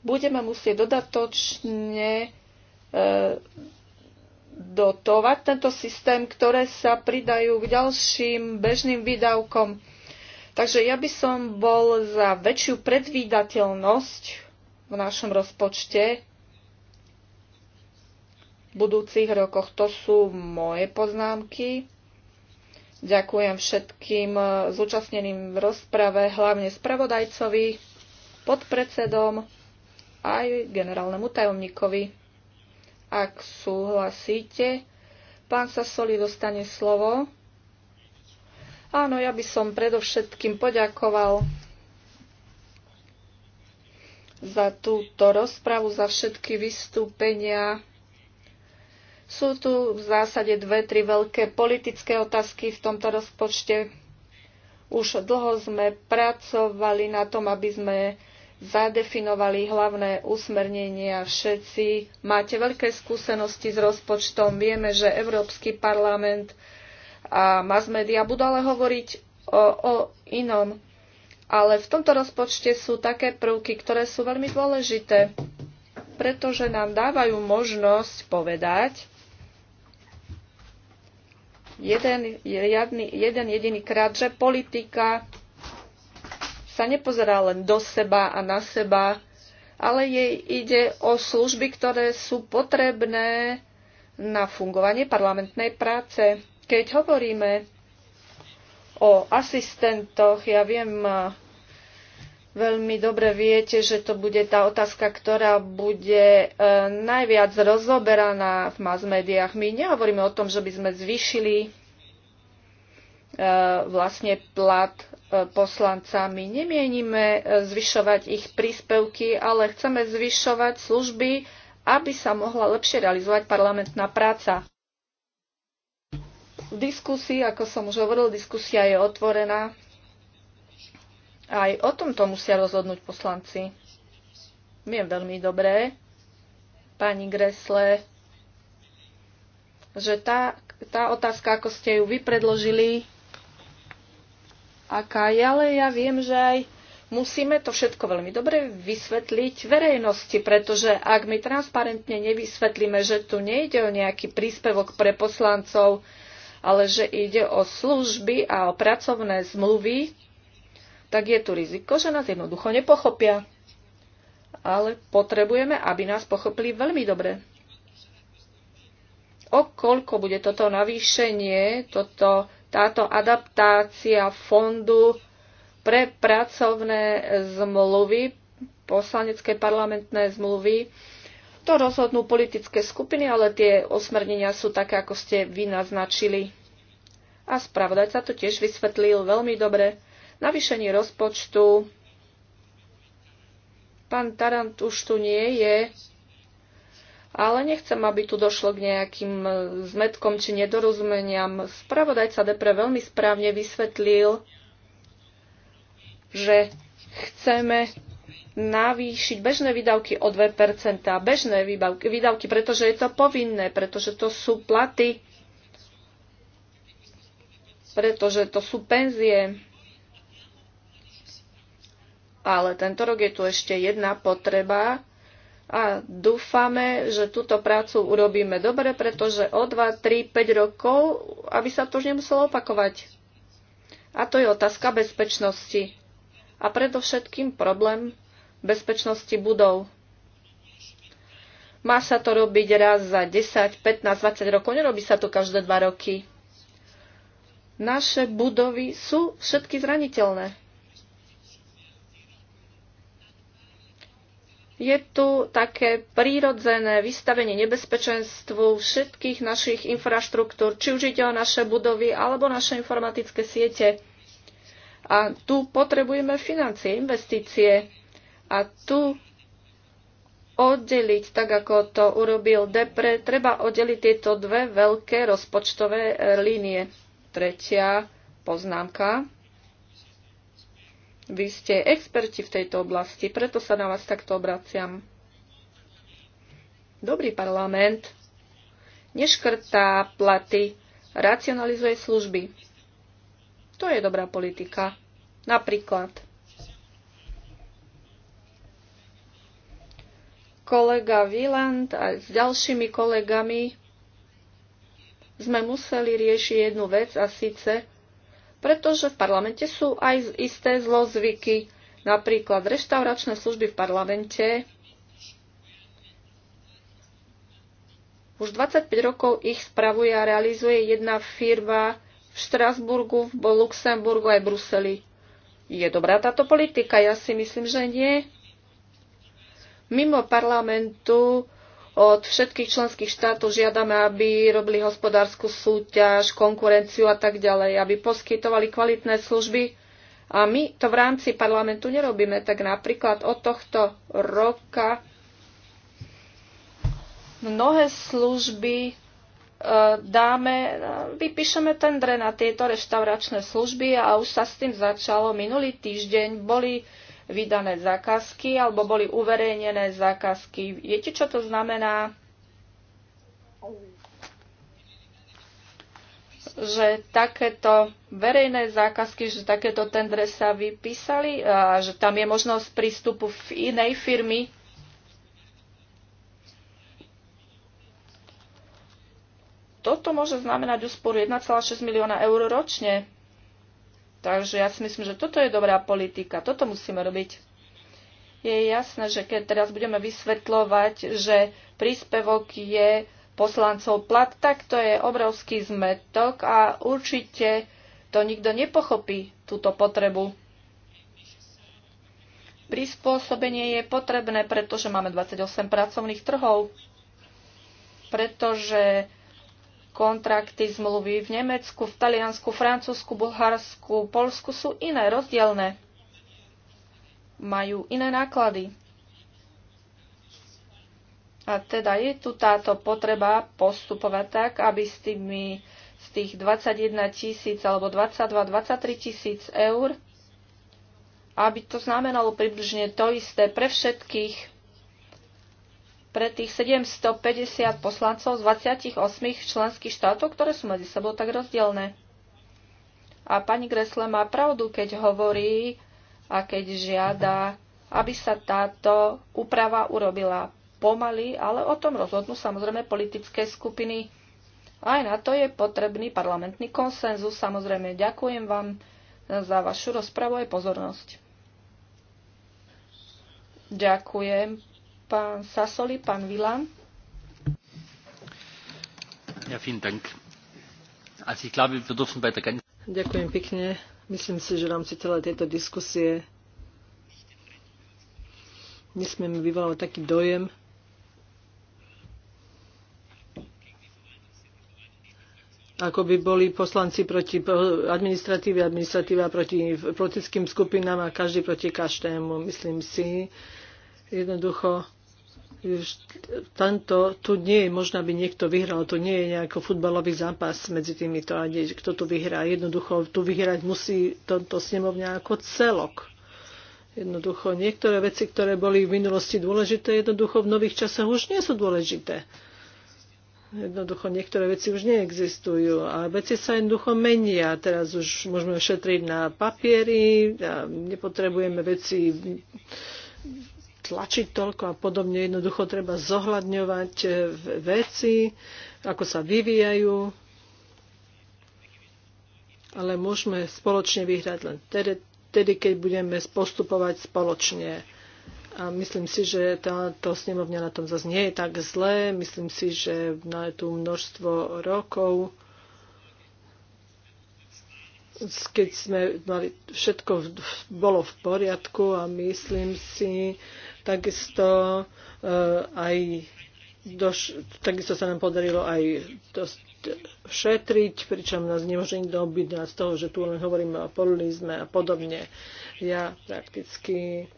Speaker 1: budeme musieť dodatočne e, dotovať tento systém, ktoré sa pridajú k ďalším bežným výdavkom. Takže ja by som bol za väčšiu predvídateľnosť v našom rozpočte v budúcich rokoch. To sú moje poznámky. Ďakujem všetkým zúčastneným v rozprave, hlavne spravodajcovi, podpredsedom aj generálnemu tajomníkovi. Ak súhlasíte, pán Sasoli dostane slovo. Áno, ja by som predovšetkým poďakoval za túto rozpravu, za všetky vystúpenia. Sú tu v zásade dve, tri veľké politické otázky v tomto rozpočte. Už dlho sme pracovali na tom, aby sme zadefinovali hlavné usmernenia. Všetci máte veľké skúsenosti s rozpočtom. Vieme, že Európsky parlament a mass media budú ale hovoriť o, o inom. Ale v tomto rozpočte sú také prvky, ktoré sú veľmi dôležité, pretože nám dávajú možnosť povedať, jeden, jadný, jeden jediný krát, že politika sa nepozerá len do seba a na seba, ale jej ide o služby, ktoré sú potrebné na fungovanie parlamentnej práce. Keď hovoríme o asistentoch. Ja viem, veľmi dobre viete, že to bude tá otázka, ktorá bude e, najviac rozoberaná v mass médiách. My nehovoríme o tom, že by sme zvyšili e, vlastne plat e, poslanca. My nemienime zvyšovať ich príspevky, ale chceme zvyšovať služby, aby sa mohla lepšie realizovať parlamentná práca diskusii, ako som už hovoril, diskusia je otvorená. Aj o tomto musia rozhodnúť poslanci. Viem veľmi dobré, pani Gresle, že tá, tá otázka, ako ste ju vy predložili, aká je, ale ja viem, že aj musíme to všetko veľmi dobre vysvetliť verejnosti, pretože ak my transparentne nevysvetlíme, že tu nejde o nejaký príspevok pre poslancov, ale že ide o služby a o pracovné zmluvy, tak je tu riziko, že nás jednoducho nepochopia. Ale potrebujeme, aby nás pochopili veľmi dobre. O koľko bude toto navýšenie, toto, táto adaptácia fondu pre pracovné zmluvy, poslanecké parlamentné zmluvy, to rozhodnú politické skupiny, ale tie osmernenia sú také, ako ste vy naznačili. A spravodajca to tiež vysvetlil veľmi dobre. Navýšenie rozpočtu. Pán Tarant už tu nie je, ale nechcem, aby tu došlo k nejakým zmetkom či nedorozumeniam. Spravodajca Depre veľmi správne vysvetlil, že chceme navýšiť bežné výdavky o 2%, bežné výdavky, pretože je to povinné, pretože to sú platy, pretože to sú penzie. Ale tento rok je tu ešte jedna potreba a dúfame, že túto prácu urobíme dobre, pretože o 2, 3, 5 rokov, aby sa to už nemuselo opakovať. A to je otázka bezpečnosti. A predovšetkým problém bezpečnosti budov. Má sa to robiť raz za 10, 15, 20 rokov, nerobí sa to každé dva roky. Naše budovy sú všetky zraniteľné. Je tu také prírodzené vystavenie nebezpečenstvu všetkých našich infraštruktúr, či už ide o naše budovy alebo naše informatické siete. A tu potrebujeme financie, investície a tu oddeliť, tak ako to urobil Depre, treba oddeliť tieto dve veľké rozpočtové e, línie. Tretia poznámka. Vy ste experti v tejto oblasti, preto sa na vás takto obraciam. Dobrý parlament neškrtá platy, racionalizuje služby. To je dobrá politika. Napríklad kolega Wieland a s ďalšími kolegami sme museli riešiť jednu vec a síce, pretože v parlamente sú aj isté zlozvyky, napríklad reštauračné služby v parlamente. Už 25 rokov ich spravuje a realizuje jedna firma v Štrasburgu, v Luxemburgu aj v Bruseli. Je dobrá táto politika? Ja si myslím, že nie Mimo parlamentu od všetkých členských štátov žiadame, aby robili hospodárskú súťaž, konkurenciu a tak ďalej, aby poskytovali kvalitné služby. A my to v rámci parlamentu nerobíme. Tak napríklad od tohto roka mnohé služby e, dáme, vypíšeme tendre na tieto reštauračné služby a už sa s tým začalo. Minulý týždeň boli vydané zákazky alebo boli uverejnené zákazky. Viete, čo to znamená? že takéto verejné zákazky, že takéto tendre sa vypísali a že tam je možnosť prístupu v inej firmy. Toto môže znamenať úsporu 1,6 milióna eur ročne. Takže ja si myslím, že toto je dobrá politika, toto musíme robiť. Je jasné, že keď teraz budeme vysvetľovať, že príspevok je poslancov plat, tak to je obrovský zmetok a určite to nikto nepochopí, túto potrebu. Prispôsobenie je potrebné, pretože máme 28 pracovných trhov, pretože kontrakty, zmluvy v Nemecku, v Taliansku, Francúzsku, Bulharsku, Polsku sú iné, rozdielne. Majú iné náklady. A teda je tu táto potreba postupovať tak, aby s tými z tých 21 tisíc alebo 22-23 tisíc eur, aby to znamenalo približne to isté pre všetkých pre tých 750 poslancov z 28 členských štátov, ktoré sú medzi sebou tak rozdielne. A pani Gresle má pravdu, keď hovorí a keď žiada, aby sa táto úprava urobila pomaly, ale o tom rozhodnú samozrejme politické skupiny. Aj na to je potrebný parlamentný konsenzus. Samozrejme, ďakujem vám za vašu rozpravu a pozornosť. Ďakujem Pán
Speaker 2: Sasoli, pán Vilan.
Speaker 4: Ja, vielen Dank. Also ich glaube, wir dürfen bei der ganzen...
Speaker 2: Ďakujem pekne. Myslím si, že v rámci celé tejto diskusie nesmieme vyvolávať taký dojem, ako by boli poslanci proti administratíve, administratíva proti politickým skupinám a každý proti každému. Myslím si, jednoducho tento, tu nie je možno, aby niekto vyhral, tu nie je nejaký futbalový zápas medzi týmito a nie, kto tu vyhrá. Jednoducho tu vyhrať musí toto snemovňa ako celok. Jednoducho niektoré veci, ktoré boli v minulosti dôležité, jednoducho v nových časoch už nie sú dôležité. Jednoducho niektoré veci už neexistujú a veci sa jednoducho menia. Teraz už môžeme šetriť na papiery a nepotrebujeme veci tlačiť toľko a podobne. Jednoducho treba zohľadňovať e, veci, ako sa vyvíjajú, ale môžeme spoločne vyhrať len tedy, keď budeme postupovať spoločne. A myslím si, že táto snemovňa na tom zase nie je tak zlé. Myslím si, že na tú množstvo rokov keď sme mali, všetko bolo v poriadku a myslím si, Takisto eh, aj doš- takisto sa nám podarilo aj dosť šetriť, pričom nás nemôže nikto obiť z toho, že tu len hovoríme o polulizme a podobne. Ja prakticky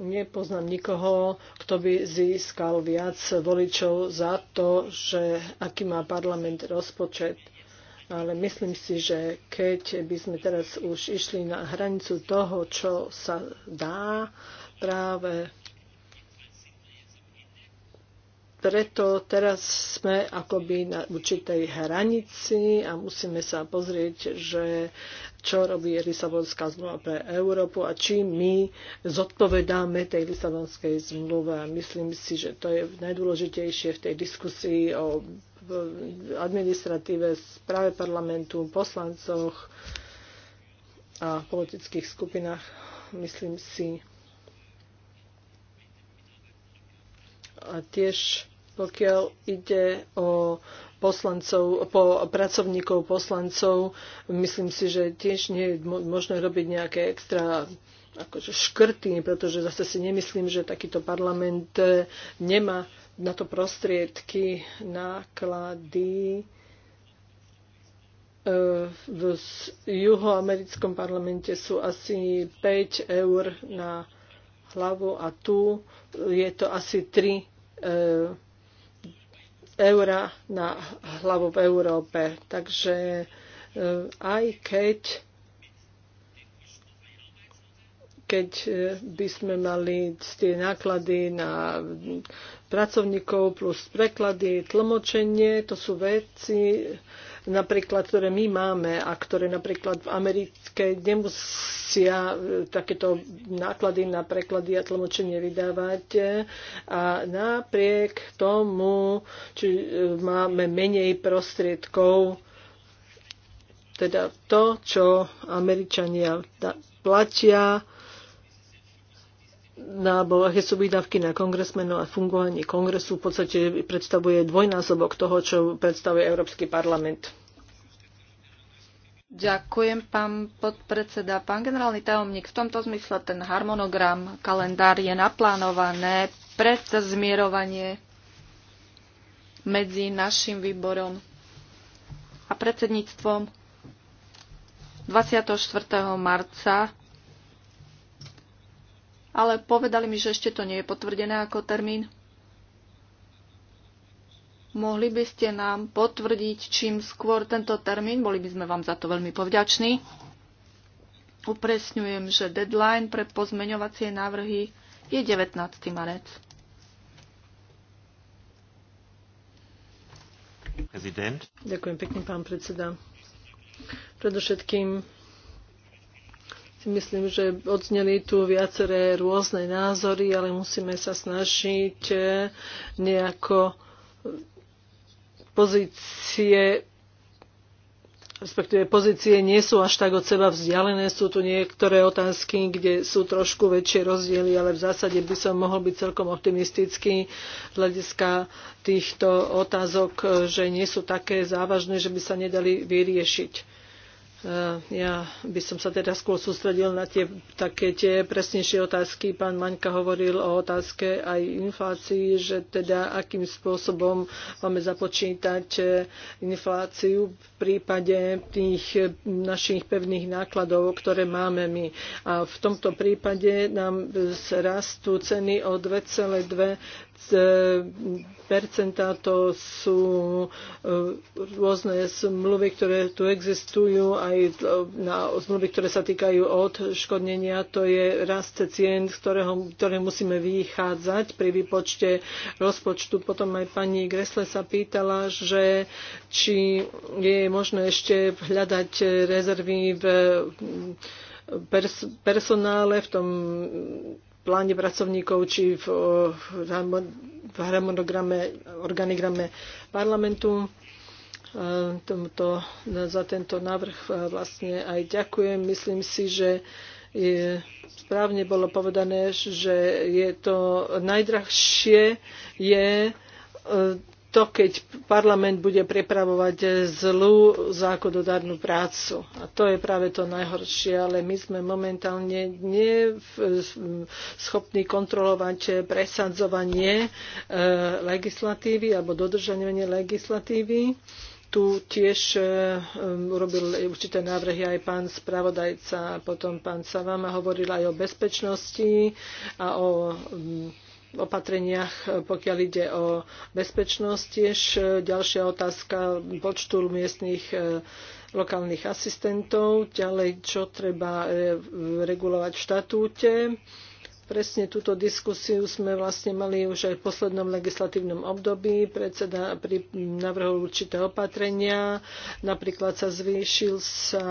Speaker 2: nepoznám nikoho, kto by získal viac voličov za to, že aký má parlament rozpočet. Ale myslím si, že keď by sme teraz už išli na hranicu toho, čo sa dá, práve preto teraz sme akoby na určitej hranici a musíme sa pozrieť, že čo robí Lisabonská zmluva pre Európu a či my zodpovedáme tej Lisabonskej zmluve. Myslím si, že to je najdôležitejšie v tej diskusii o administratíve, správe parlamentu, poslancoch a politických skupinách. Myslím si, a tiež pokiaľ ide o poslancov, po pracovníkov poslancov, myslím si, že tiež nie je možné robiť nejaké extra akože škrty, pretože zase si nemyslím, že takýto parlament e, nemá na to prostriedky, náklady. E, v juhoamerickom parlamente sú asi 5 eur na hlavu a tu je to asi 3 E, eura na hlavu v Európe. Takže e, aj keď keď e, by sme mali tie náklady na pracovníkov plus preklady, tlmočenie, to sú veci, napríklad, ktoré my máme a ktoré napríklad v americké nemusia e, takéto náklady na preklady a tlmočenie vydávať. A napriek tomu, či e, máme menej prostriedkov, teda to, čo Američania platia, alebo aké sú výdavky na kongresmenov a fungovanie kongresu v podstate predstavuje dvojnásobok toho, čo predstavuje Európsky parlament.
Speaker 1: Ďakujem, pán podpredseda. Pán generálny tajomník, v tomto zmysle ten harmonogram, kalendár je naplánované pred zmierovanie medzi našim výborom a predsedníctvom 24. marca ale povedali mi, že ešte to nie je potvrdené ako termín. Mohli by ste nám potvrdiť čím skôr tento termín, boli by sme vám za to veľmi povďační. Upresňujem, že deadline pre pozmeňovacie návrhy je 19. marec.
Speaker 4: Prezident.
Speaker 2: Ďakujem pekne, pán predseda. Predovšetkým si myslím, že odzneli tu viaceré rôzne názory, ale musíme sa snažiť eh, nejako eh, pozície respektíve pozície nie sú až tak od seba vzdialené. Sú tu niektoré otázky, kde sú trošku väčšie rozdiely, ale v zásade by som mohol byť celkom optimistický z hľadiska týchto otázok, eh, že nie sú také závažné, že by sa nedali vyriešiť. Eh, ja by som sa teda skôr sústredil na tie také tie presnejšie otázky. Pán Maňka hovoril o otázke aj inflácii, že teda akým spôsobom máme započítať eh, infláciu v prípade tých eh, našich pevných nákladov, ktoré máme my. A v tomto prípade nám rastú ceny o 2,2 percentá to sú e, rôzne zmluvy, ktoré tu existujú, aj na zmluvy, ktoré sa týkajú odškodnenia. To je rast cien, z ktorého, ktoré musíme vychádzať pri výpočte rozpočtu. Potom aj pani Gresle sa pýtala, že či je možné ešte hľadať rezervy v pers- personále, v tom pláne pracovníkov či v, v harmonograme, organigrame parlamentu. E, tomuto, e, za tento návrh e, vlastne aj ďakujem. Myslím si, že je, správne bolo povedané, že je to najdrahšie je to, keď parlament bude prepravovať zlú zákonodárnu prácu. A to je práve to najhoršie, ale my sme momentálne nie schopní kontrolovať presadzovanie e, legislatívy alebo dodržanie legislatívy. Tu tiež e, e, urobil určité návrhy aj pán spravodajca, potom pán Savama hovoril aj o bezpečnosti a o opatreniach, e, pokiaľ ide o bezpečnosť. Tiež e, ďalšia otázka počtu miestných e, lokálnych asistentov, ďalej čo treba regulovať v štatúte Presne túto diskusiu sme vlastne mali už aj v poslednom legislatívnom období. Predseda navrhol určité opatrenia. Napríklad sa zvýšil sa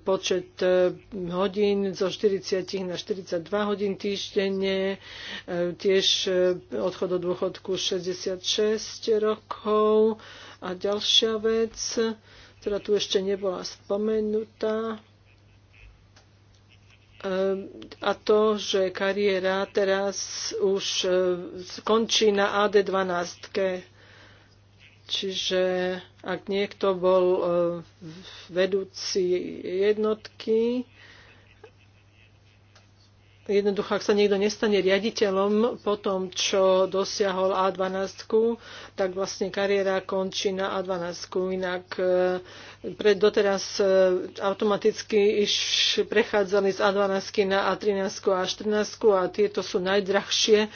Speaker 2: počet e, hodín zo 40 na 42 hodín týždenne. E, tiež e, odchod do dôchodku 66 rokov. A ďalšia vec, ktorá tu ešte nebola spomenutá, Ehm, a to, že kariéra teraz už skončí e, na AD12. Čiže ak niekto bol e, vedúci jednotky, Jednoducho, ak sa niekto nestane riaditeľom po tom, čo dosiahol A12, tak vlastne kariéra končí na A12. Inak e, pre doteraz e, automaticky iš prechádzali z A12 na A13 a A14 a tieto sú najdrahšie e,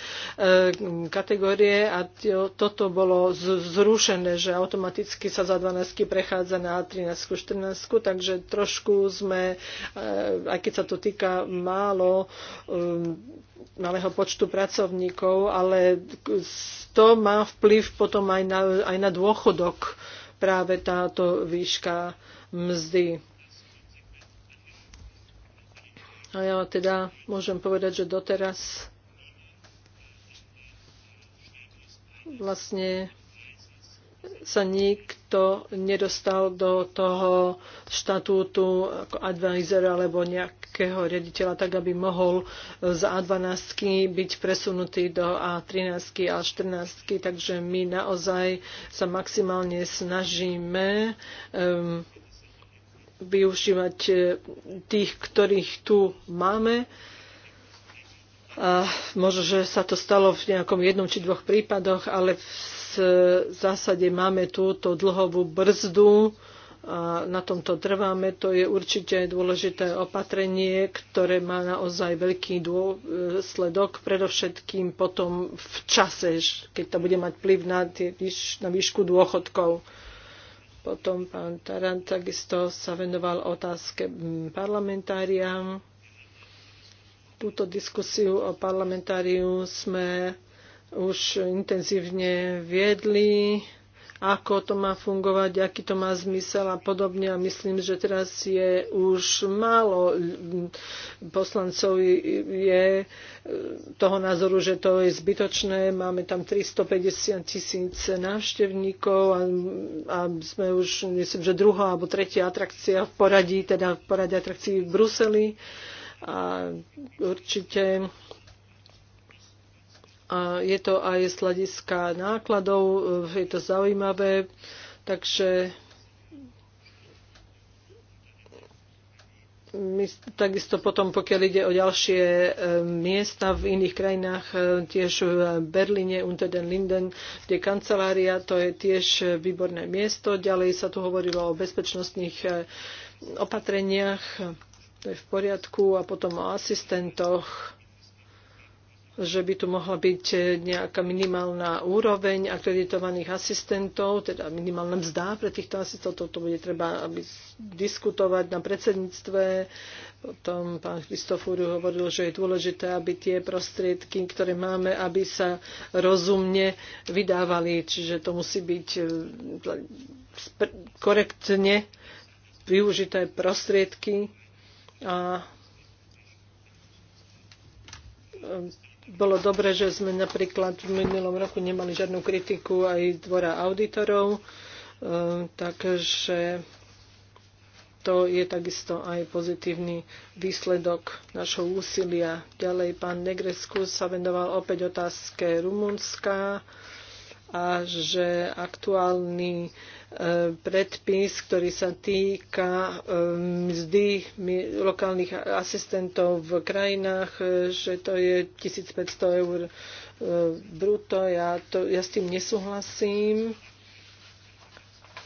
Speaker 2: kategórie a toto bolo zrušené, že automaticky sa z A12 prechádza na A13 a 14, takže trošku sme, aj keď sa to týka málo, Um, malého počtu pracovníkov, ale to má vplyv potom aj na, aj na dôchodok práve táto výška mzdy. A ja teda môžem povedať, že doteraz vlastne sa nikto nedostal do toho štatútu ako advisor alebo nejakého riaditeľa, tak aby mohol z A12 byť presunutý do A13 a 14. Takže my naozaj sa maximálne snažíme um, využívať eh, tých, ktorých tu máme. A možno, že sa to stalo v nejakom jednom či dvoch prípadoch, ale v v zásade máme túto dlhovú brzdu, a na tomto trváme. To je určite dôležité opatrenie, ktoré má naozaj veľký dôsledok, predovšetkým potom v čase, keď to bude mať vplyv na, tie, na výšku dôchodkov. Potom pán Tarant takisto sa venoval otázke parlamentáriám. Túto diskusiu o parlamentáriu sme už intenzívne viedli, ako to má fungovať, aký to má zmysel a podobne. A myslím, že teraz je už málo poslancov je toho názoru, že to je zbytočné. Máme tam 350 tisíc návštevníkov a, a sme už, myslím, že druhá alebo tretia atrakcia v poradí, teda v poradí atrakcií v Bruseli. A určite a je to aj z hľadiska nákladov, e, je to zaujímavé, takže My, takisto potom, pokiaľ ide o ďalšie e, miesta v iných krajinách, e, tiež v Berlíne, unter den Linden, kde kancelária, to je tiež výborné miesto. Ďalej sa tu hovorilo o bezpečnostných e, opatreniach, to je v poriadku, a potom o asistentoch že by tu mohla byť e, nejaká minimálna úroveň akreditovaných asistentov, teda minimálna mzda pre týchto asistentov. To bude treba aby diskutovať na predsedníctve. Potom pán Kristofúru hovoril, že je dôležité, aby tie prostriedky, ktoré máme, aby sa rozumne vydávali. Čiže to musí byť e, korektne využité prostriedky a e, bolo dobre, že sme napríklad v minulom roku nemali žiadnu kritiku aj dvora auditorov, e, takže to je takisto aj pozitívny výsledok našho úsilia. Ďalej pán Negresku sa venoval opäť otázke Rumunska a že aktuálny e, predpis, ktorý sa týka e, mzdy lokálnych asistentov v krajinách, e, že to je 1500 eur bruto. Ja, to, ja s tým nesúhlasím.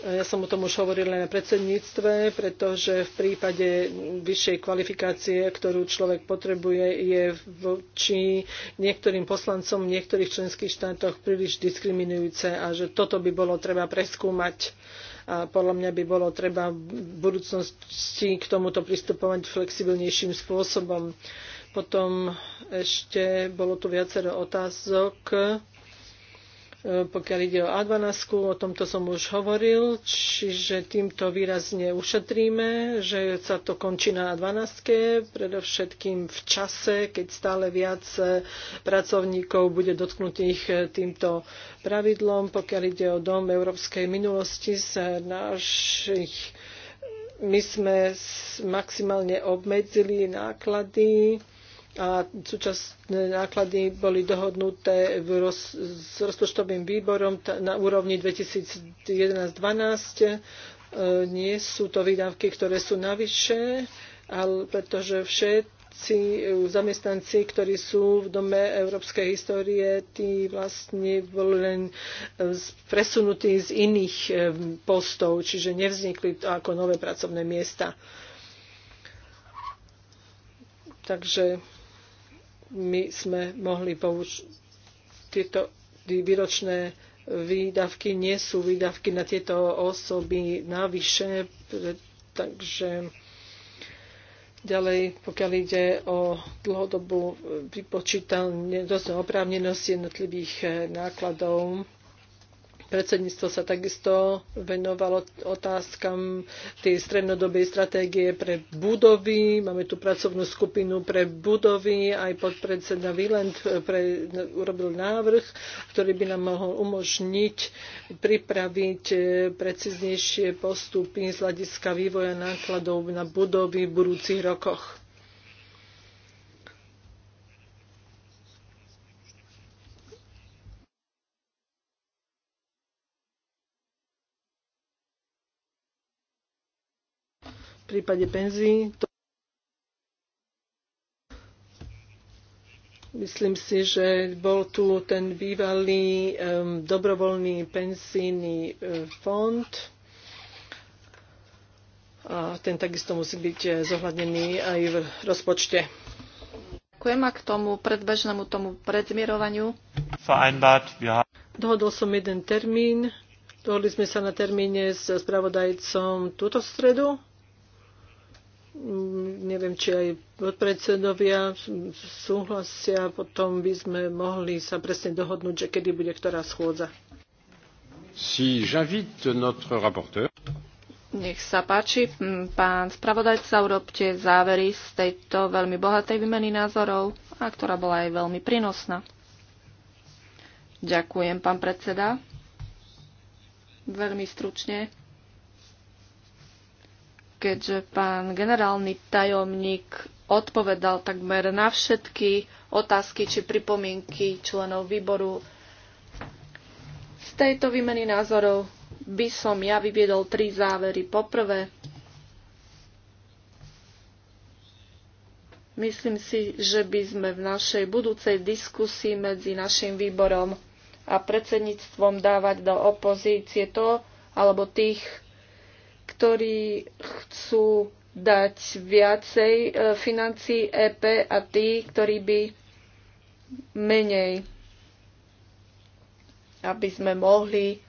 Speaker 2: Ja som o tom už hovorila na predsedníctve, pretože v prípade vyššej kvalifikácie, ktorú človek potrebuje, je voči niektorým poslancom v niektorých členských štátoch príliš diskriminujúce a že toto by bolo treba preskúmať a podľa mňa by bolo treba v budúcnosti k tomuto pristupovať flexibilnejším spôsobom. Potom ešte bolo tu viacero otázok E, pokiaľ ide o A12, o tomto som už hovoril, čiže týmto výrazne ušetríme, že sa to končí na A12, predovšetkým v čase, keď stále viac e, pracovníkov bude dotknutých e, týmto pravidlom. Pokiaľ ide o dom európskej minulosti, z našich my sme maximálne obmedzili náklady a súčasné náklady boli dohodnuté v roz, s rozpočtovým výborom na úrovni 2011-2012. E, nie sú to výdavky, ktoré sú navyše, ale pretože všetci e, zamestnanci, ktorí sú v Dome európskej histórie, tí vlastne boli len e, presunutí z iných postov, čiže nevznikli to ako nové pracovné miesta. Takže my sme mohli použiť tieto výročné výdavky nie sú výdavky na tieto osoby navyše, takže ďalej, pokiaľ ide o dlhodobú e, vypočítanosť oprávnenosti jednotlivých e, nákladov, Predsedníctvo sa takisto venovalo otázkam tej strednodobej stratégie pre budovy. Máme tu pracovnú skupinu pre budovy. Aj podpredseda Wieland eh, pre, urobil návrh, ktorý by nám mohol umožniť pripraviť eh, preciznejšie postupy z hľadiska vývoja nákladov na budovy v budúcich rokoch. prípade penzí. To Myslím si, že bol tu ten bývalý um, dobrovoľný penzíny e, fond a ten takisto musí byť e, zohľadnený aj v rozpočte. Ďakujem a k tomu predbežnému tomu predmierovaniu. Dohodol som jeden termín. Dohodli sme sa na termíne s spravodajcom túto stredu Mm, neviem, či aj podpredsedovia súhlasia, potom by sme mohli sa presne dohodnúť, že kedy bude ktorá schôdza.
Speaker 4: Si j'invite notre rapporteur.
Speaker 1: Nech sa páči, mm, pán spravodajca, urobte závery z tejto veľmi bohatej výmeny názorov a ktorá bola aj veľmi prínosná. Ďakujem, pán predseda. Veľmi stručne keďže pán generálny tajomník odpovedal takmer na všetky otázky či pripomienky členov výboru. Z tejto výmeny názorov by som ja vyviedol tri závery. Poprvé, myslím si, že by sme v našej budúcej diskusii medzi našim výborom a predsedníctvom dávať do opozície to, alebo tých ktorí chcú dať viacej e, financí EP a tí, ktorí by menej, aby sme mohli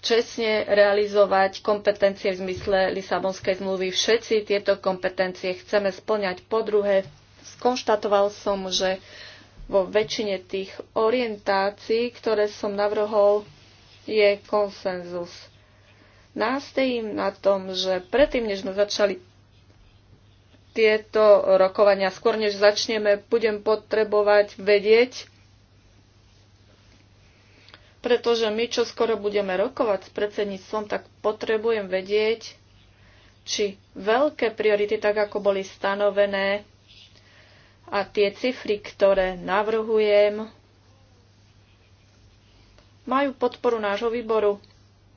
Speaker 1: čestne realizovať kompetencie v zmysle Lisabonskej zmluvy. Všetci tieto kompetencie chceme splňať. Po druhé, skonštatoval som, že vo väčšine tých orientácií, ktoré som navrhol, je konsenzus Nástejím na tom, že predtým, než sme začali tieto rokovania, skôr než začneme, budem potrebovať vedieť, pretože my čo skoro budeme rokovať s predsedníctvom, tak potrebujem vedieť, či veľké priority, tak ako boli stanovené, a tie cifry, ktoré navrhujem, majú podporu nášho výboru.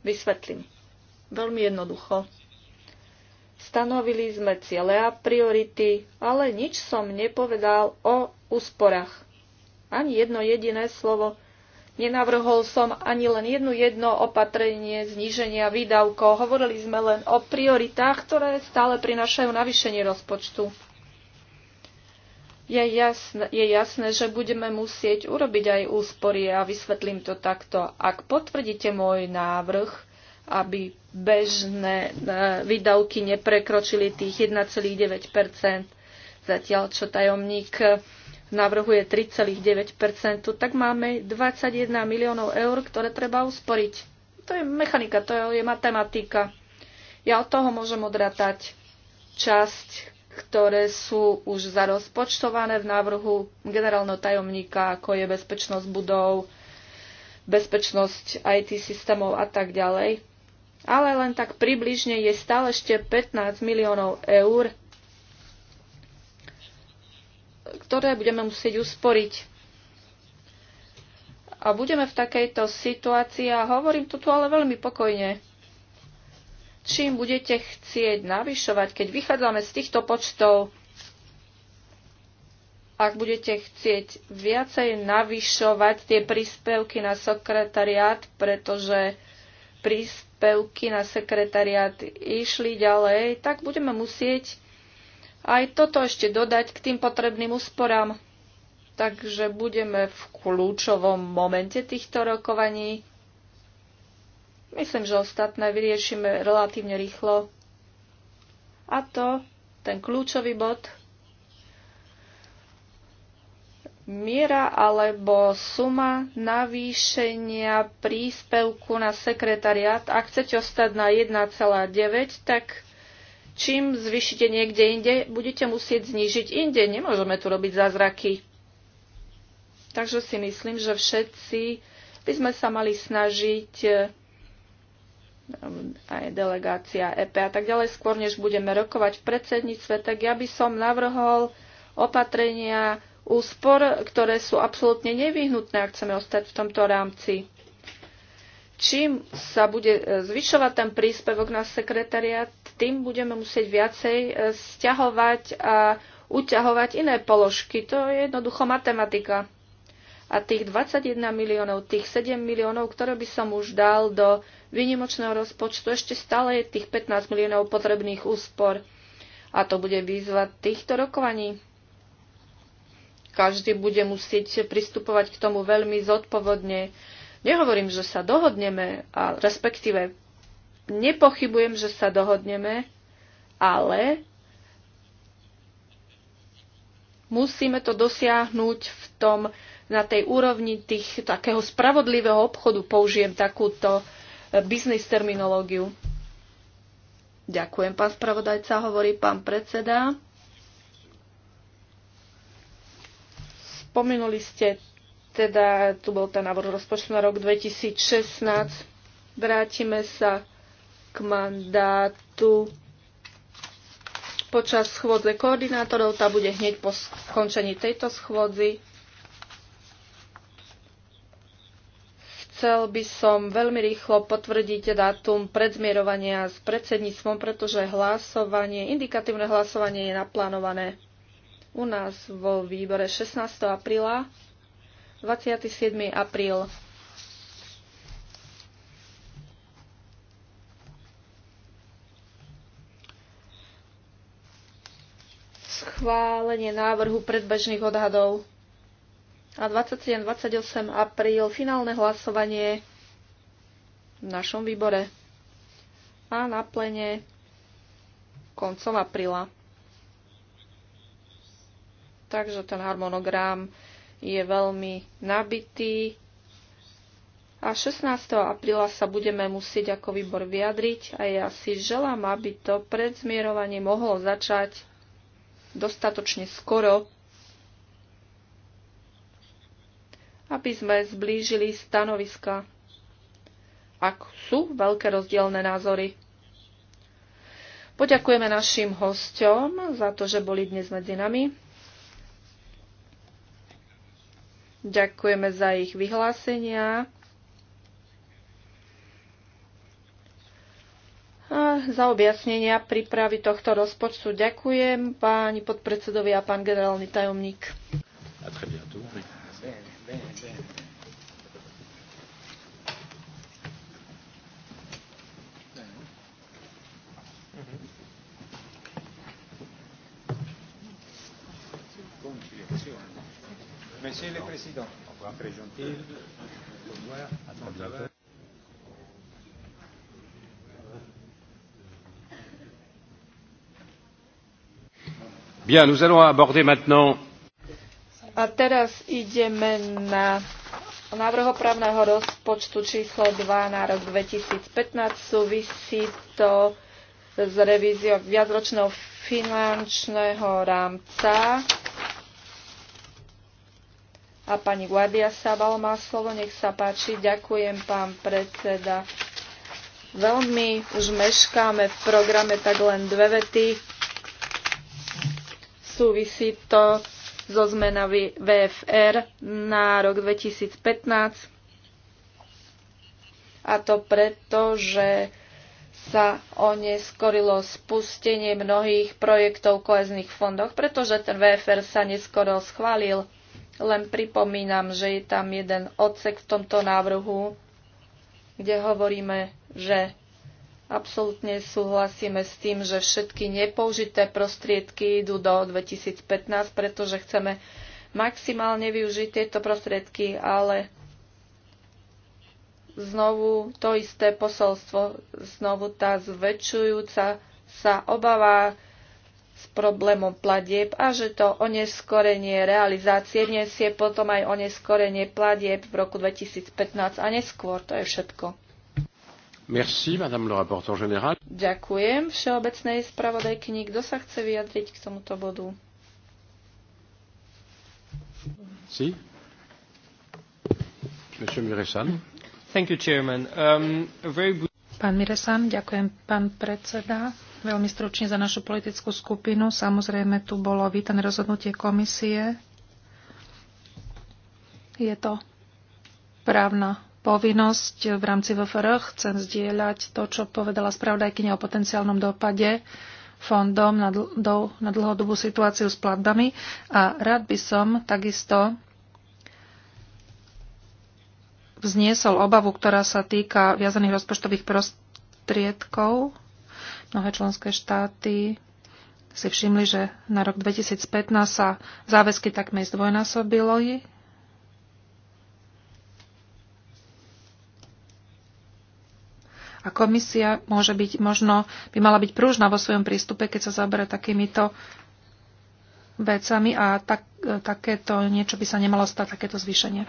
Speaker 1: Vysvetlím. Veľmi jednoducho. Stanovili sme ciele a priority, ale nič som nepovedal o úsporách. Ani jedno jediné slovo. Nenavrhol som ani len jednu jedno opatrenie zníženia výdavkov. Hovorili sme len o prioritách, ktoré stále prinášajú navýšenie rozpočtu. Je jasné, je jasné, že budeme musieť urobiť aj úspory a vysvetlím to takto. Ak potvrdíte môj návrh, aby bežné e, výdavky neprekročili tých 1,9 zatiaľ čo tajomník navrhuje 3,9 tak máme 21 miliónov eur, ktoré treba usporiť. To je mechanika, to je matematika. Ja od toho môžem odratať časť, ktoré sú už zarozpočtované v návrhu generálneho tajomníka, ako je bezpečnosť budov, bezpečnosť IT systémov a tak ďalej ale len tak približne je stále ešte 15 miliónov eur, ktoré budeme musieť usporiť. A budeme v takejto situácii a hovorím to tu ale veľmi pokojne. Čím budete chcieť navyšovať, keď vychádzame z týchto počtov, ak budete chcieť viacej navyšovať tie príspevky na sekretariát, pretože príspevky príspevky na sekretariat išli ďalej, tak budeme musieť aj toto ešte dodať k tým potrebným úsporám. Takže budeme v kľúčovom momente týchto rokovaní. Myslím, že ostatné vyriešime relatívne rýchlo. A to ten kľúčový bod miera alebo suma navýšenia príspevku na sekretariat, ak chcete ostať na 1,9, tak čím zvyšíte niekde inde, budete musieť znížiť inde. Nemôžeme tu robiť zázraky. Takže si myslím, že všetci by sme sa mali snažiť eh, aj delegácia EP a tak ďalej, skôr než budeme rokovať v predsedníctve, tak ja by som navrhol opatrenia, úspor, ktoré sú absolútne nevyhnutné, ak chceme ostať v tomto rámci. Čím sa bude e, zvyšovať ten príspevok na sekretariat, tým budeme musieť viacej e, stiahovať a uťahovať iné položky. To je jednoducho matematika. A tých 21 miliónov, tých 7 miliónov, ktoré by som už dal do výnimočného rozpočtu, ešte stále je tých 15 miliónov potrebných úspor. A to bude výzva týchto rokovaní každý bude musieť pristupovať k tomu veľmi zodpovodne. Nehovorím, že sa dohodneme, a respektíve nepochybujem, že sa dohodneme, ale musíme to dosiahnuť v tom, na tej úrovni tých, takého spravodlivého obchodu, použijem takúto e, biznis terminológiu. Ďakujem, pán spravodajca, hovorí pán predseda. Spomenuli ste teda, tu bol ten návrh rozpočtu na rok 2016. Vrátime sa k mandátu počas schôdze koordinátorov. Tá bude hneď po skončení tejto schôdzy. Chcel by som veľmi rýchlo potvrdiť dátum predzmierovania s predsedníctvom, pretože hlasovanie, indikatívne hlasovanie je naplánované u nás vo výbore 16. apríla, 27. apríl. Schválenie návrhu predbežných odhadov a 27-28 apríl finálne hlasovanie v našom výbore a na plene koncom apríla takže ten harmonogram je veľmi nabitý. A 16. apríla sa budeme musieť ako výbor vyjadriť a ja si želám, aby to predzmierovanie mohlo začať dostatočne skoro, aby sme zblížili stanoviska. Ak sú veľké rozdielne názory. Poďakujeme našim hosťom za to, že boli dnes medzi nami. Ďakujeme za ich vyhlásenia. za objasnenia prípravy tohto rozpočtu. Ďakujem páni podpredsedovi a pán generálny tajomník.
Speaker 4: A très bientôt. Monsieur le Président. Au revoir, Gentil. Au revoir. À bientôt. Bien, nous allons aborder maintenant.
Speaker 1: A teraz ideme na návrhopravného rozpočtu číslo 2 na rok 2015. Súvisí to s revíziou viacročného finančného rámca. A pani Guardia Sabal má slovo, nech sa páči. Ďakujem, pán predseda. Veľmi už meškáme v programe, tak len dve vety. Súvisí to so zmenami VFR na rok 2015. A to preto, že sa oneskorilo spustenie mnohých projektov v kohezných fondoch, pretože ten VFR sa neskoro schválil len pripomínam, že je tam jeden odsek v tomto návrhu, kde hovoríme, že absolútne súhlasíme s tým, že všetky nepoužité prostriedky idú do 2015, pretože chceme maximálne využiť tieto prostriedky, ale znovu to isté posolstvo, znovu tá zväčšujúca sa obava s problémom pladieb a že to oneskorenie realizácie nesie potom aj oneskorenie pladieb v roku 2015 a neskôr. To je všetko.
Speaker 4: Merci, madame le rapporteur général.
Speaker 1: Ďakujem všeobecnej spravodajkyni. Kto sa chce vyjadriť k tomuto bodu?
Speaker 4: Si? Monsieur Miresan. Thank you, chairman. Um, a very...
Speaker 3: Pán Miresan, ďakujem, pán predseda. Veľmi stručne za našu politickú skupinu. Samozrejme, tu bolo vítané rozhodnutie komisie. Je to právna povinnosť v rámci VFR. Chcem zdieľať to, čo povedala spravodajkyňa o potenciálnom dopade fondom na, dl- do, na dlhodobú situáciu s platbami. A rád by som takisto vzniesol obavu, ktorá sa týka viazaných rozpočtových prostriedkov Mnohé členské štáty si všimli, že na rok 2015 sa záväzky takmer zdvojnásobilo. A komisia môže byť, možno by mala byť prúžna vo svojom prístupe, keď sa zabere takýmito vecami a tak, takéto niečo by sa nemalo stať, takéto zvýšenie.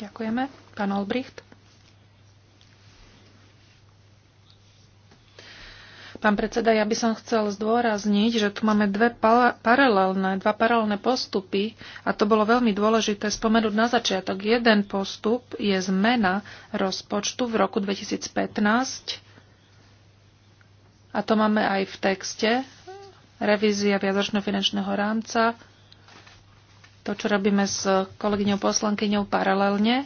Speaker 3: Ďakujeme. Pán Olbricht. Pán predseda, ja by som chcel zdôrazniť, že tu máme dve paralelné, dva paralelné postupy a to bolo veľmi dôležité spomenúť na začiatok. Jeden postup je zmena rozpočtu v roku 2015 a to máme aj v texte revízia viacročného finančného rámca, to, čo robíme s kolegyňou poslankyňou paralelne.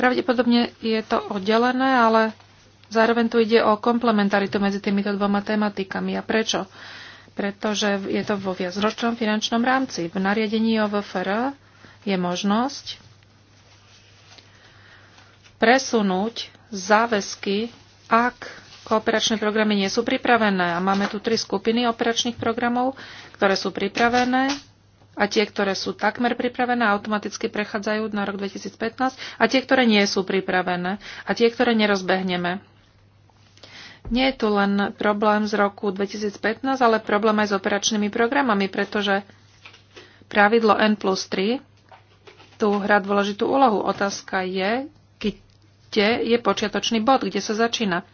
Speaker 3: Pravdepodobne je to oddelené, ale Zároveň tu ide o komplementaritu medzi týmito dvoma tematikami. A prečo? Pretože je to vo viacročnom finančnom rámci. V nariadení OVFR je možnosť presunúť záväzky, ak kooperačné programy nie sú pripravené. A máme tu tri skupiny operačných programov, ktoré sú pripravené a tie, ktoré sú takmer pripravené, automaticky prechádzajú na rok 2015 a tie, ktoré nie sú pripravené a tie, ktoré nerozbehneme. Nie je tu len problém z roku 2015, ale problém aj s operačnými programami, pretože pravidlo N plus 3 tu hrá dôležitú úlohu. Otázka je, kde je počiatočný bod, kde sa začína.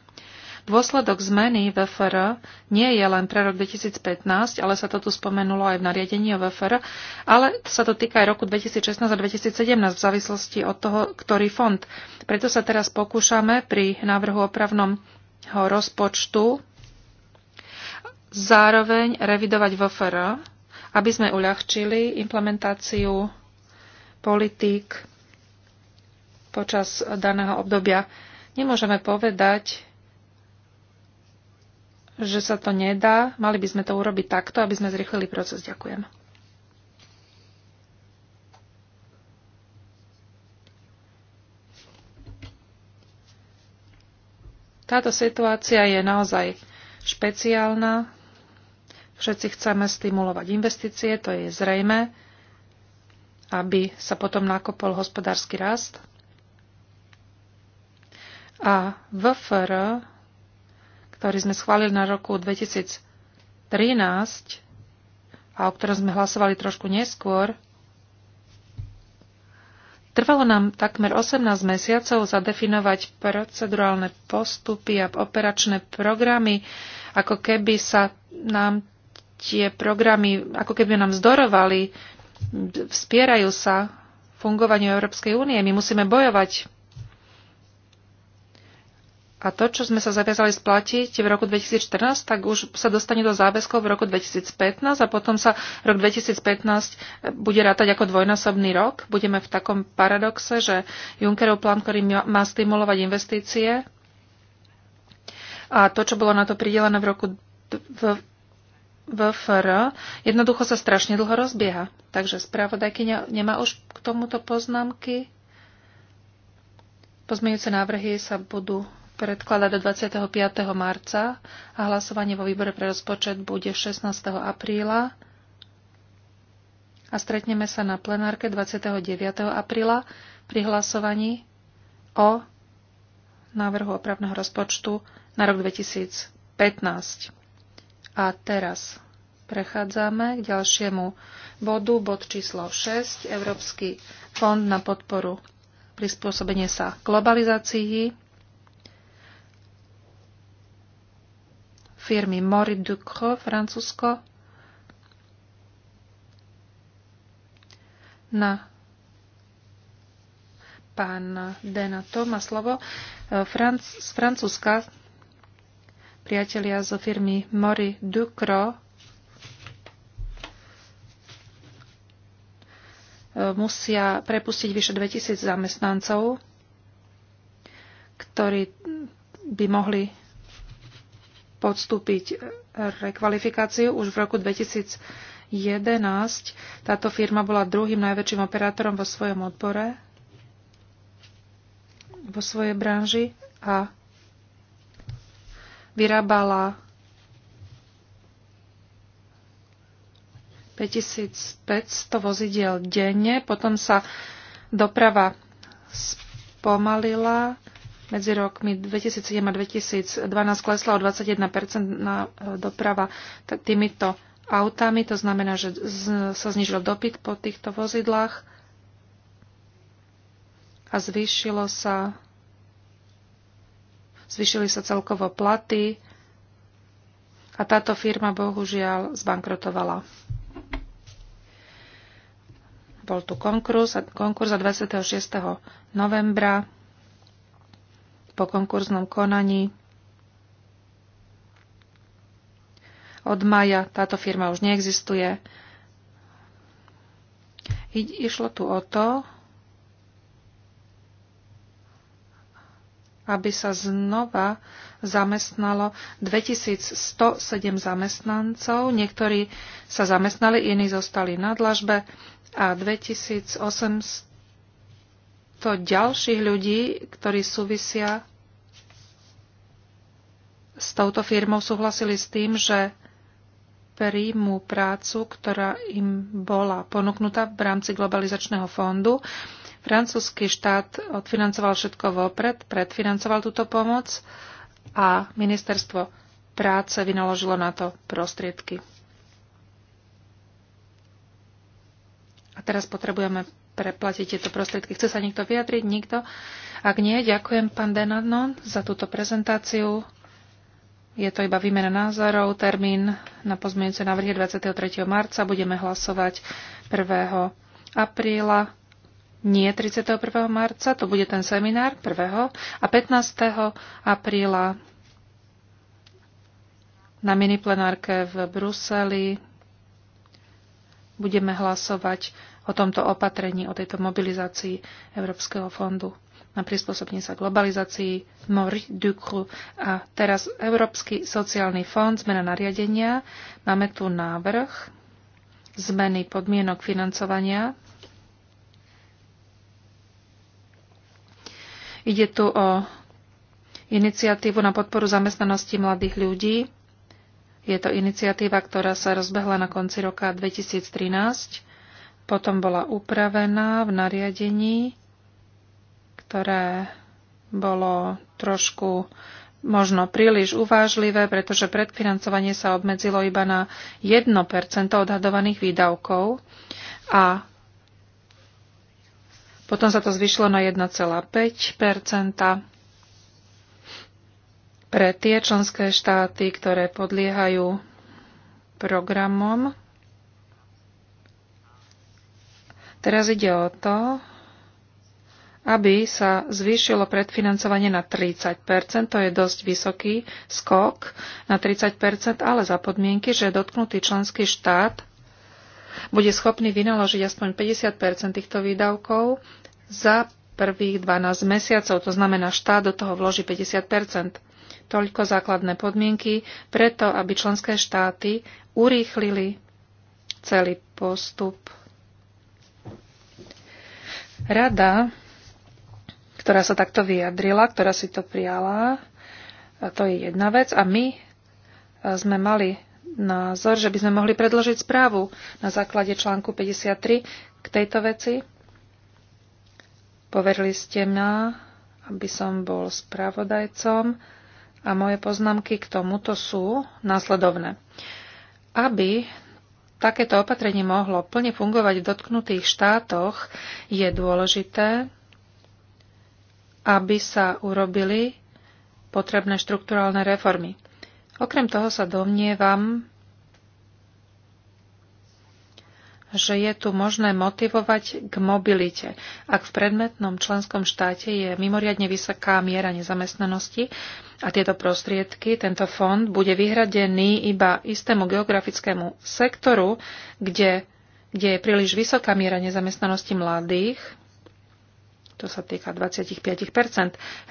Speaker 3: Dôsledok zmeny VFR nie je len pre rok 2015, ale sa to tu spomenulo aj v nariadení o VFR, ale sa to týka aj roku 2016 a 2017 v závislosti od toho, ktorý fond. Preto sa teraz pokúšame pri návrhu opravnom rozpočtu, zároveň revidovať VFR, aby sme uľahčili implementáciu politík počas daného obdobia. Nemôžeme povedať, že sa to nedá. Mali by sme to urobiť takto, aby sme zrychlili proces. Ďakujem. Táto situácia je naozaj špeciálna. Všetci chceme stimulovať investície, to je zrejme, aby sa potom nakopol hospodársky rast. A VFR, ktorý sme schválili na roku 2013 a o ktorom sme hlasovali trošku neskôr, Trvalo nám takmer 18 mesiacov zadefinovať procedurálne postupy a operačné programy, ako keby sa nám tie programy, ako keby nám zdorovali, vspierajú sa fungovaniu Európskej únie. My musíme bojovať a to, čo sme sa zaviazali splatiť v roku 2014, tak už sa dostane do záväzkov v roku 2015 a potom sa rok 2015 bude rátať ako dvojnásobný rok. Budeme v takom paradoxe, že Junckerov plán, ktorý má stimulovať investície a to, čo bolo na to pridelené v roku v FR, jednoducho sa strašne dlho rozbieha. Takže spravodajkyňa nemá už k tomuto poznámky. Pozmejúce návrhy sa budú predkladá do 25. marca a hlasovanie vo výbore pre rozpočet bude 16. apríla a stretneme sa na plenárke 29. apríla pri hlasovaní o návrhu opravného rozpočtu na rok 2015. A teraz prechádzame k ďalšiemu bodu, bod číslo 6, Európsky fond na podporu prispôsobenie sa globalizácii. firmy Mori Ducro, Francúzsko, na pán Denato má slovo. E, Franc, z Francúzska priatelia zo firmy Mori Ducro e, musia prepustiť vyše 2000 zamestnancov, ktorí by mohli podstúpiť rekvalifikáciu už v roku 2011. Táto firma bola druhým najväčším operátorom vo svojom odbore, vo svojej branži a vyrábala 5500 vozidiel denne. Potom sa doprava spomalila medzi rokmi 2007 a 2012 klesla o 21% na e, doprava týmito autami. To znamená, že sa znižil dopyt po týchto vozidlách a zvýšilo sa zvýšili sa celkovo platy a táto firma bohužiaľ zbankrotovala. Bol tu konkurs, konkurs a 26. novembra po konkurznom konaní. Od maja táto firma už neexistuje. Išlo tu o to, aby sa znova zamestnalo 2107 zamestnancov. Niektorí sa zamestnali, iní zostali na dlažbe a 2800 to ďalších ľudí, ktorí súvisia s touto firmou, súhlasili s tým, že príjmu prácu, ktorá im bola ponúknutá v rámci globalizačného fondu. Francúzsky štát odfinancoval všetko vopred, predfinancoval túto pomoc a ministerstvo práce vynaložilo na to prostriedky. A teraz potrebujeme preplatiť tieto prostriedky. Chce sa niekto vyjadriť? Nikto? Ak nie, ďakujem pán Denadnon za túto prezentáciu. Je to iba výmena názorov. Termín na pozmeňujúce návrhy 23. marca. Budeme hlasovať 1. apríla. Nie 31. marca, to bude ten seminár 1. a 15. apríla na miniplenárke v Bruseli budeme hlasovať o tomto opatrení, o tejto mobilizácii Európskeho fondu na prispôsobenie sa globalizácii Mori Ducru. A teraz Európsky sociálny fond, zmena nariadenia. Máme tu návrh zmeny podmienok financovania. Ide tu o iniciatívu na podporu zamestnanosti mladých ľudí. Je to iniciatíva, ktorá sa rozbehla na konci roka 2013 potom bola upravená v nariadení, ktoré bolo trošku možno príliš uvážlivé, pretože predfinancovanie sa obmedzilo iba na 1% odhadovaných výdavkov a potom sa to zvyšlo na 1,5% pre tie členské štáty, ktoré podliehajú programom Teraz ide o to, aby sa zvýšilo predfinancovanie na 30 to je dosť vysoký skok na 30 ale za podmienky, že dotknutý členský štát bude schopný vynaložiť aspoň 50 týchto výdavkov za prvých 12 mesiacov, to znamená štát do toho vloží 50 Toľko základné podmienky preto, aby členské štáty urýchlili celý postup Rada, ktorá sa takto vyjadrila, ktorá si to prijala, a to je jedna vec. A my sme mali názor, že by sme mohli predložiť správu na základe článku 53 k tejto veci. Poverili ste mňa, aby som bol spravodajcom a moje poznámky k tomuto sú následovné. Aby takéto opatrenie mohlo plne fungovať v dotknutých štátoch, je dôležité, aby sa urobili potrebné štrukturálne reformy. Okrem toho sa domnievam, že je tu možné motivovať k mobilite. Ak v predmetnom členskom štáte je mimoriadne vysoká miera nezamestnanosti a tieto prostriedky, tento fond bude vyhradený iba istému geografickému sektoru, kde, kde je príliš vysoká miera nezamestnanosti mladých, to sa týka 25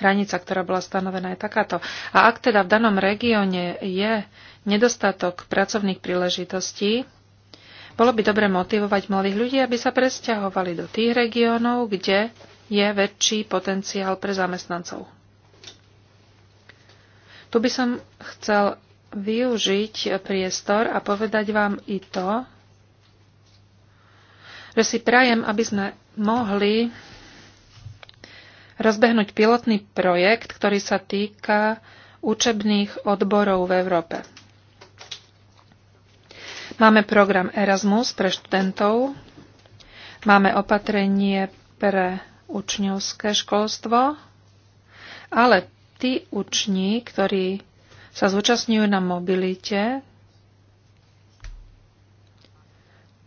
Speaker 3: hranica, ktorá bola stanovená je takáto. A ak teda v danom regióne je nedostatok pracovných príležitostí, bolo by dobre motivovať mladých ľudí, aby sa presťahovali do tých regiónov, kde je väčší potenciál pre zamestnancov. Tu by som chcel využiť priestor a povedať vám i to, že si prajem, aby sme mohli rozbehnúť pilotný projekt, ktorý sa týka učebných odborov v Európe. Máme program Erasmus pre študentov, máme opatrenie pre učňovské školstvo, ale tí učni, ktorí sa zúčastňujú na mobilite,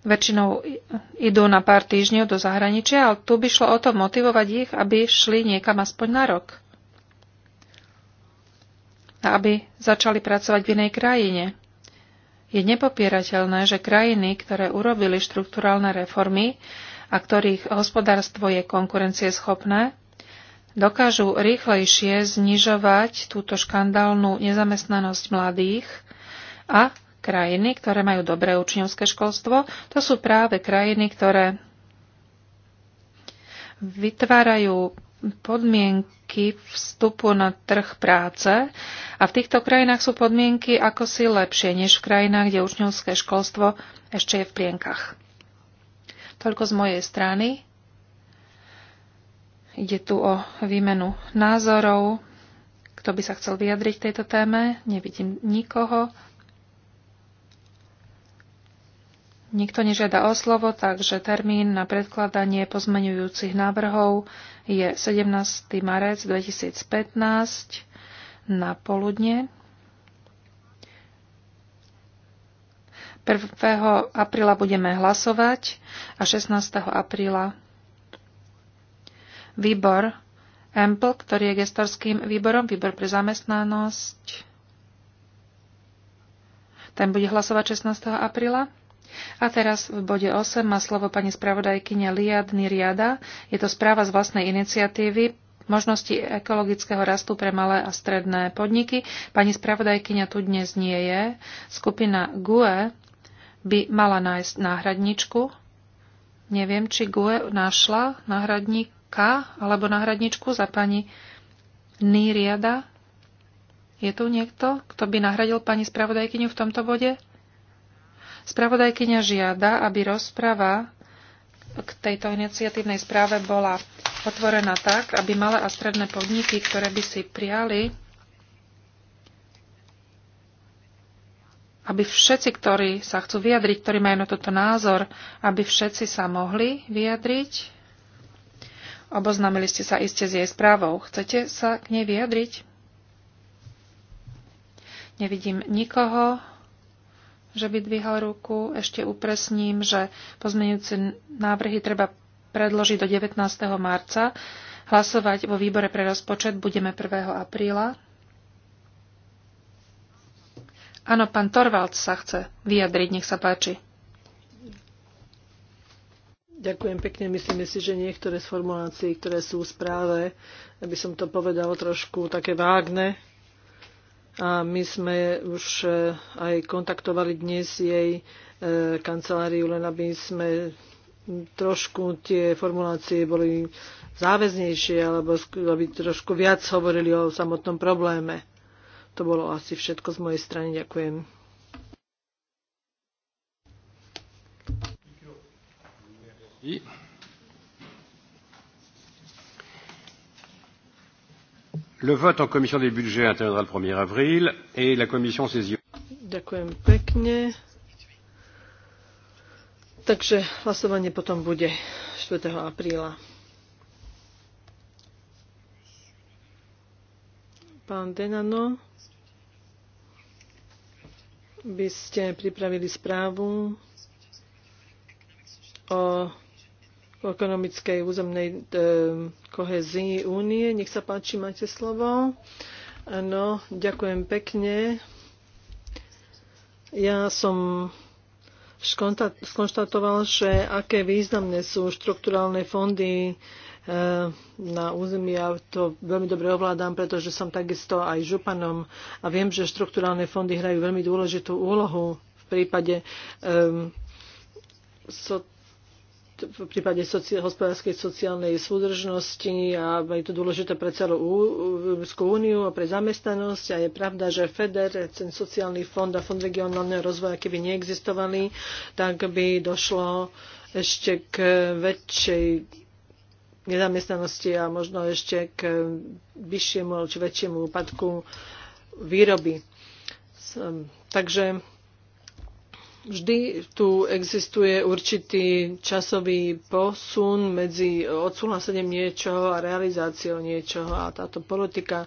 Speaker 3: väčšinou idú na pár týždňov do zahraničia, ale tu by šlo o to motivovať ich, aby šli niekam aspoň na rok. A aby začali pracovať v inej krajine. Je nepopierateľné, že krajiny, ktoré urobili štrukturálne reformy a ktorých hospodárstvo je konkurencieschopné, dokážu rýchlejšie znižovať túto škandálnu nezamestnanosť mladých a krajiny, ktoré majú dobré učňovské školstvo, to sú práve krajiny, ktoré vytvárajú podmienky vstupu na trh práce a v týchto krajinách sú podmienky ako si lepšie než v krajinách, kde učňovské školstvo ešte je v plienkach. Toľko z mojej strany. Ide tu o výmenu názorov. Kto by sa chcel vyjadriť tejto téme? Nevidím nikoho. Nikto nežiada o slovo, takže termín na predkladanie pozmenujúcich návrhov je 17. marec 2015 na poludne. 1. apríla budeme hlasovať a 16. apríla výbor EMPL, ktorý je gestorským výborom, výbor pre zamestnanosť, ten bude hlasovať 16. apríla. A teraz v bode 8 má slovo pani spravodajkyňa Liad Niriada. Je to správa z vlastnej iniciatívy možnosti ekologického rastu pre malé a stredné podniky. Pani spravodajkyňa tu dnes nie je. Skupina GUE by mala nájsť náhradničku. Neviem, či GUE našla náhradníka alebo náhradničku za pani Niriada. Je tu niekto, kto by nahradil pani spravodajkyňu v tomto bode? Spravodajkyňa žiada, aby rozprava k tejto iniciatívnej správe bola otvorená tak, aby malé a stredné podniky, ktoré by si prijali, aby všetci, ktorí sa chcú vyjadriť, ktorí majú na toto názor, aby všetci sa mohli vyjadriť. Oboznámili ste sa iste s jej správou. Chcete sa k nej vyjadriť? Nevidím nikoho že by dvihal ruku. Ešte upresním, že pozmeňujúce návrhy treba predložiť do 19. marca. Hlasovať vo výbore pre rozpočet budeme 1. apríla. Áno, pán Torvald sa chce vyjadriť, nech sa páči.
Speaker 2: Ďakujem pekne. myslím si, že niektoré z formulácií, ktoré sú v správe, aby som to povedal trošku také vágne, a my sme už e, aj kontaktovali dnes jej e, kanceláriu, len aby sme trošku tie formulácie boli záväznejšie, alebo aby trošku viac hovorili o samotnom probléme. To bolo asi všetko z mojej strany. Ďakujem.
Speaker 4: I Le vote en commission des budgets interviendra le 1er avril et la commission saisie.
Speaker 2: Ďakujem pekne. Takže hlasovanie potom bude 4. apríla. Pán Denano, by ste pripravili správu o ekonomickej územnej e, kohezii únie. Nech sa páči, máte slovo. Áno, ďakujem pekne. Ja som skonštatoval, že aké významné sú štrukturálne fondy e, na území. Ja to veľmi dobre ovládam, pretože som takisto aj županom a viem, že štrukturálne fondy hrajú veľmi dôležitú úlohu v prípade um, so, v prípade soci- hospodárskej sociálnej súdržnosti a je to dôležité pre celú Európsku úniu a pre zamestnanosť a je pravda, že FEDER, ten sociálny fond a fond regionálneho rozvoja, keby neexistovali, tak by došlo ešte k väčšej nezamestnanosti a možno ešte k vyššiemu či väčšiemu úpadku výroby. Takže Vždy tu existuje určitý časový posun medzi odsúhlasením niečoho a realizáciou niečoho a táto politika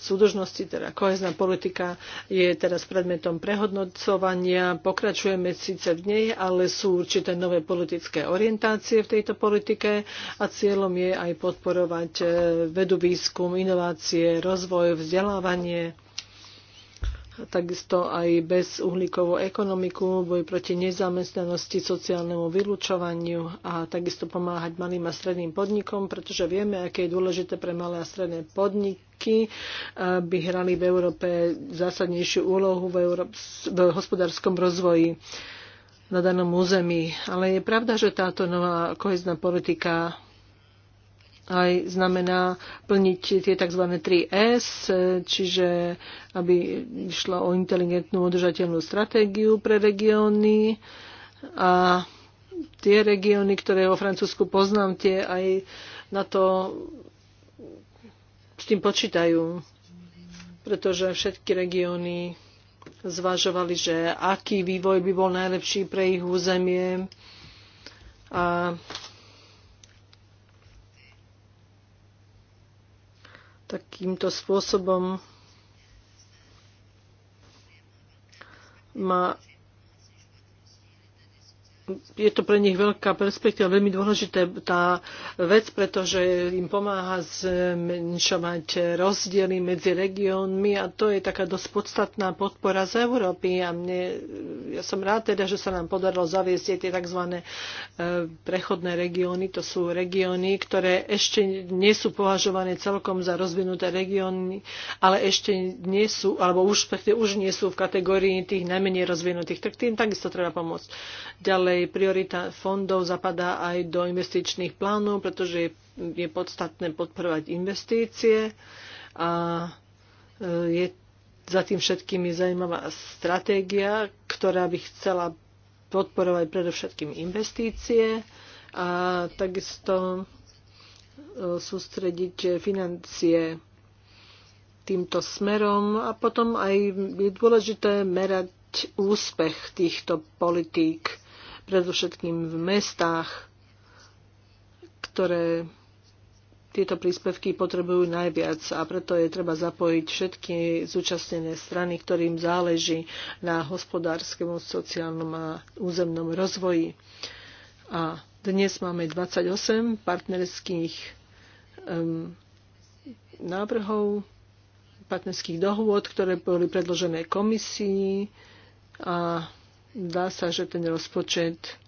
Speaker 2: súdržnosti, teda kohezná politika je teraz predmetom prehodnocovania. Pokračujeme síce v nej, ale sú určité nové politické orientácie v tejto politike a cieľom je aj podporovať eh, vedu, výskum, inovácie, rozvoj, vzdelávanie takisto aj bez uhlíkovú ekonomiku, boj proti nezamestnanosti, sociálnemu vylúčovaniu a takisto pomáhať malým a stredným podnikom, pretože vieme, aké je dôležité pre malé a stredné podniky, by hrali v Európe zásadnejšiu úlohu v, Európs- v hospodárskom rozvoji na danom území. Ale je pravda, že táto nová kohezná politika aj znamená plniť tie tzv. 3S, čiže aby išlo o inteligentnú udržateľnú stratégiu pre regióny a tie regióny, ktoré vo Francúzsku poznám, tie aj na to s tým počítajú, pretože všetky regióny zvažovali, že aký vývoj by bol najlepší pre ich územie a takýmto spôsobom ma je to pre nich veľká perspektíva, veľmi dôležitá tá vec, pretože im pomáha zmenšovať rozdiely medzi regiónmi a to je taká dosť podstatná podpora z Európy. A mne, ja som rád teda, že sa nám podarilo zaviesť tie tzv. E, prechodné regióny. To sú regióny, ktoré ešte nie sú považované celkom za rozvinuté regióny, ale ešte nie sú, alebo už, už nie sú v kategórii tých najmenej rozvinutých. Tak tým takisto treba pomôcť. Ďalej naozaj priorita fondov zapadá aj do investičných plánov, pretože je, podstatné podporovať investície a e, je za tým všetkým zaujímavá stratégia, ktorá by chcela podporovať predovšetkým investície a takisto e, sústrediť financie týmto smerom a potom aj je dôležité merať úspech týchto politík predovšetkým v mestách, ktoré tieto príspevky potrebujú najviac a preto je treba zapojiť všetky zúčastnené strany, ktorým záleží na hospodárskom, sociálnom a územnom rozvoji. A dnes máme 28 partnerských um, návrhov, partnerských dohôd, ktoré boli predložené komisii a Dá sa, že ten rozpočet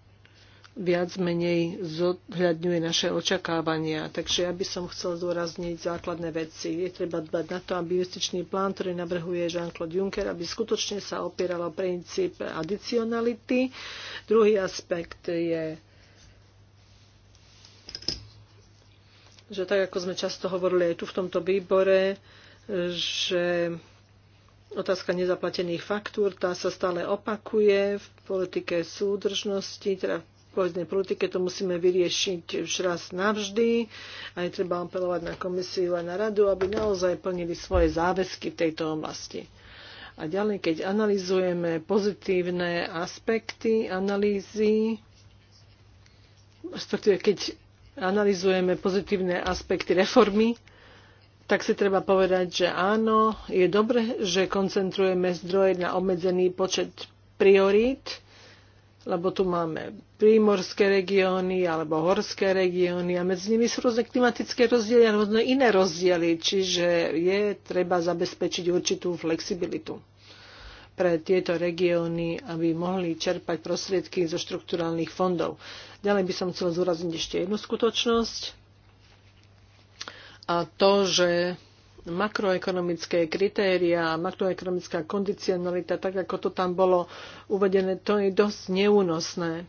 Speaker 2: viac menej zohľadňuje naše očakávania. Takže ja by som chcel zdôrazniť základné veci. Je treba dbať na to, aby justičný plán, ktorý navrhuje Jean-Claude Juncker, aby skutočne sa opieral o princíp adicionality. Druhý aspekt je že tak ako sme často hovorili aj tu v tomto výbore, že otázka nezaplatených faktúr, tá sa stále opakuje v politike súdržnosti, teda v povednej politike to musíme vyriešiť už raz navždy. je treba apelovať na komisiu a na radu, aby naozaj plnili svoje záväzky v tejto oblasti. A ďalej, keď analizujeme pozitívne aspekty analýzy, keď analizujeme pozitívne aspekty reformy, tak si treba povedať, že áno, je dobre, že koncentrujeme zdroje na obmedzený počet priorít, lebo tu máme prímorské regióny alebo horské regióny a medzi nimi sú rôzne klimatické rozdiely a rôzne iné rozdiely, čiže je treba zabezpečiť určitú flexibilitu pre tieto regióny, aby mohli čerpať prostriedky zo štrukturálnych fondov. Ďalej by som chcela zúrazniť ešte jednu skutočnosť a to, že makroekonomické kritéria a makroekonomická kondicionalita, tak ako to tam bolo uvedené, to je dosť neúnosné.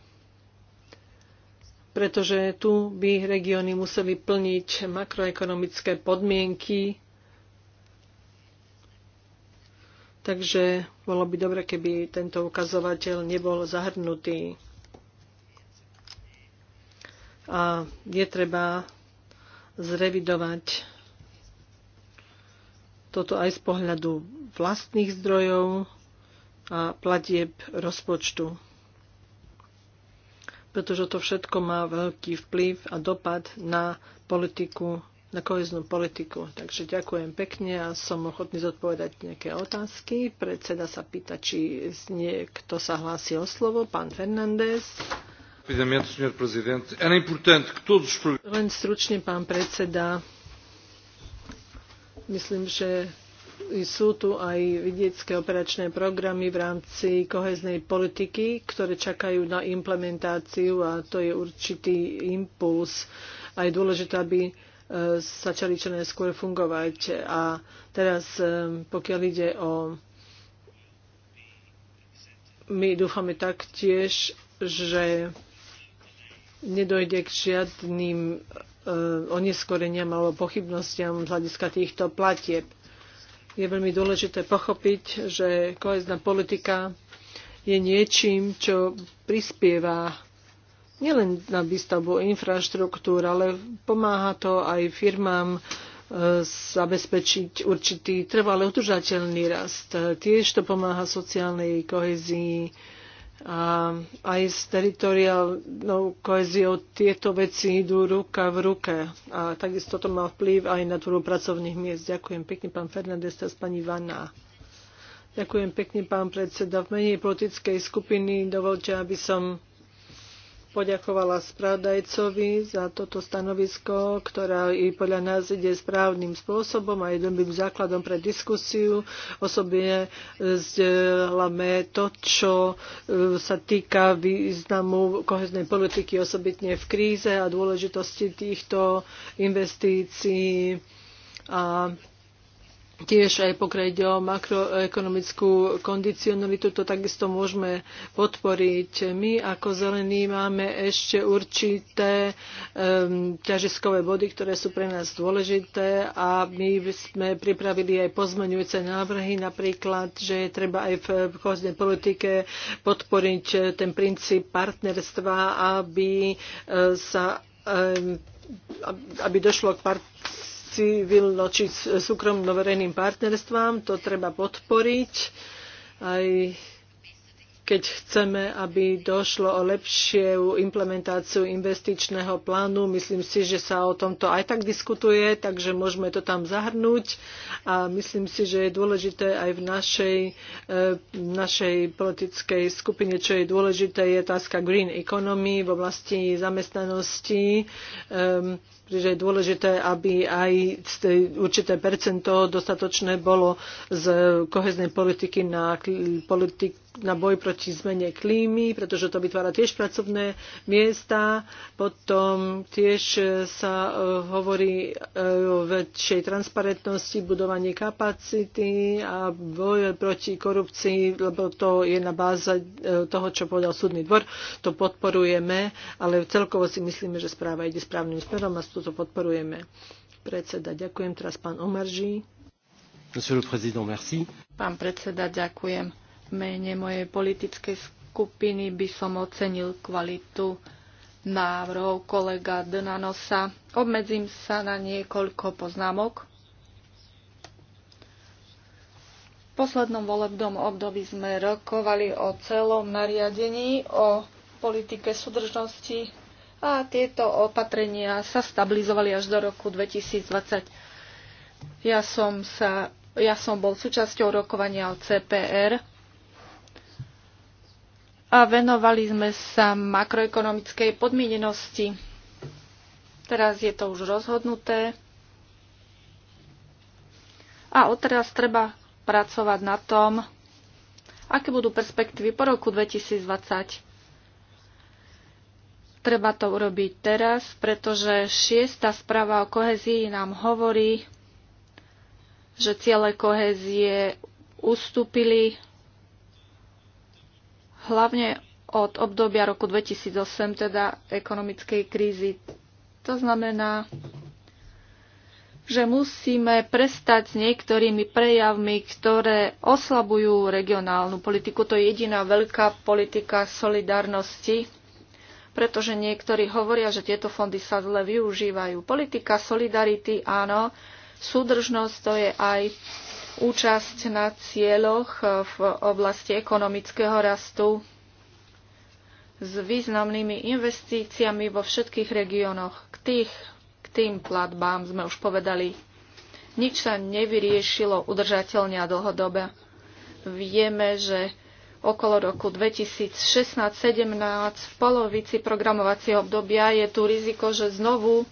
Speaker 2: Pretože tu by regióny museli plniť makroekonomické podmienky. Takže bolo by dobre, keby tento ukazovateľ nebol zahrnutý. A je treba zrevidovať toto aj z pohľadu vlastných zdrojov a platieb rozpočtu. Pretože to všetko má veľký vplyv a dopad na politiku, na koheznú politiku. Takže ďakujem pekne a som ochotný zodpovedať nejaké otázky. Predseda sa pýta, či niekto sa hlási o slovo. Pán Fernández. Len stručne, pán predseda. Myslím, že sú tu aj vidiecké operačné programy v rámci koheznej politiky, ktoré čakajú na implementáciu a to je určitý impuls. A je dôležité, aby e, začali čo najskôr fungovať. A teraz, e, pokiaľ ide o... My dúfame taktiež, že nedojde k žiadnym eh, oneskoreniam alebo pochybnostiam z hľadiska týchto platieb. Je veľmi dôležité pochopiť, že kohezná politika je niečím, čo prispieva nielen na výstavbu infraštruktúr, ale pomáha to aj firmám eh, zabezpečiť určitý trvalý udržateľný rast. Eh, tiež to pomáha sociálnej kohezii a aj s teritoriálnou koheziou tieto veci idú ruka v ruke. A takisto to má vplyv aj na tvorbu pracovných miest. Ďakujem pekne, pán Fernández, teraz pani Vanna. Ďakujem pekne, pán predseda. V mene politickej skupiny dovolte, aby som poďakovala spravodajcovi za toto stanovisko, ktorá i podľa nás ide správnym spôsobom a jedným základom pre diskusiu. Osobne vzdelame e, to, čo e, sa týka významu koheznej politiky, osobitne v kríze a dôležitosti týchto investícií a tiež aj pokrať o makroekonomickú kondicionalitu, to takisto môžeme podporiť. My ako zelení máme ešte určité um, ťažiskové body, ktoré sú pre nás dôležité a my sme pripravili aj pozmeňujúce návrhy, napríklad, že je treba aj v kohoznej politike podporiť ten princíp partnerstva, aby e, sa um, aby došlo k partnerstvu civilno či súkromno-verejným partnerstvám. To treba podporiť aj keď chceme, aby došlo o lepšiu implementáciu investičného plánu. Myslím si, že sa o tomto aj tak diskutuje, takže môžeme to tam zahrnúť a myslím si, že je dôležité aj v našej, eh, našej politickej skupine, čo je dôležité, je otázka green economy v oblasti zamestnanosti. Um, Čiže je dôležité, aby aj určité percento dostatočné bolo z koheznej politiky na, politik, na boj proti zmene klímy, pretože to vytvára tiež pracovné miesta. Potom tiež sa e, hovorí e, o väčšej transparentnosti, budovanie kapacity a boj proti korupcii, lebo to je na báze e, toho, čo povedal súdny dvor. To podporujeme, ale celkovo si myslíme, že správa ide správnym smerom a toto podporujeme. Predseda, ďakujem. Teraz pán Omarží. Pán
Speaker 1: predseda, ďakujem. Mene mojej politickej skupiny by som ocenil kvalitu návrhov kolega Dnanosa. Obmedzím sa na niekoľko poznámok. V poslednom volebnom období sme rokovali o celom nariadení o politike súdržnosti a tieto opatrenia sa stabilizovali až do roku 2020. Ja som, sa, ja som bol súčasťou rokovania o CPR a venovali sme sa makroekonomickej podmienenosti. Teraz je to už rozhodnuté a odteraz treba pracovať na tom, aké budú perspektívy po roku 2020. Treba to urobiť teraz, pretože šiesta správa o kohezii nám hovorí, že ciele kohezie ustúpili hlavne od obdobia roku 2008, teda ekonomickej krízy. To znamená, že musíme prestať s niektorými prejavmi, ktoré oslabujú regionálnu politiku. To je jediná veľká politika solidárnosti pretože niektorí hovoria, že tieto fondy sa zle využívajú. Politika solidarity, áno, súdržnosť to je aj účasť na cieľoch e, v oblasti ekonomického rastu s významnými investíciami vo všetkých regiónoch. K, tých, k tým platbám sme už povedali, nič sa nevyriešilo udržateľne a dlhodobé. Vieme, že okolo roku 2016 2017 v polovici programovacieho obdobia je tu riziko, že znovu e,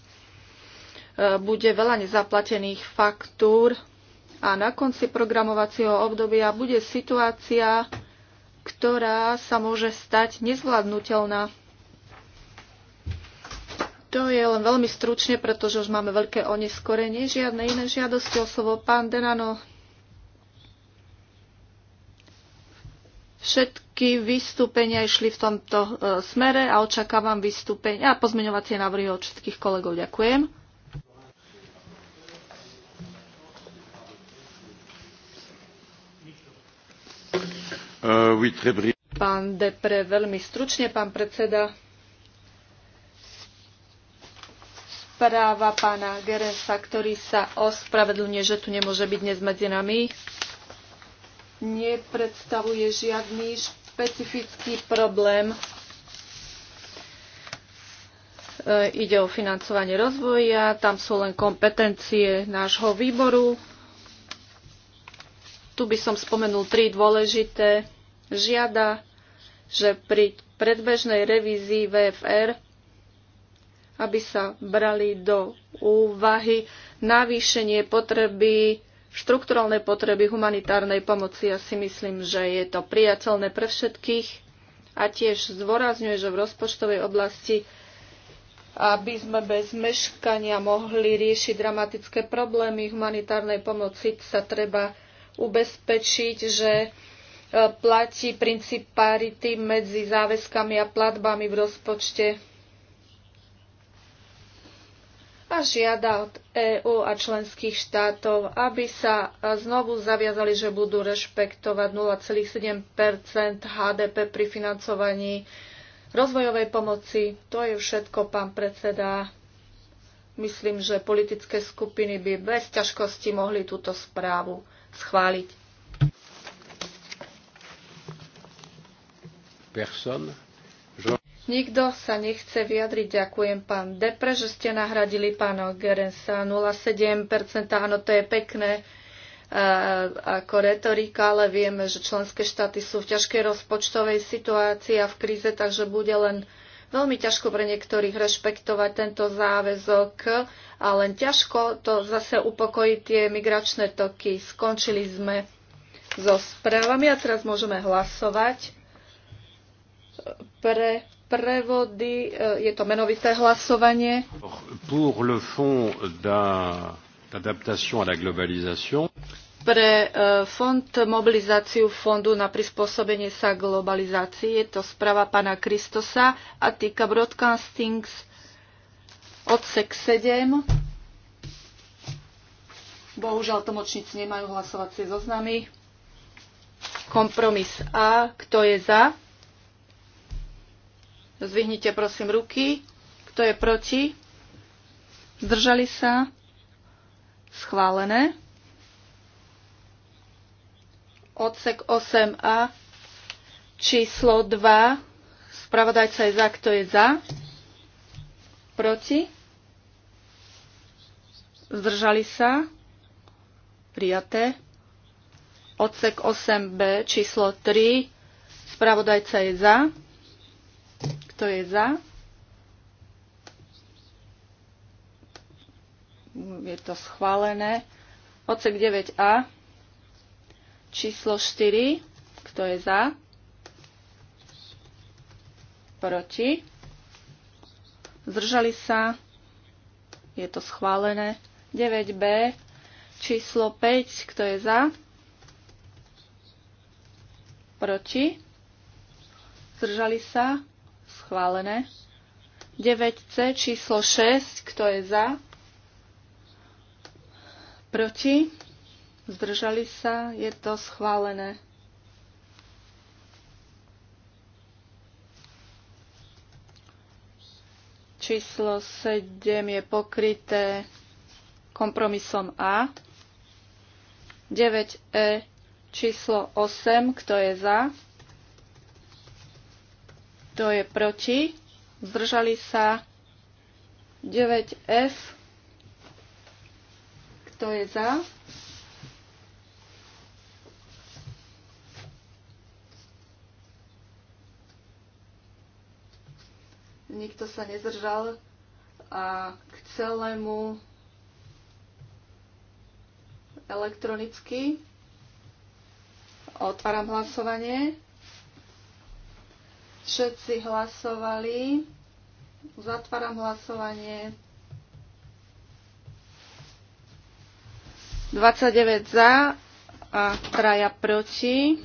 Speaker 1: bude veľa nezaplatených faktúr a na konci programovacieho obdobia bude situácia, ktorá sa môže stať nezvládnutelná. To je len veľmi stručne, pretože už máme veľké oneskorenie. Žiadne iné žiadosti o slovo. Pán Denano, Všetky vystúpenia išli v tomto e, smere a očakávam vystúpenia a pozmeňovacie návrhy od všetkých kolegov. Ďakujem. Pán Depre, veľmi stručne, pán predseda. Správa pána Geresa, ktorý sa ospravedlňuje, že tu nemôže byť dnes medzi nami nepredstavuje žiadny špecifický problém. E, ide o financovanie rozvoja, tam sú len kompetencie nášho výboru. Tu by som spomenul tri dôležité. Žiada, že pri predbežnej revízii VFR aby sa brali do úvahy navýšenie potreby štrukturálne potreby humanitárnej pomoci. Ja si myslím, že je to priateľné pre všetkých a tiež zdôrazňuje, že v rozpočtovej oblasti aby sme bez meškania mohli riešiť dramatické problémy humanitárnej pomoci, sa treba ubezpečiť, že e, platí princíp parity medzi záväzkami a platbami v rozpočte Európa žiada od EÚ a členských štátov, aby sa znovu zaviazali, že budú rešpektovať 0,7 HDP pri financovaní rozvojovej pomoci. To je všetko, pán predseda. Myslím, že politické skupiny by bez ťažkosti mohli túto správu schváliť. Person. Nikto sa nechce vyjadriť. Ďakujem, pán Depre, že ste nahradili pána Gerensa 0,7%. Áno, to je pekné e, ako retorika, ale vieme, že členské štáty sú v ťažkej rozpočtovej situácii a v kríze, takže bude len veľmi ťažko pre niektorých rešpektovať tento záväzok a len ťažko to zase upokojiť tie migračné toky. Skončili sme so správami a teraz môžeme hlasovať pre prevody, e, je to menovité hlasovanie.
Speaker 4: Pour le fond d'adaptation à la globalisation.
Speaker 1: Pre e, fond mobilizáciu fondu na prispôsobenie sa globalizácii je to správa pána Kristosa a týka broadcastings odsek 7. Bohužiaľ tlmočníci nemajú hlasovacie zoznamy. Kompromis A. Kto je za? Zvihnite prosím ruky. Kto je proti? Zdržali sa? Schválené. Odsek 8a, číslo 2. Spravodajca je za, kto je za? Proti? Zdržali sa? Prijaté. Odsek 8b, číslo 3. Spravodajca je za. Kto je za? Je to schválené. Odsek 9a. Číslo 4. Kto je za? Proti. Zdržali sa. Je to schválené. 9b. Číslo 5. Kto je za? Proti. Zdržali sa schválené. 9C číslo 6, kto je za? Proti? Zdržali sa? Je to schválené. Číslo 7 je pokryté kompromisom A. 9E číslo 8, kto je za? Kto je proti? Zdržali sa 9F. Kto je za? Nikto sa nezdržal a k celému elektronicky. Otváram hlasovanie. Všetci hlasovali. Zatváram hlasovanie. 29 za a traja proti.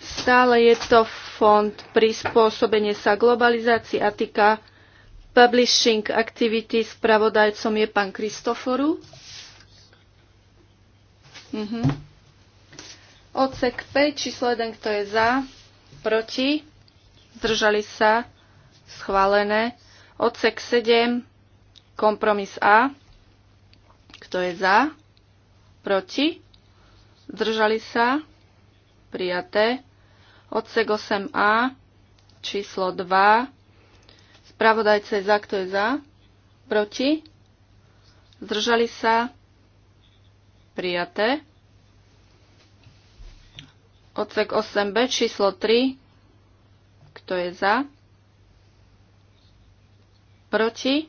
Speaker 1: Stále je to fond prispôsobenie sa globalizácii a týka publishing activity. Spravodajcom je pán Kristoforu. Mhm. Odsek 5, číslo 1, kto je za, proti, zdržali sa, schválené. Odsek 7, kompromis A, kto je za, proti, zdržali sa, prijaté. Odsek 8A, číslo 2, spravodajce je za, kto je za, proti, zdržali sa, prijaté. Odsek 8b, číslo 3. Kto je za? Proti?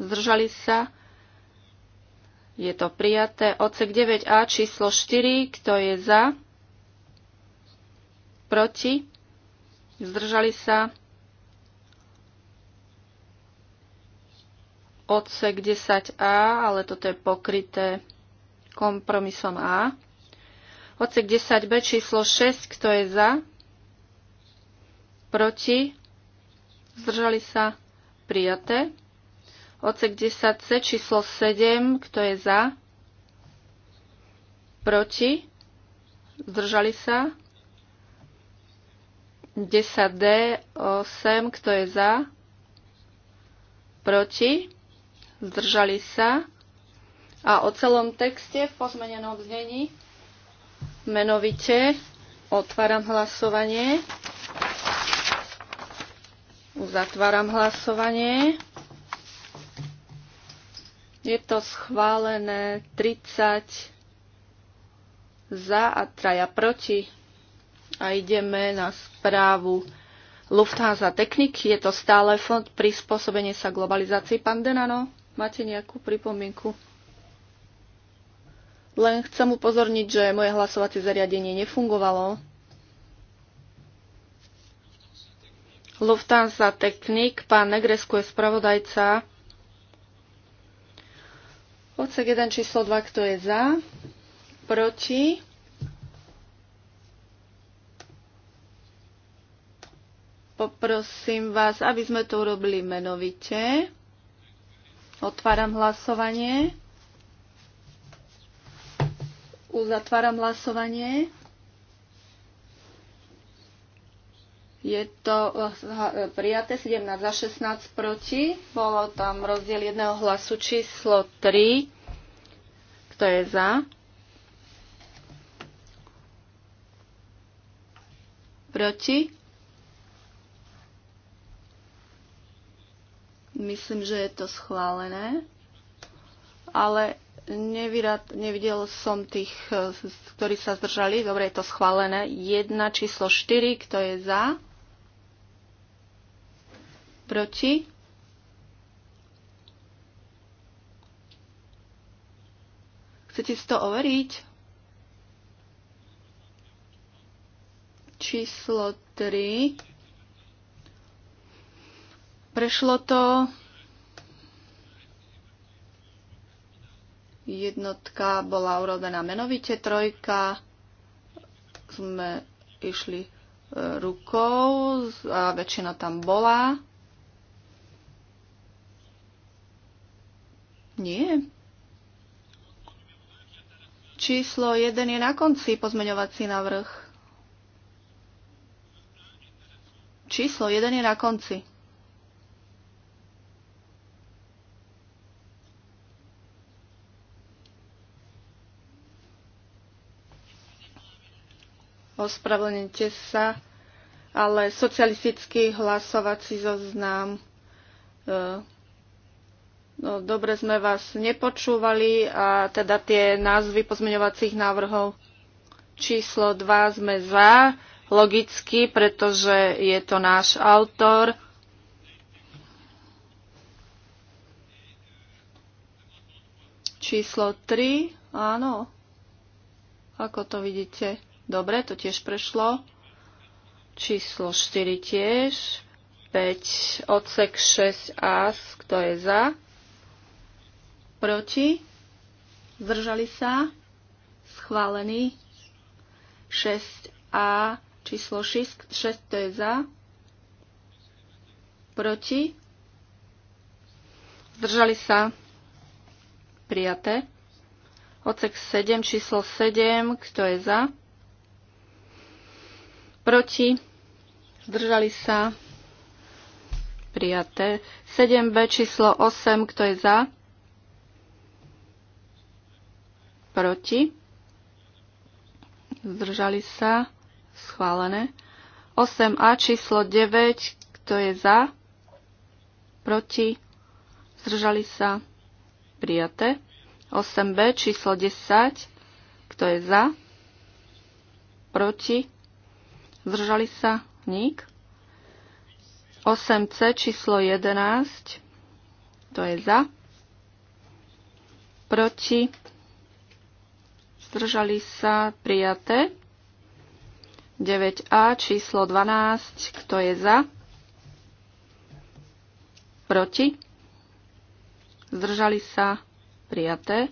Speaker 1: Zdržali sa? Je to prijaté. Odsek 9a, číslo 4. Kto je za? Proti? Zdržali sa? Odsek 10a, ale toto je pokryté kompromisom A. Odsek 10b číslo 6, kto je za? Proti? Zdržali sa? Prijaté. Odsek 10c číslo 7, kto je za? Proti? Zdržali sa? 10D 8, kto je za? Proti? Zdržali sa? A o celom texte v pozmenenom znení Menovite otváram hlasovanie. Uzatváram hlasovanie. Je to schválené 30 za a traja proti. A ideme na správu Lufthansa Technik. Je to stále fond prispôsobenie sa globalizácii. Pán Denano, máte nejakú pripomienku? Len chcem upozorniť, že moje hlasovacie zariadenie nefungovalo. Lufthansa Technik, pán Negresku je spravodajca. Odsek 1 číslo 2, kto je za? Proti? Poprosím vás, aby sme to urobili menovite. Otváram hlasovanie. Uzatváram hlasovanie. Je to eh, prijaté 17 za 16 proti. Bolo tam rozdiel jedného hlasu číslo 3. Kto je za? Proti? Myslím, že je to schválené. Ale Nevyrad, nevidel som tých, eh, ktorí sa zdržali. Dobre, je to schválené. Jedna číslo 4, kto je za? Proti? Chcete si to overiť? Číslo 3. Prešlo to Jednotka bola urobená menovite, trojka sme išli e, rukou a väčšina tam bola. Nie. Číslo 1 je na konci pozmeňovací navrh. Číslo 1 je na konci. ospravedlnite sa, ale socialistický hlasovací zoznam. E, no, dobre sme vás nepočúvali a teda tie názvy pozmeňovacích návrhov číslo 2 sme za, logicky, pretože je to náš autor. Číslo 3, áno, ako to vidíte. Dobre, to tiež prešlo. Číslo 4 tiež. 5, odsek 6a, kto je za? Proti? Zdržali sa? Schválený. 6a, číslo 6, 6 to je za? Proti? Zdržali sa? Prijaté. Odsek 7, číslo 7, kto je za? proti, zdržali sa, prijaté. 7b číslo 8, kto je za, proti, zdržali sa, schválené. 8a číslo 9, kto je za, proti, zdržali sa, prijaté. 8b číslo 10, kto je za, proti, Zdržali sa? Nik. 8C číslo 11. To je za. Proti. Zdržali sa? Prijaté. 9A číslo 12. Kto je za? Proti. Zdržali sa? Prijaté.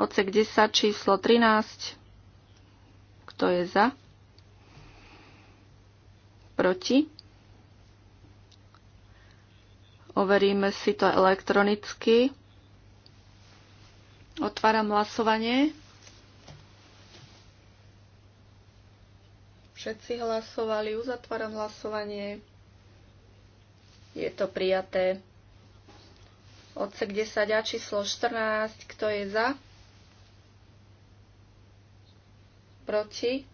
Speaker 1: Odsek 10 číslo 13. Kto je za? Proti proti. Overíme si to elektronicky. Otváram hlasovanie. Všetci hlasovali, uzatváram hlasovanie. Je to prijaté. Odsek 10 a číslo 14. Kto je za? Proti?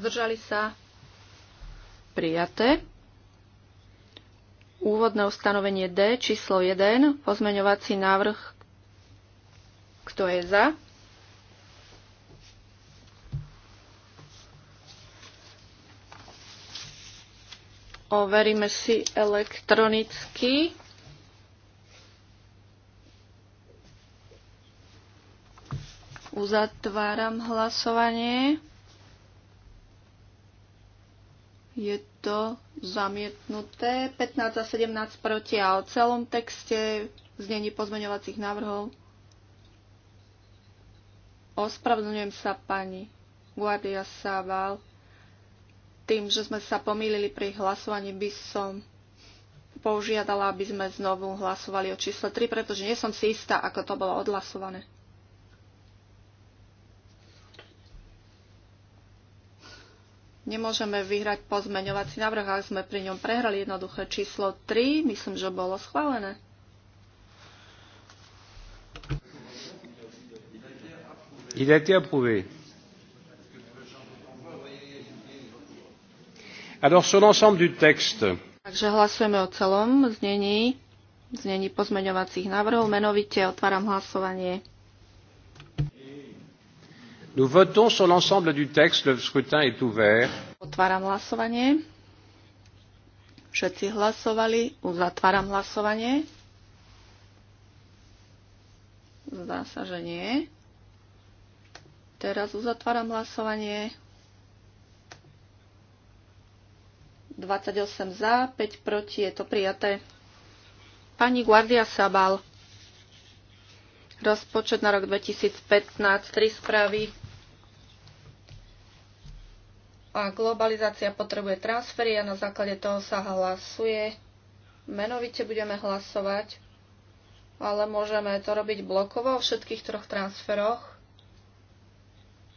Speaker 1: Zdržali sa? prijaté. Úvodné ustanovenie D, číslo 1, pozmeňovací návrh, kto je za? Overíme si elektronicky. Uzatváram hlasovanie. Je to zamietnuté. 15 a 17 proti a o celom texte znení pozmeňovacích návrhov. Ospravedlňujem sa pani Guardia Saval. Tým, že sme sa pomýlili pri hlasovaní, by som požiadala, aby sme znovu hlasovali o čísle 3, pretože nie som si istá, ako to bolo odhlasované. Nemôžeme vyhrať pozmeňovací návrh, ak sme pri ňom prehrali jednoduché číslo 3. Myslím, že bolo schválené.
Speaker 4: Il a été approuvé. Alors sur l'ensemble du texte.
Speaker 1: Takže hlasujeme o celom znení, znení pozmeňovacích návrhov. Menovite otváram hlasovanie.
Speaker 4: Nous votons sur l'ensemble du texte. Le scrutin est ouvert.
Speaker 1: Otváram hlasovanie. Všetci hlasovali. Uzatváram hlasovanie. Zdá sa, že nie. Teraz uzatváram hlasovanie. 28 za, 5 proti, je to prijaté. Pani Guardia Sabal. Rozpočet na rok 2015, tri správy. A globalizácia potrebuje transfery a na základe toho sa hlasuje. Menovite budeme hlasovať, ale môžeme to robiť blokovo o všetkých troch transferoch.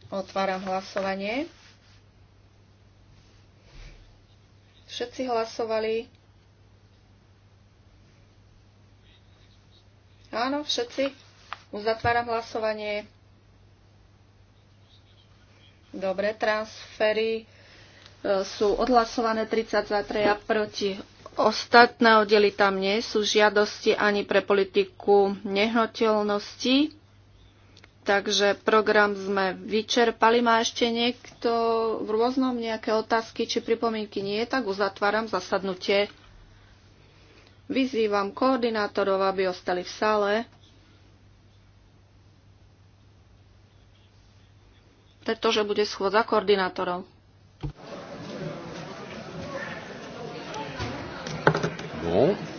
Speaker 1: Otváram hlasovanie. Všetci hlasovali. Áno, všetci. Uzatváram hlasovanie. Dobre, transfery e, sú odhlasované 33 a proti. Ostatné oddely tam nie sú žiadosti ani pre politiku nehnuteľnosti. Takže program sme vyčerpali. Má ešte niekto v rôznom nejaké otázky či pripomienky? Nie, tak uzatváram zasadnutie. Vyzývam koordinátorov, aby ostali v sále. pretože bude schôdza koordinátorov.
Speaker 2: Bon.